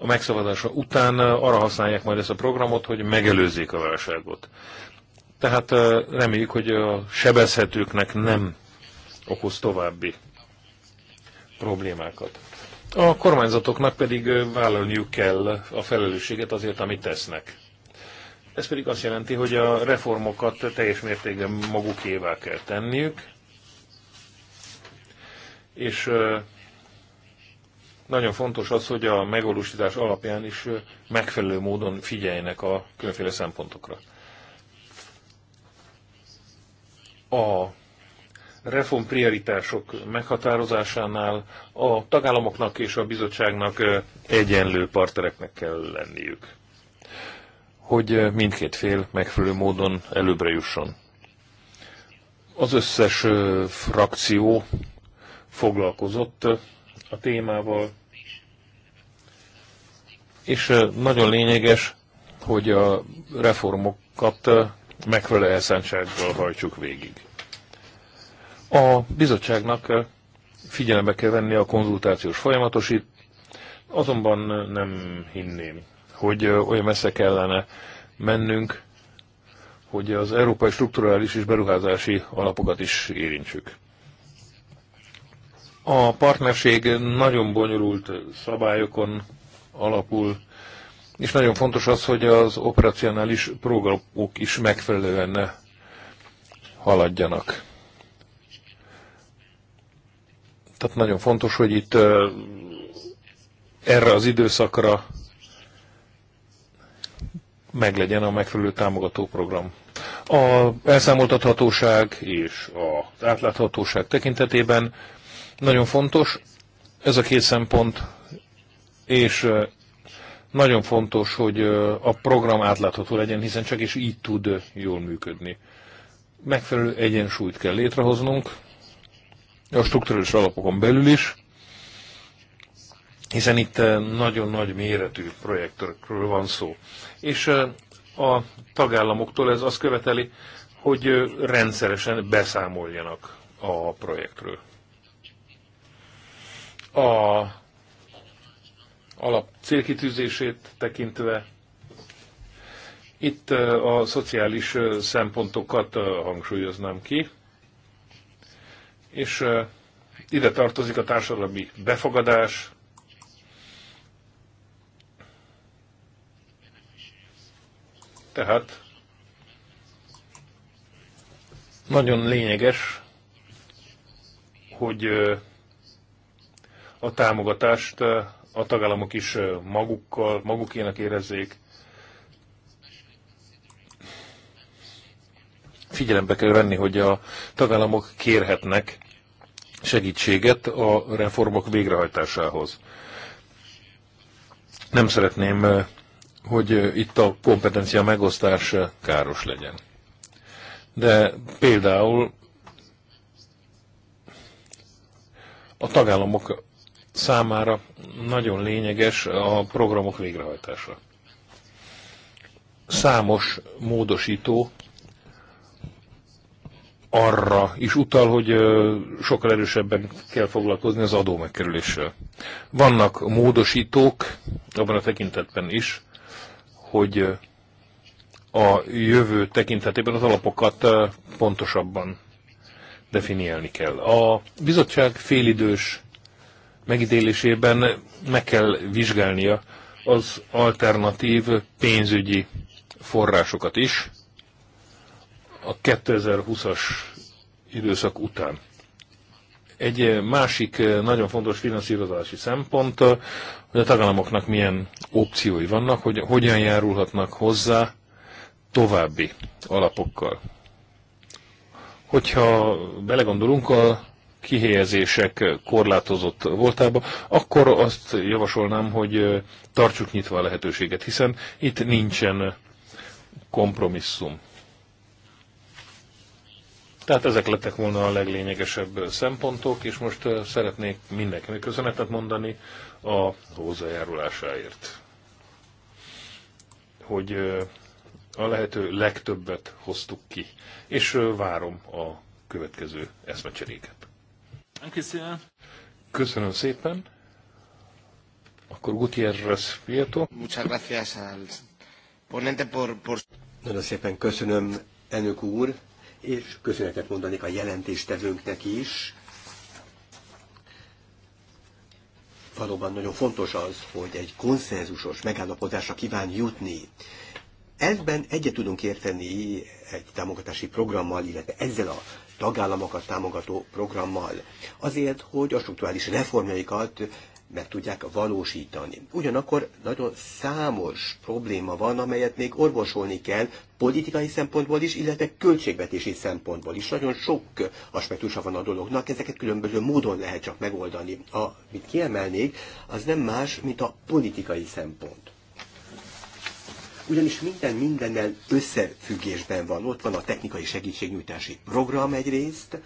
a megszabadása után arra használják majd ezt a programot, hogy megelőzzék a válságot. Tehát reméljük, hogy a sebezhetőknek nem okoz további problémákat. A kormányzatoknak pedig vállalniuk kell a felelősséget azért, amit tesznek. Ez pedig azt jelenti, hogy a reformokat teljes mértékben magukévá kell tenniük, és nagyon fontos az, hogy a megvalósítás alapján is megfelelő módon figyeljenek a különféle szempontokra. A reform prioritások meghatározásánál a tagállamoknak és a bizottságnak egyenlő partnereknek kell lenniük, hogy mindkét fél megfelelő módon előbbre jusson. Az összes frakció foglalkozott a témával, és nagyon lényeges, hogy a reformokat megfelelő elszántsággal hajtsuk végig. A bizottságnak figyelembe kell venni a konzultációs folyamatosít. azonban nem hinném, hogy olyan messze kellene mennünk, hogy az európai strukturális és beruházási alapokat is érintsük. A partnerség nagyon bonyolult szabályokon alapul, és nagyon fontos az, hogy az operacionális programok is megfelelően haladjanak. Tehát nagyon fontos, hogy itt erre az időszakra meglegyen a megfelelő támogató program. A elszámoltathatóság és az átláthatóság tekintetében nagyon fontos ez a két szempont, és nagyon fontos, hogy a program átlátható legyen, hiszen csak is így tud jól működni. Megfelelő egyensúlyt kell létrehoznunk, a strukturális alapokon belül is, hiszen itt nagyon nagy méretű projektről van szó. És a tagállamoktól ez azt követeli, hogy rendszeresen beszámoljanak a projektről a alap célkitűzését tekintve itt a szociális szempontokat hangsúlyoznám ki, és ide tartozik a társadalmi befogadás, tehát nagyon lényeges, hogy a támogatást a tagállamok is magukkal, magukének érezzék. Figyelembe kell venni, hogy a tagállamok kérhetnek segítséget a reformok végrehajtásához. Nem szeretném, hogy itt a kompetencia megosztás káros legyen. De például a tagállamok számára nagyon lényeges a programok végrehajtása. Számos módosító arra is utal, hogy sokkal erősebben kell foglalkozni az megkerüléssel. Vannak módosítók abban a tekintetben is, hogy a jövő tekintetében az alapokat pontosabban definiálni kell. A bizottság félidős megítélésében meg kell vizsgálnia az alternatív pénzügyi forrásokat is a 2020-as időszak után. Egy másik nagyon fontos finanszírozási szempont, hogy a tagállamoknak milyen opciói vannak, hogy hogyan járulhatnak hozzá további alapokkal. Hogyha belegondolunk, a kihelyezések korlátozott voltába, akkor azt javasolnám, hogy tartsuk nyitva a lehetőséget, hiszen itt nincsen kompromisszum. Tehát ezek lettek volna a leglényegesebb szempontok, és most szeretnék mindenkinek köszönetet mondani a hozzájárulásáért. Hogy a lehető legtöbbet hoztuk ki, és várom a következő eszmecseréket. Köszönöm szépen. Akkor Gutiérrez Prieto. Muchas gracias al ponente por, por... Nagyon szépen köszönöm, elnök úr, és köszönetet mondanék a jelentéstevőnknek is. Valóban nagyon fontos az, hogy egy konszenzusos megállapodásra kíván jutni. Ebben egyet tudunk érteni egy támogatási programmal, illetve ezzel a tagállamokat támogató programmal, azért, hogy a struktúrális reformjaikat meg tudják valósítani. Ugyanakkor nagyon számos probléma van, amelyet még orvosolni kell politikai szempontból is, illetve költségvetési szempontból is. Nagyon sok aspektusa van a dolognak, ezeket különböző módon lehet csak megoldani. Amit kiemelnék, az nem más, mint a politikai szempont ugyanis minden mindennel összefüggésben van. Ott van a technikai segítségnyújtási program egyrészt,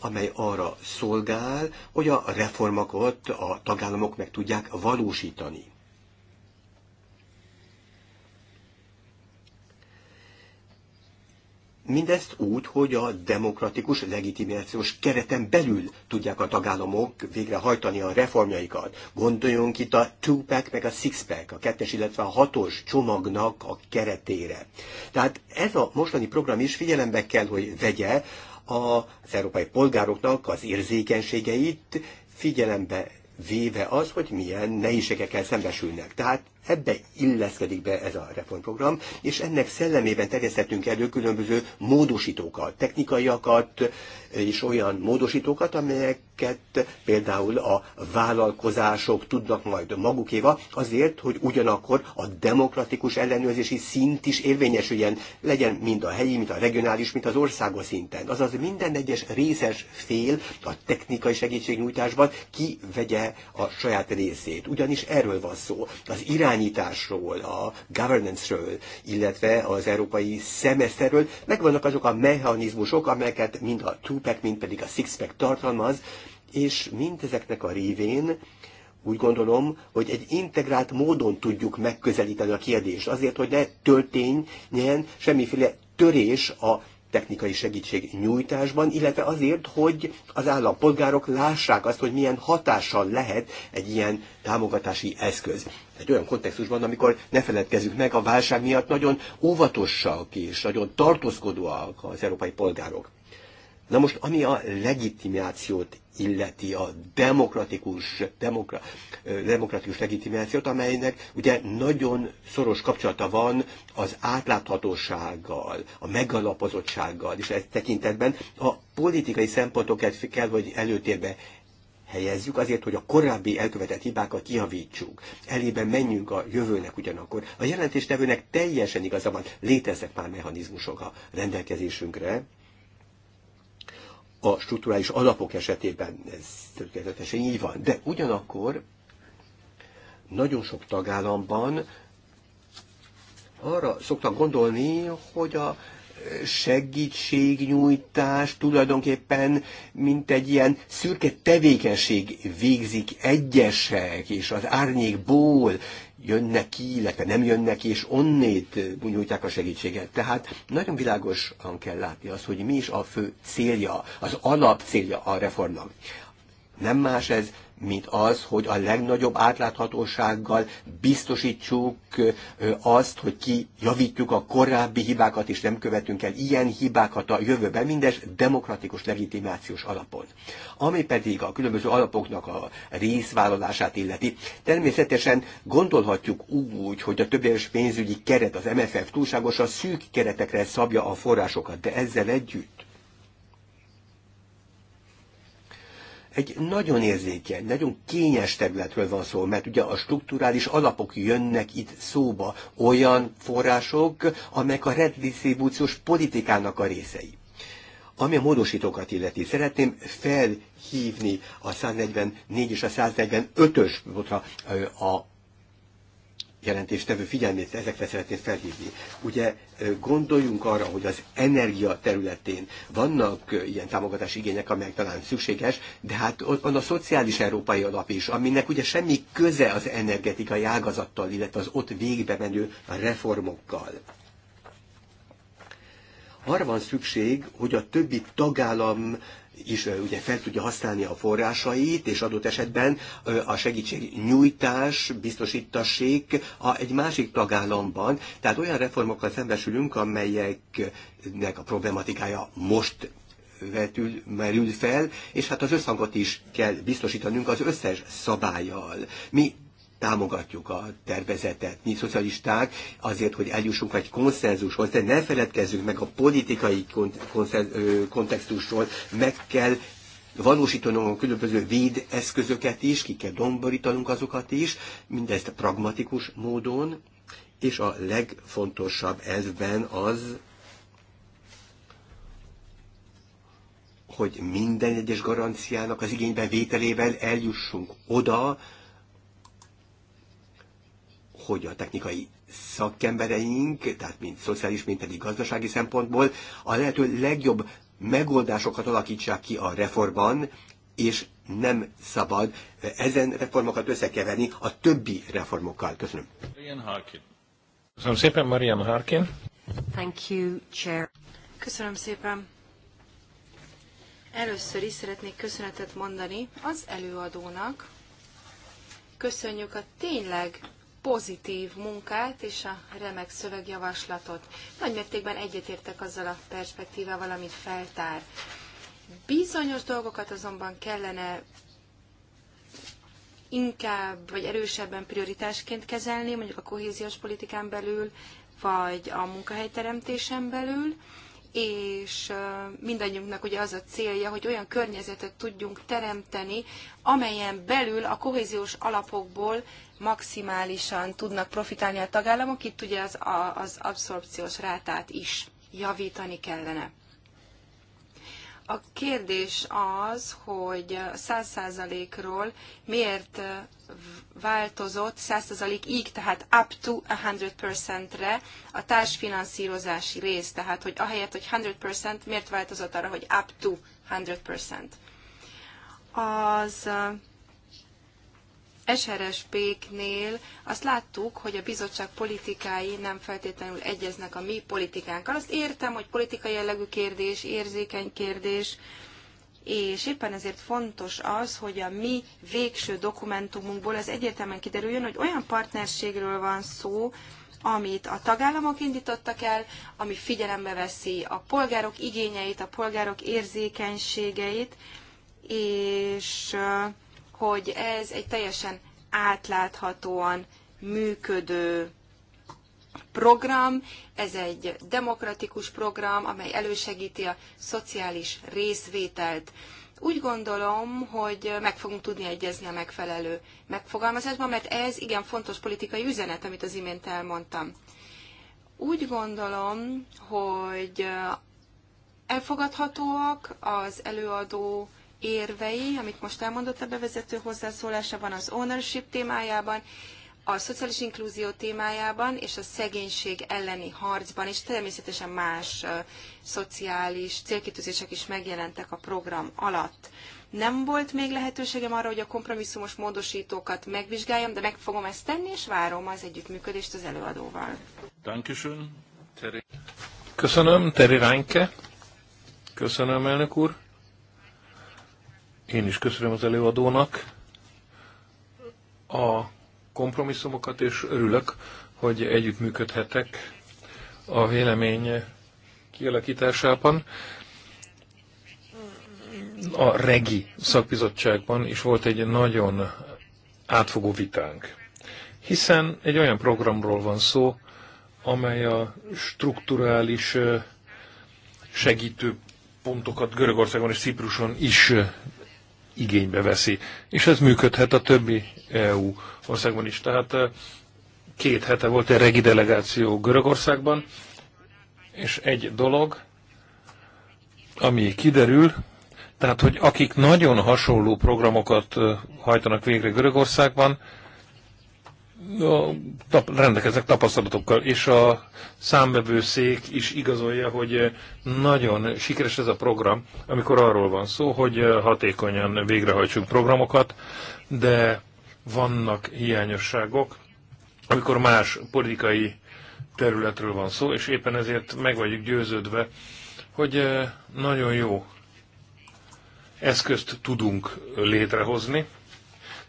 amely arra szolgál, hogy a reformokat a tagállamok meg tudják valósítani. Mindezt úgy, hogy a demokratikus legitimációs kereten belül tudják a tagállamok végrehajtani a reformjaikat. Gondoljunk itt a two-pack meg a six-pack, a kettes, illetve a hatos csomagnak a keretére. Tehát ez a mostani program is figyelembe kell, hogy vegye az európai polgároknak az érzékenységeit, figyelembe véve az, hogy milyen nehézségekkel szembesülnek. Tehát ebbe illeszkedik be ez a reformprogram, és ennek szellemében terjeszthetünk elő különböző módosítókat, technikaiakat és olyan módosítókat, amelyeket például a vállalkozások tudnak majd magukéva, azért, hogy ugyanakkor a demokratikus ellenőrzési szint is érvényesüljen, legyen mind a helyi, mind a regionális, mind az országos szinten. Azaz minden egyes részes fél a technikai segítségnyújtásban kivegye a saját részét. Ugyanis erről van szó. Az irány irányításról, a governance-ről, illetve az európai szemeszterről. Megvannak azok a mechanizmusok, amelyeket mind a two-pack, mind pedig a six-pack tartalmaz, és mindezeknek a révén úgy gondolom, hogy egy integrált módon tudjuk megközelíteni a kérdést, azért, hogy ne történjen semmiféle törés a technikai segítség nyújtásban, illetve azért, hogy az állampolgárok lássák azt, hogy milyen hatással lehet egy ilyen támogatási eszköz egy olyan kontextusban, amikor ne feledkezzünk meg, a válság miatt nagyon óvatosak és nagyon tartózkodóak az európai polgárok. Na most, ami a legitimációt illeti, a demokratikus, demokra, demokratikus legitimációt, amelynek ugye nagyon szoros kapcsolata van az átláthatósággal, a megalapozottsággal, és ez tekintetben a politikai szempontokat kell, hogy előtérbe helyezzük, azért, hogy a korábbi elkövetett hibákat javítsuk. Elében menjünk a jövőnek ugyanakkor. A jelentéstevőnek teljesen igaza van, léteznek már mechanizmusok a rendelkezésünkre, a strukturális alapok esetében ez tökéletesen így van, de ugyanakkor nagyon sok tagállamban arra szoktam gondolni, hogy a segítségnyújtás tulajdonképpen mint egy ilyen szürke tevékenység végzik egyesek, és az árnyékból jönnek ki, illetve nem jönnek ki, és onnét nyújtják a segítséget. Tehát nagyon világosan kell látni azt, hogy mi is a fő célja, az alap célja a reformnak. Nem más ez, mint az, hogy a legnagyobb átláthatósággal biztosítsuk azt, hogy kijavítjuk a korábbi hibákat, és nem követünk el ilyen hibákat a jövőben, mindez demokratikus legitimációs alapon. Ami pedig a különböző alapoknak a részvállalását illeti, természetesen gondolhatjuk úgy, hogy a többéves pénzügyi keret, az MFF túlságosan szűk keretekre szabja a forrásokat, de ezzel együtt Egy nagyon érzékeny, nagyon kényes területről van szó, mert ugye a strukturális alapok jönnek itt szóba, olyan források, amelyek a redistribúciós politikának a részei. Ami a módosítókat illeti, szeretném felhívni a 144 és a 145-ös a jelentéstevő figyelmét ezekre szeretném felhívni. Ugye gondoljunk arra, hogy az energia területén vannak ilyen támogatási igények, amelyek talán szükséges, de hát ott van a szociális európai alap is, aminek ugye semmi köze az energetikai ágazattal, illetve az ott végbe menő reformokkal arra van szükség, hogy a többi tagállam is ugye fel tudja használni a forrásait, és adott esetben a segítségnyújtás biztosítassék a, egy másik tagállamban. Tehát olyan reformokkal szembesülünk, amelyeknek a problematikája most vetül, merül fel, és hát az összhangot is kell biztosítanunk az összes szabályjal. Mi támogatjuk a tervezetet, mi szocialisták, azért, hogy eljussunk egy konszenzushoz, de ne feledkezzünk meg a politikai kontextusról, meg kell valósítanunk a különböző véd eszközöket is, ki kell domborítanunk azokat is, mindezt pragmatikus módon, és a legfontosabb ezben az, hogy minden egyes garanciának az vételével eljussunk oda, hogy a technikai szakembereink, tehát mind szociális, mind pedig gazdasági szempontból a lehető legjobb megoldásokat alakítsák ki a reformban, és nem szabad ezen reformokat összekeverni a többi reformokkal. Köszönöm. Marian Harkin. Köszönöm szépen, Marian Harkin. Thank you, Chair. Köszönöm szépen. Először is szeretnék köszönetet mondani az előadónak. Köszönjük a tényleg pozitív munkát és a remek szövegjavaslatot. Nagymértékben egyetértek azzal a perspektívával, amit feltár. Bizonyos dolgokat azonban kellene inkább vagy erősebben prioritásként kezelni, mondjuk a kohéziós politikán belül, vagy a munkahelyteremtésen belül, és mindannyiunknak ugye az a célja, hogy olyan környezetet tudjunk teremteni, amelyen belül a kohéziós alapokból maximálisan tudnak profitálni a tagállamok, itt ugye az, az abszorpciós rátát is javítani kellene. A kérdés az, hogy 100%-ról miért változott 100 százalékig, tehát up to 100%-re a társfinanszírozási rész, tehát hogy ahelyett, hogy 100% miért változott arra, hogy up to 100%. Az SRSP-knél azt láttuk, hogy a bizottság politikái nem feltétlenül egyeznek a mi politikánkkal. Azt értem, hogy politikai jellegű kérdés, érzékeny kérdés, és éppen ezért fontos az, hogy a mi végső dokumentumunkból ez egyértelműen kiderüljön, hogy olyan partnerségről van szó, amit a tagállamok indítottak el, ami figyelembe veszi a polgárok igényeit, a polgárok érzékenységeit, és hogy ez egy teljesen átláthatóan működő program, ez egy demokratikus program, amely elősegíti a szociális részvételt. Úgy gondolom, hogy meg fogunk tudni egyezni a megfelelő megfogalmazásban, mert ez igen fontos politikai üzenet, amit az imént elmondtam. Úgy gondolom, hogy elfogadhatóak az előadó érvei, amit most elmondott a bevezető hozzászólásában, az ownership témájában, a szociális inklúzió témájában és a szegénység elleni harcban, és természetesen más szociális célkitűzések is megjelentek a program alatt. Nem volt még lehetőségem arra, hogy a kompromisszumos módosítókat megvizsgáljam, de meg fogom ezt tenni, és várom az együttműködést az előadóval. Teri. Köszönöm, Teri Ránke. Köszönöm, elnök úr. Én is köszönöm az előadónak a kompromisszumokat, és örülök, hogy együttműködhetek a vélemény kialakításában. A REGI szakbizottságban is volt egy nagyon átfogó vitánk, hiszen egy olyan programról van szó, amely a strukturális segítő pontokat Görögországon és Cipruson is igénybe veszi. És ez működhet a többi EU országban is. Tehát két hete volt egy regi delegáció Görögországban, és egy dolog, ami kiderül, tehát, hogy akik nagyon hasonló programokat hajtanak végre Görögországban, tap, rendelkeznek tapasztalatokkal, és a számbevőszék is igazolja, hogy nagyon sikeres ez a program, amikor arról van szó, hogy hatékonyan végrehajtsunk programokat, de vannak hiányosságok, amikor más politikai területről van szó, és éppen ezért meg vagyok győződve, hogy eh, nagyon jó eszközt tudunk létrehozni,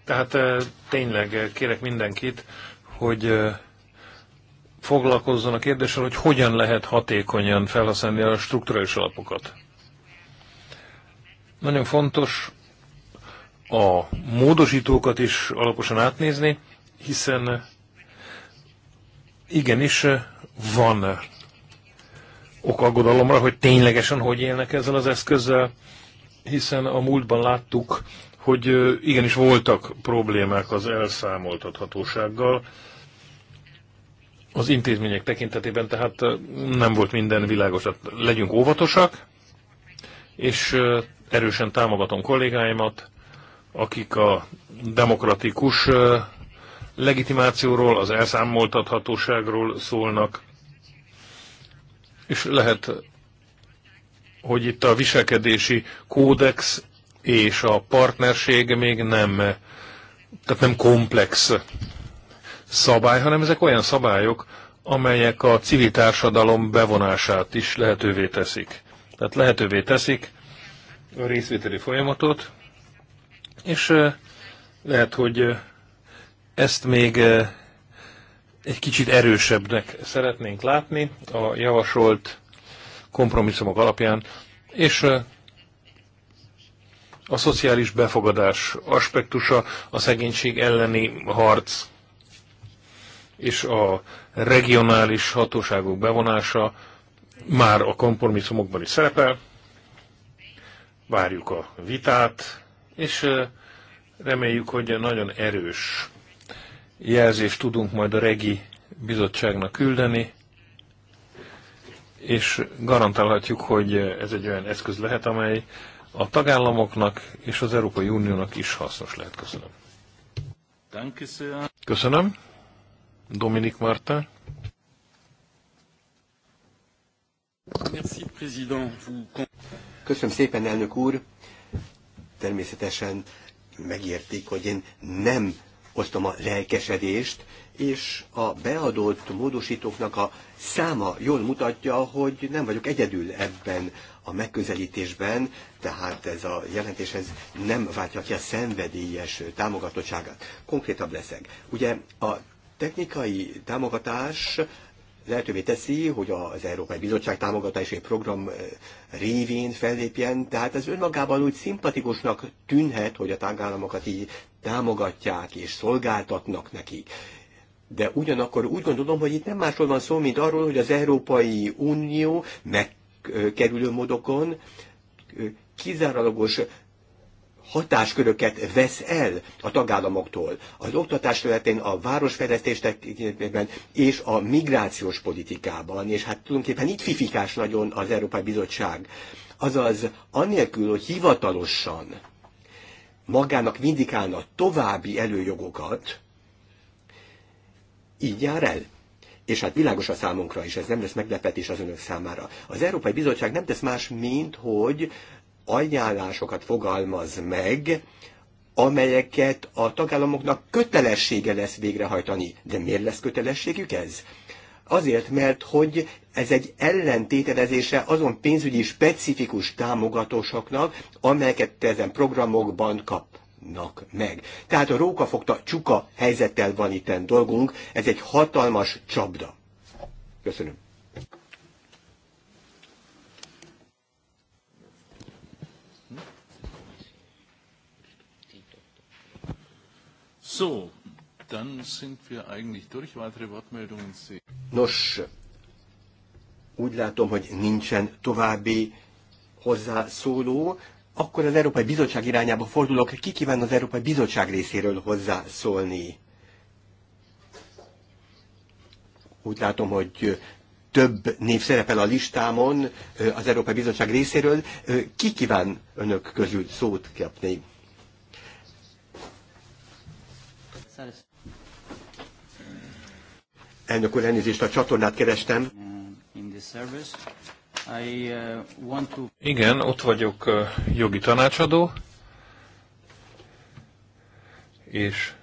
tehát tényleg kérek mindenkit, hogy foglalkozzon a kérdéssel, hogy hogyan lehet hatékonyan felhasználni a strukturális alapokat. Nagyon fontos a módosítókat is alaposan átnézni, hiszen igenis van ok aggodalomra, hogy ténylegesen hogy élnek ezzel az eszközzel, hiszen a múltban láttuk, hogy igenis voltak problémák az elszámoltathatósággal, az intézmények tekintetében, tehát nem volt minden világos. Tehát legyünk óvatosak, és erősen támogatom kollégáimat, akik a demokratikus legitimációról, az elszámoltathatóságról szólnak, és lehet, hogy itt a viselkedési kódex és a partnerség még nem, tehát nem komplex szabály, hanem ezek olyan szabályok, amelyek a civil társadalom bevonását is lehetővé teszik. Tehát lehetővé teszik a részvételi folyamatot, és lehet, hogy ezt még egy kicsit erősebbnek szeretnénk látni a javasolt kompromisszumok alapján, és a szociális befogadás aspektusa, a szegénység elleni harc és a regionális hatóságok bevonása már a kompromisszumokban is szerepel. Várjuk a vitát, és reméljük, hogy nagyon erős jelzést tudunk majd a regi bizottságnak küldeni, és garantálhatjuk, hogy ez egy olyan eszköz lehet, amely a tagállamoknak és az Európai Uniónak is hasznos lehet. Köszönöm. Köszönöm. Dominik Marta. Köszönöm szépen, elnök úr. Természetesen megértik, hogy én nem osztom a lelkesedést, és a beadott módosítóknak a száma jól mutatja, hogy nem vagyok egyedül ebben a megközelítésben, tehát ez a jelentés ez nem váltja ki a szenvedélyes támogatottságát. Konkrétabb leszek. Ugye a technikai támogatás lehetővé teszi, hogy az Európai Bizottság támogatásai program eh, révén fellépjen, tehát ez önmagában úgy szimpatikusnak tűnhet, hogy a tagállamokat így támogatják és szolgáltatnak nekik. De ugyanakkor úgy gondolom, hogy itt nem másról van szó, mint arról, hogy az Európai Unió meg kerülő módokon kizárólagos hatásköröket vesz el a tagállamoktól az oktatás területén, a városfejlesztés tekintetében és a migrációs politikában, és hát tulajdonképpen itt fifikás nagyon az Európai Bizottság. Azaz, anélkül, hogy hivatalosan magának vindikálna további előjogokat, így jár el és hát világos a számunkra is, ez nem lesz meglepetés az önök számára. Az Európai Bizottság nem tesz más, mint hogy ajánlásokat fogalmaz meg, amelyeket a tagállamoknak kötelessége lesz végrehajtani. De miért lesz kötelességük ez? Azért, mert hogy ez egy ellentételezése azon pénzügyi specifikus támogatósoknak, amelyeket ezen programokban kap, halnak meg. Tehát a rókafogta csuka helyzettel van itten dolgunk, ez egy hatalmas csapda. Köszönöm. So, dann sind wir eigentlich durch. Weitere Wortmeldungen sehen. Nos, úgy látom, hogy nincsen további hozzászóló, akkor az Európai Bizottság irányába fordulok, ki kíván az Európai Bizottság részéről hozzászólni? Úgy látom, hogy több név szerepel a listámon az Európai Bizottság részéről. Ki kíván önök közül szót kapni? Elnök úr, elnézést, a csatornát kerestem. Uh, Igen, ott vagyok uh, jogi tanácsadó, és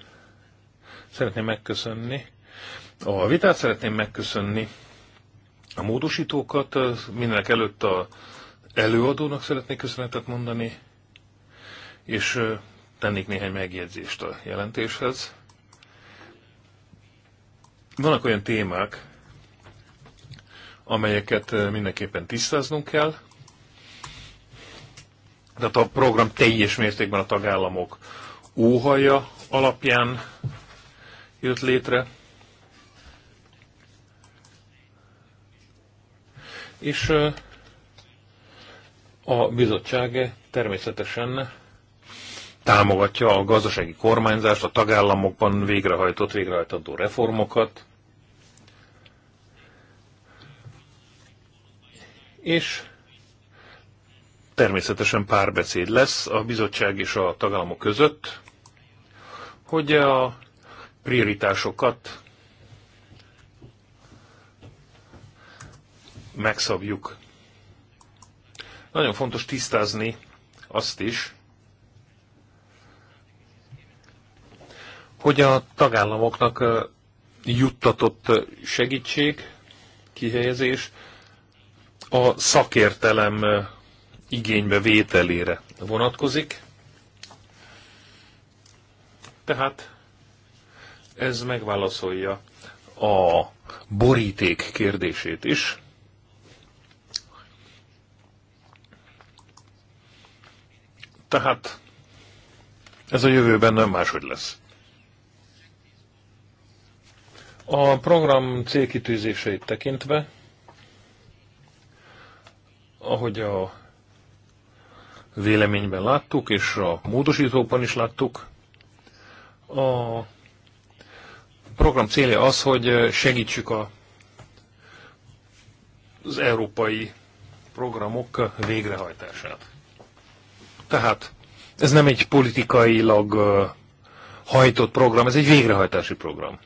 szeretném megköszönni a vitát, szeretném megköszönni a módosítókat, uh, mindenek előtt a előadónak szeretnék köszönetet mondani, és tennék néhány megjegyzést a jelentéshez. Vannak olyan témák, amelyeket eh, mindenképpen tisztáznunk kell. Tehát a program teljes mértékben a tagállamok óhaja alapján jött létre. És eh, a bizottság természetesen támogatja a gazdasági kormányzást, a tagállamokban végrehajtott, végrehajtandó reformokat, és természetesen párbeszéd lesz a bizottság és a tagállamok között, hogy a prioritásokat megszabjuk. Nagyon fontos tisztázni azt is, hogy a tagállamoknak juttatott segítség, kihelyezés a szakértelem igénybe vételére vonatkozik. Tehát ez megválaszolja a boríték kérdését is. Tehát ez a jövőben nem máshogy lesz. A program célkitűzéseit tekintve ahogy a véleményben láttuk, és a módosítóban is láttuk, a program célja az, hogy segítsük a, az európai programok végrehajtását. Tehát ez nem egy politikailag hajtott program, ez egy végrehajtási program.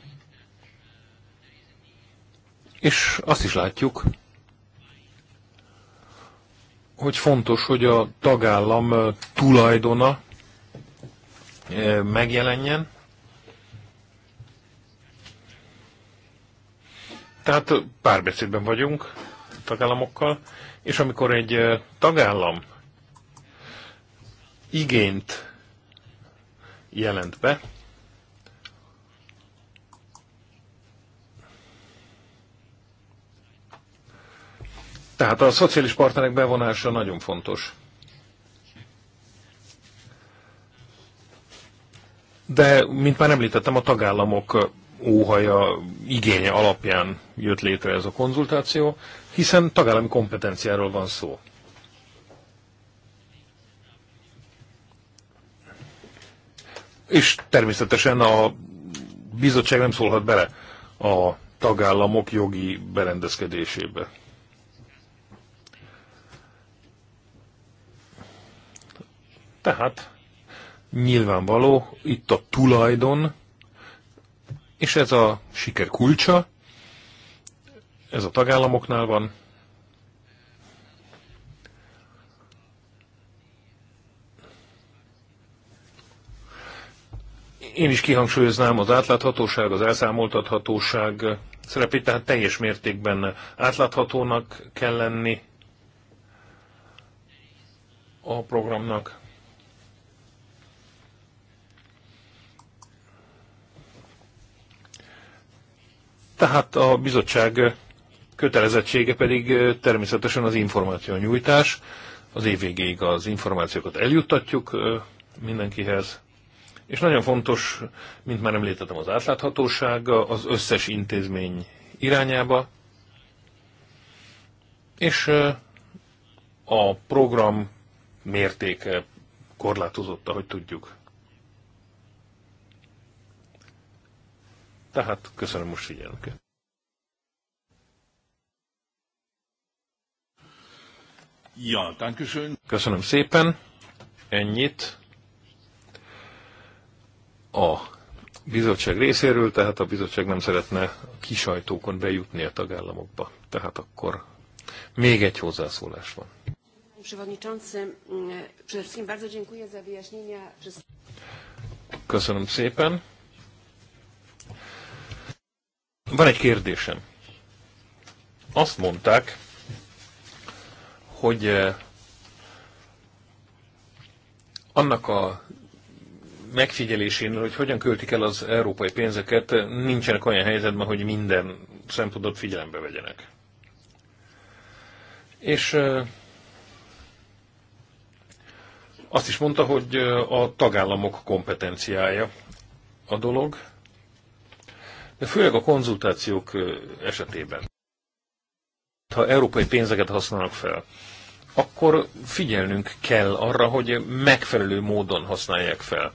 És azt is látjuk, hogy fontos, hogy a tagállam tulajdona megjelenjen. Tehát párbeszédben vagyunk tagállamokkal, és amikor egy tagállam igényt jelent be, Tehát a szociális partnerek bevonása nagyon fontos. De, mint már említettem, a tagállamok óhaja, igénye alapján jött létre ez a konzultáció, hiszen tagállami kompetenciáról van szó. És természetesen a bizottság nem szólhat bele a tagállamok jogi berendezkedésébe. Tehát nyilvánvaló, itt a tulajdon, és ez a siker kulcsa, ez a tagállamoknál van. Én is kihangsúlyoznám az átláthatóság, az elszámoltathatóság szerepét, tehát teljes mértékben átláthatónak kell lenni a programnak. Tehát a bizottság kötelezettsége pedig természetesen az információ nyújtás. Az év végéig az információkat eljuttatjuk mindenkihez. És nagyon fontos, mint már említettem, az átláthatóság az összes intézmény irányába. És a program mértéke korlátozott, ahogy tudjuk. Tehát köszönöm most figyelmüket. Ja, dankeschön. Köszönöm szépen. Ennyit a bizottság részéről, tehát a bizottság nem szeretne a kisajtókon bejutni a tagállamokba. Tehát akkor még egy hozzászólás van. Köszönöm szépen. Van egy kérdésem. Azt mondták, hogy eh, annak a megfigyelésén, hogy hogyan költik el az európai pénzeket, nincsenek olyan helyzetben, hogy minden szempontot figyelembe vegyenek. És eh, azt is mondta, hogy eh, a tagállamok kompetenciája a dolog, de főleg a konzultációk esetében. Ha európai pénzeket használnak fel, akkor figyelnünk kell arra, hogy megfelelő módon használják fel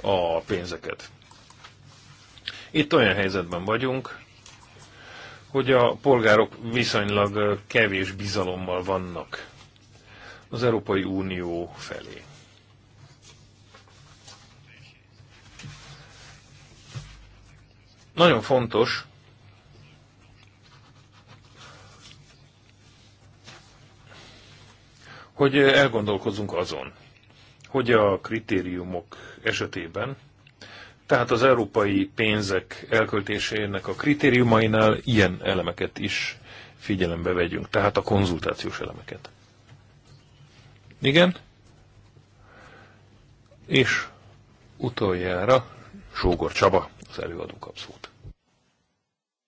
a pénzeket. Itt olyan helyzetben vagyunk, hogy a polgárok viszonylag kevés bizalommal vannak az Európai Unió felé. Nagyon fontos, hogy elgondolkozunk azon, hogy a kritériumok esetében, tehát az európai pénzek elköltésének a kritériumainál ilyen elemeket is figyelembe vegyünk, tehát a konzultációs elemeket. Igen? És utoljára Sógor Csaba az előadó kap szót.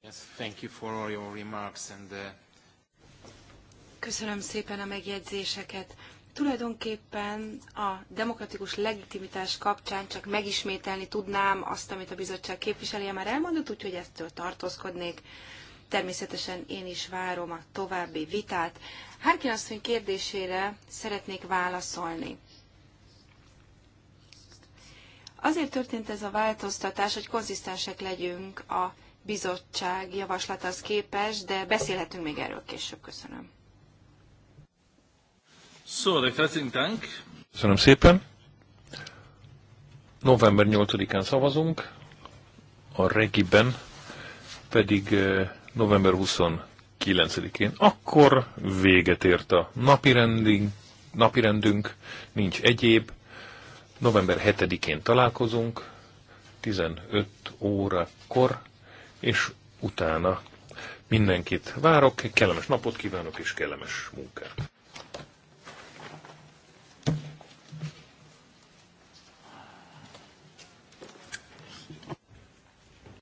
Yes, thank you for all your remarks and, the... Uh, Köszönöm szépen a megjegyzéseket. Tulajdonképpen a demokratikus legitimitás kapcsán csak megismételni tudnám azt, amit a bizottság képviselője már elmondott, úgyhogy eztől tartózkodnék. Természetesen én is várom a további vitát. Harkin asszony kérdésére szeretnék válaszolni. Azért történt ez a változtatás, hogy konzisztensek legyünk a bizottság javaslatához képest, de beszélhetünk még erről később. Köszönöm. Köszönöm szépen. November 8-án szavazunk, a Regiben pedig eh, november 29-én. Akkor véget ért a napirendünk, napirendünk, nincs egyéb. November 7-én találkozunk, 15 órakor, és utána mindenkit várok. Kellemes napot kívánok, és kellemes munkát!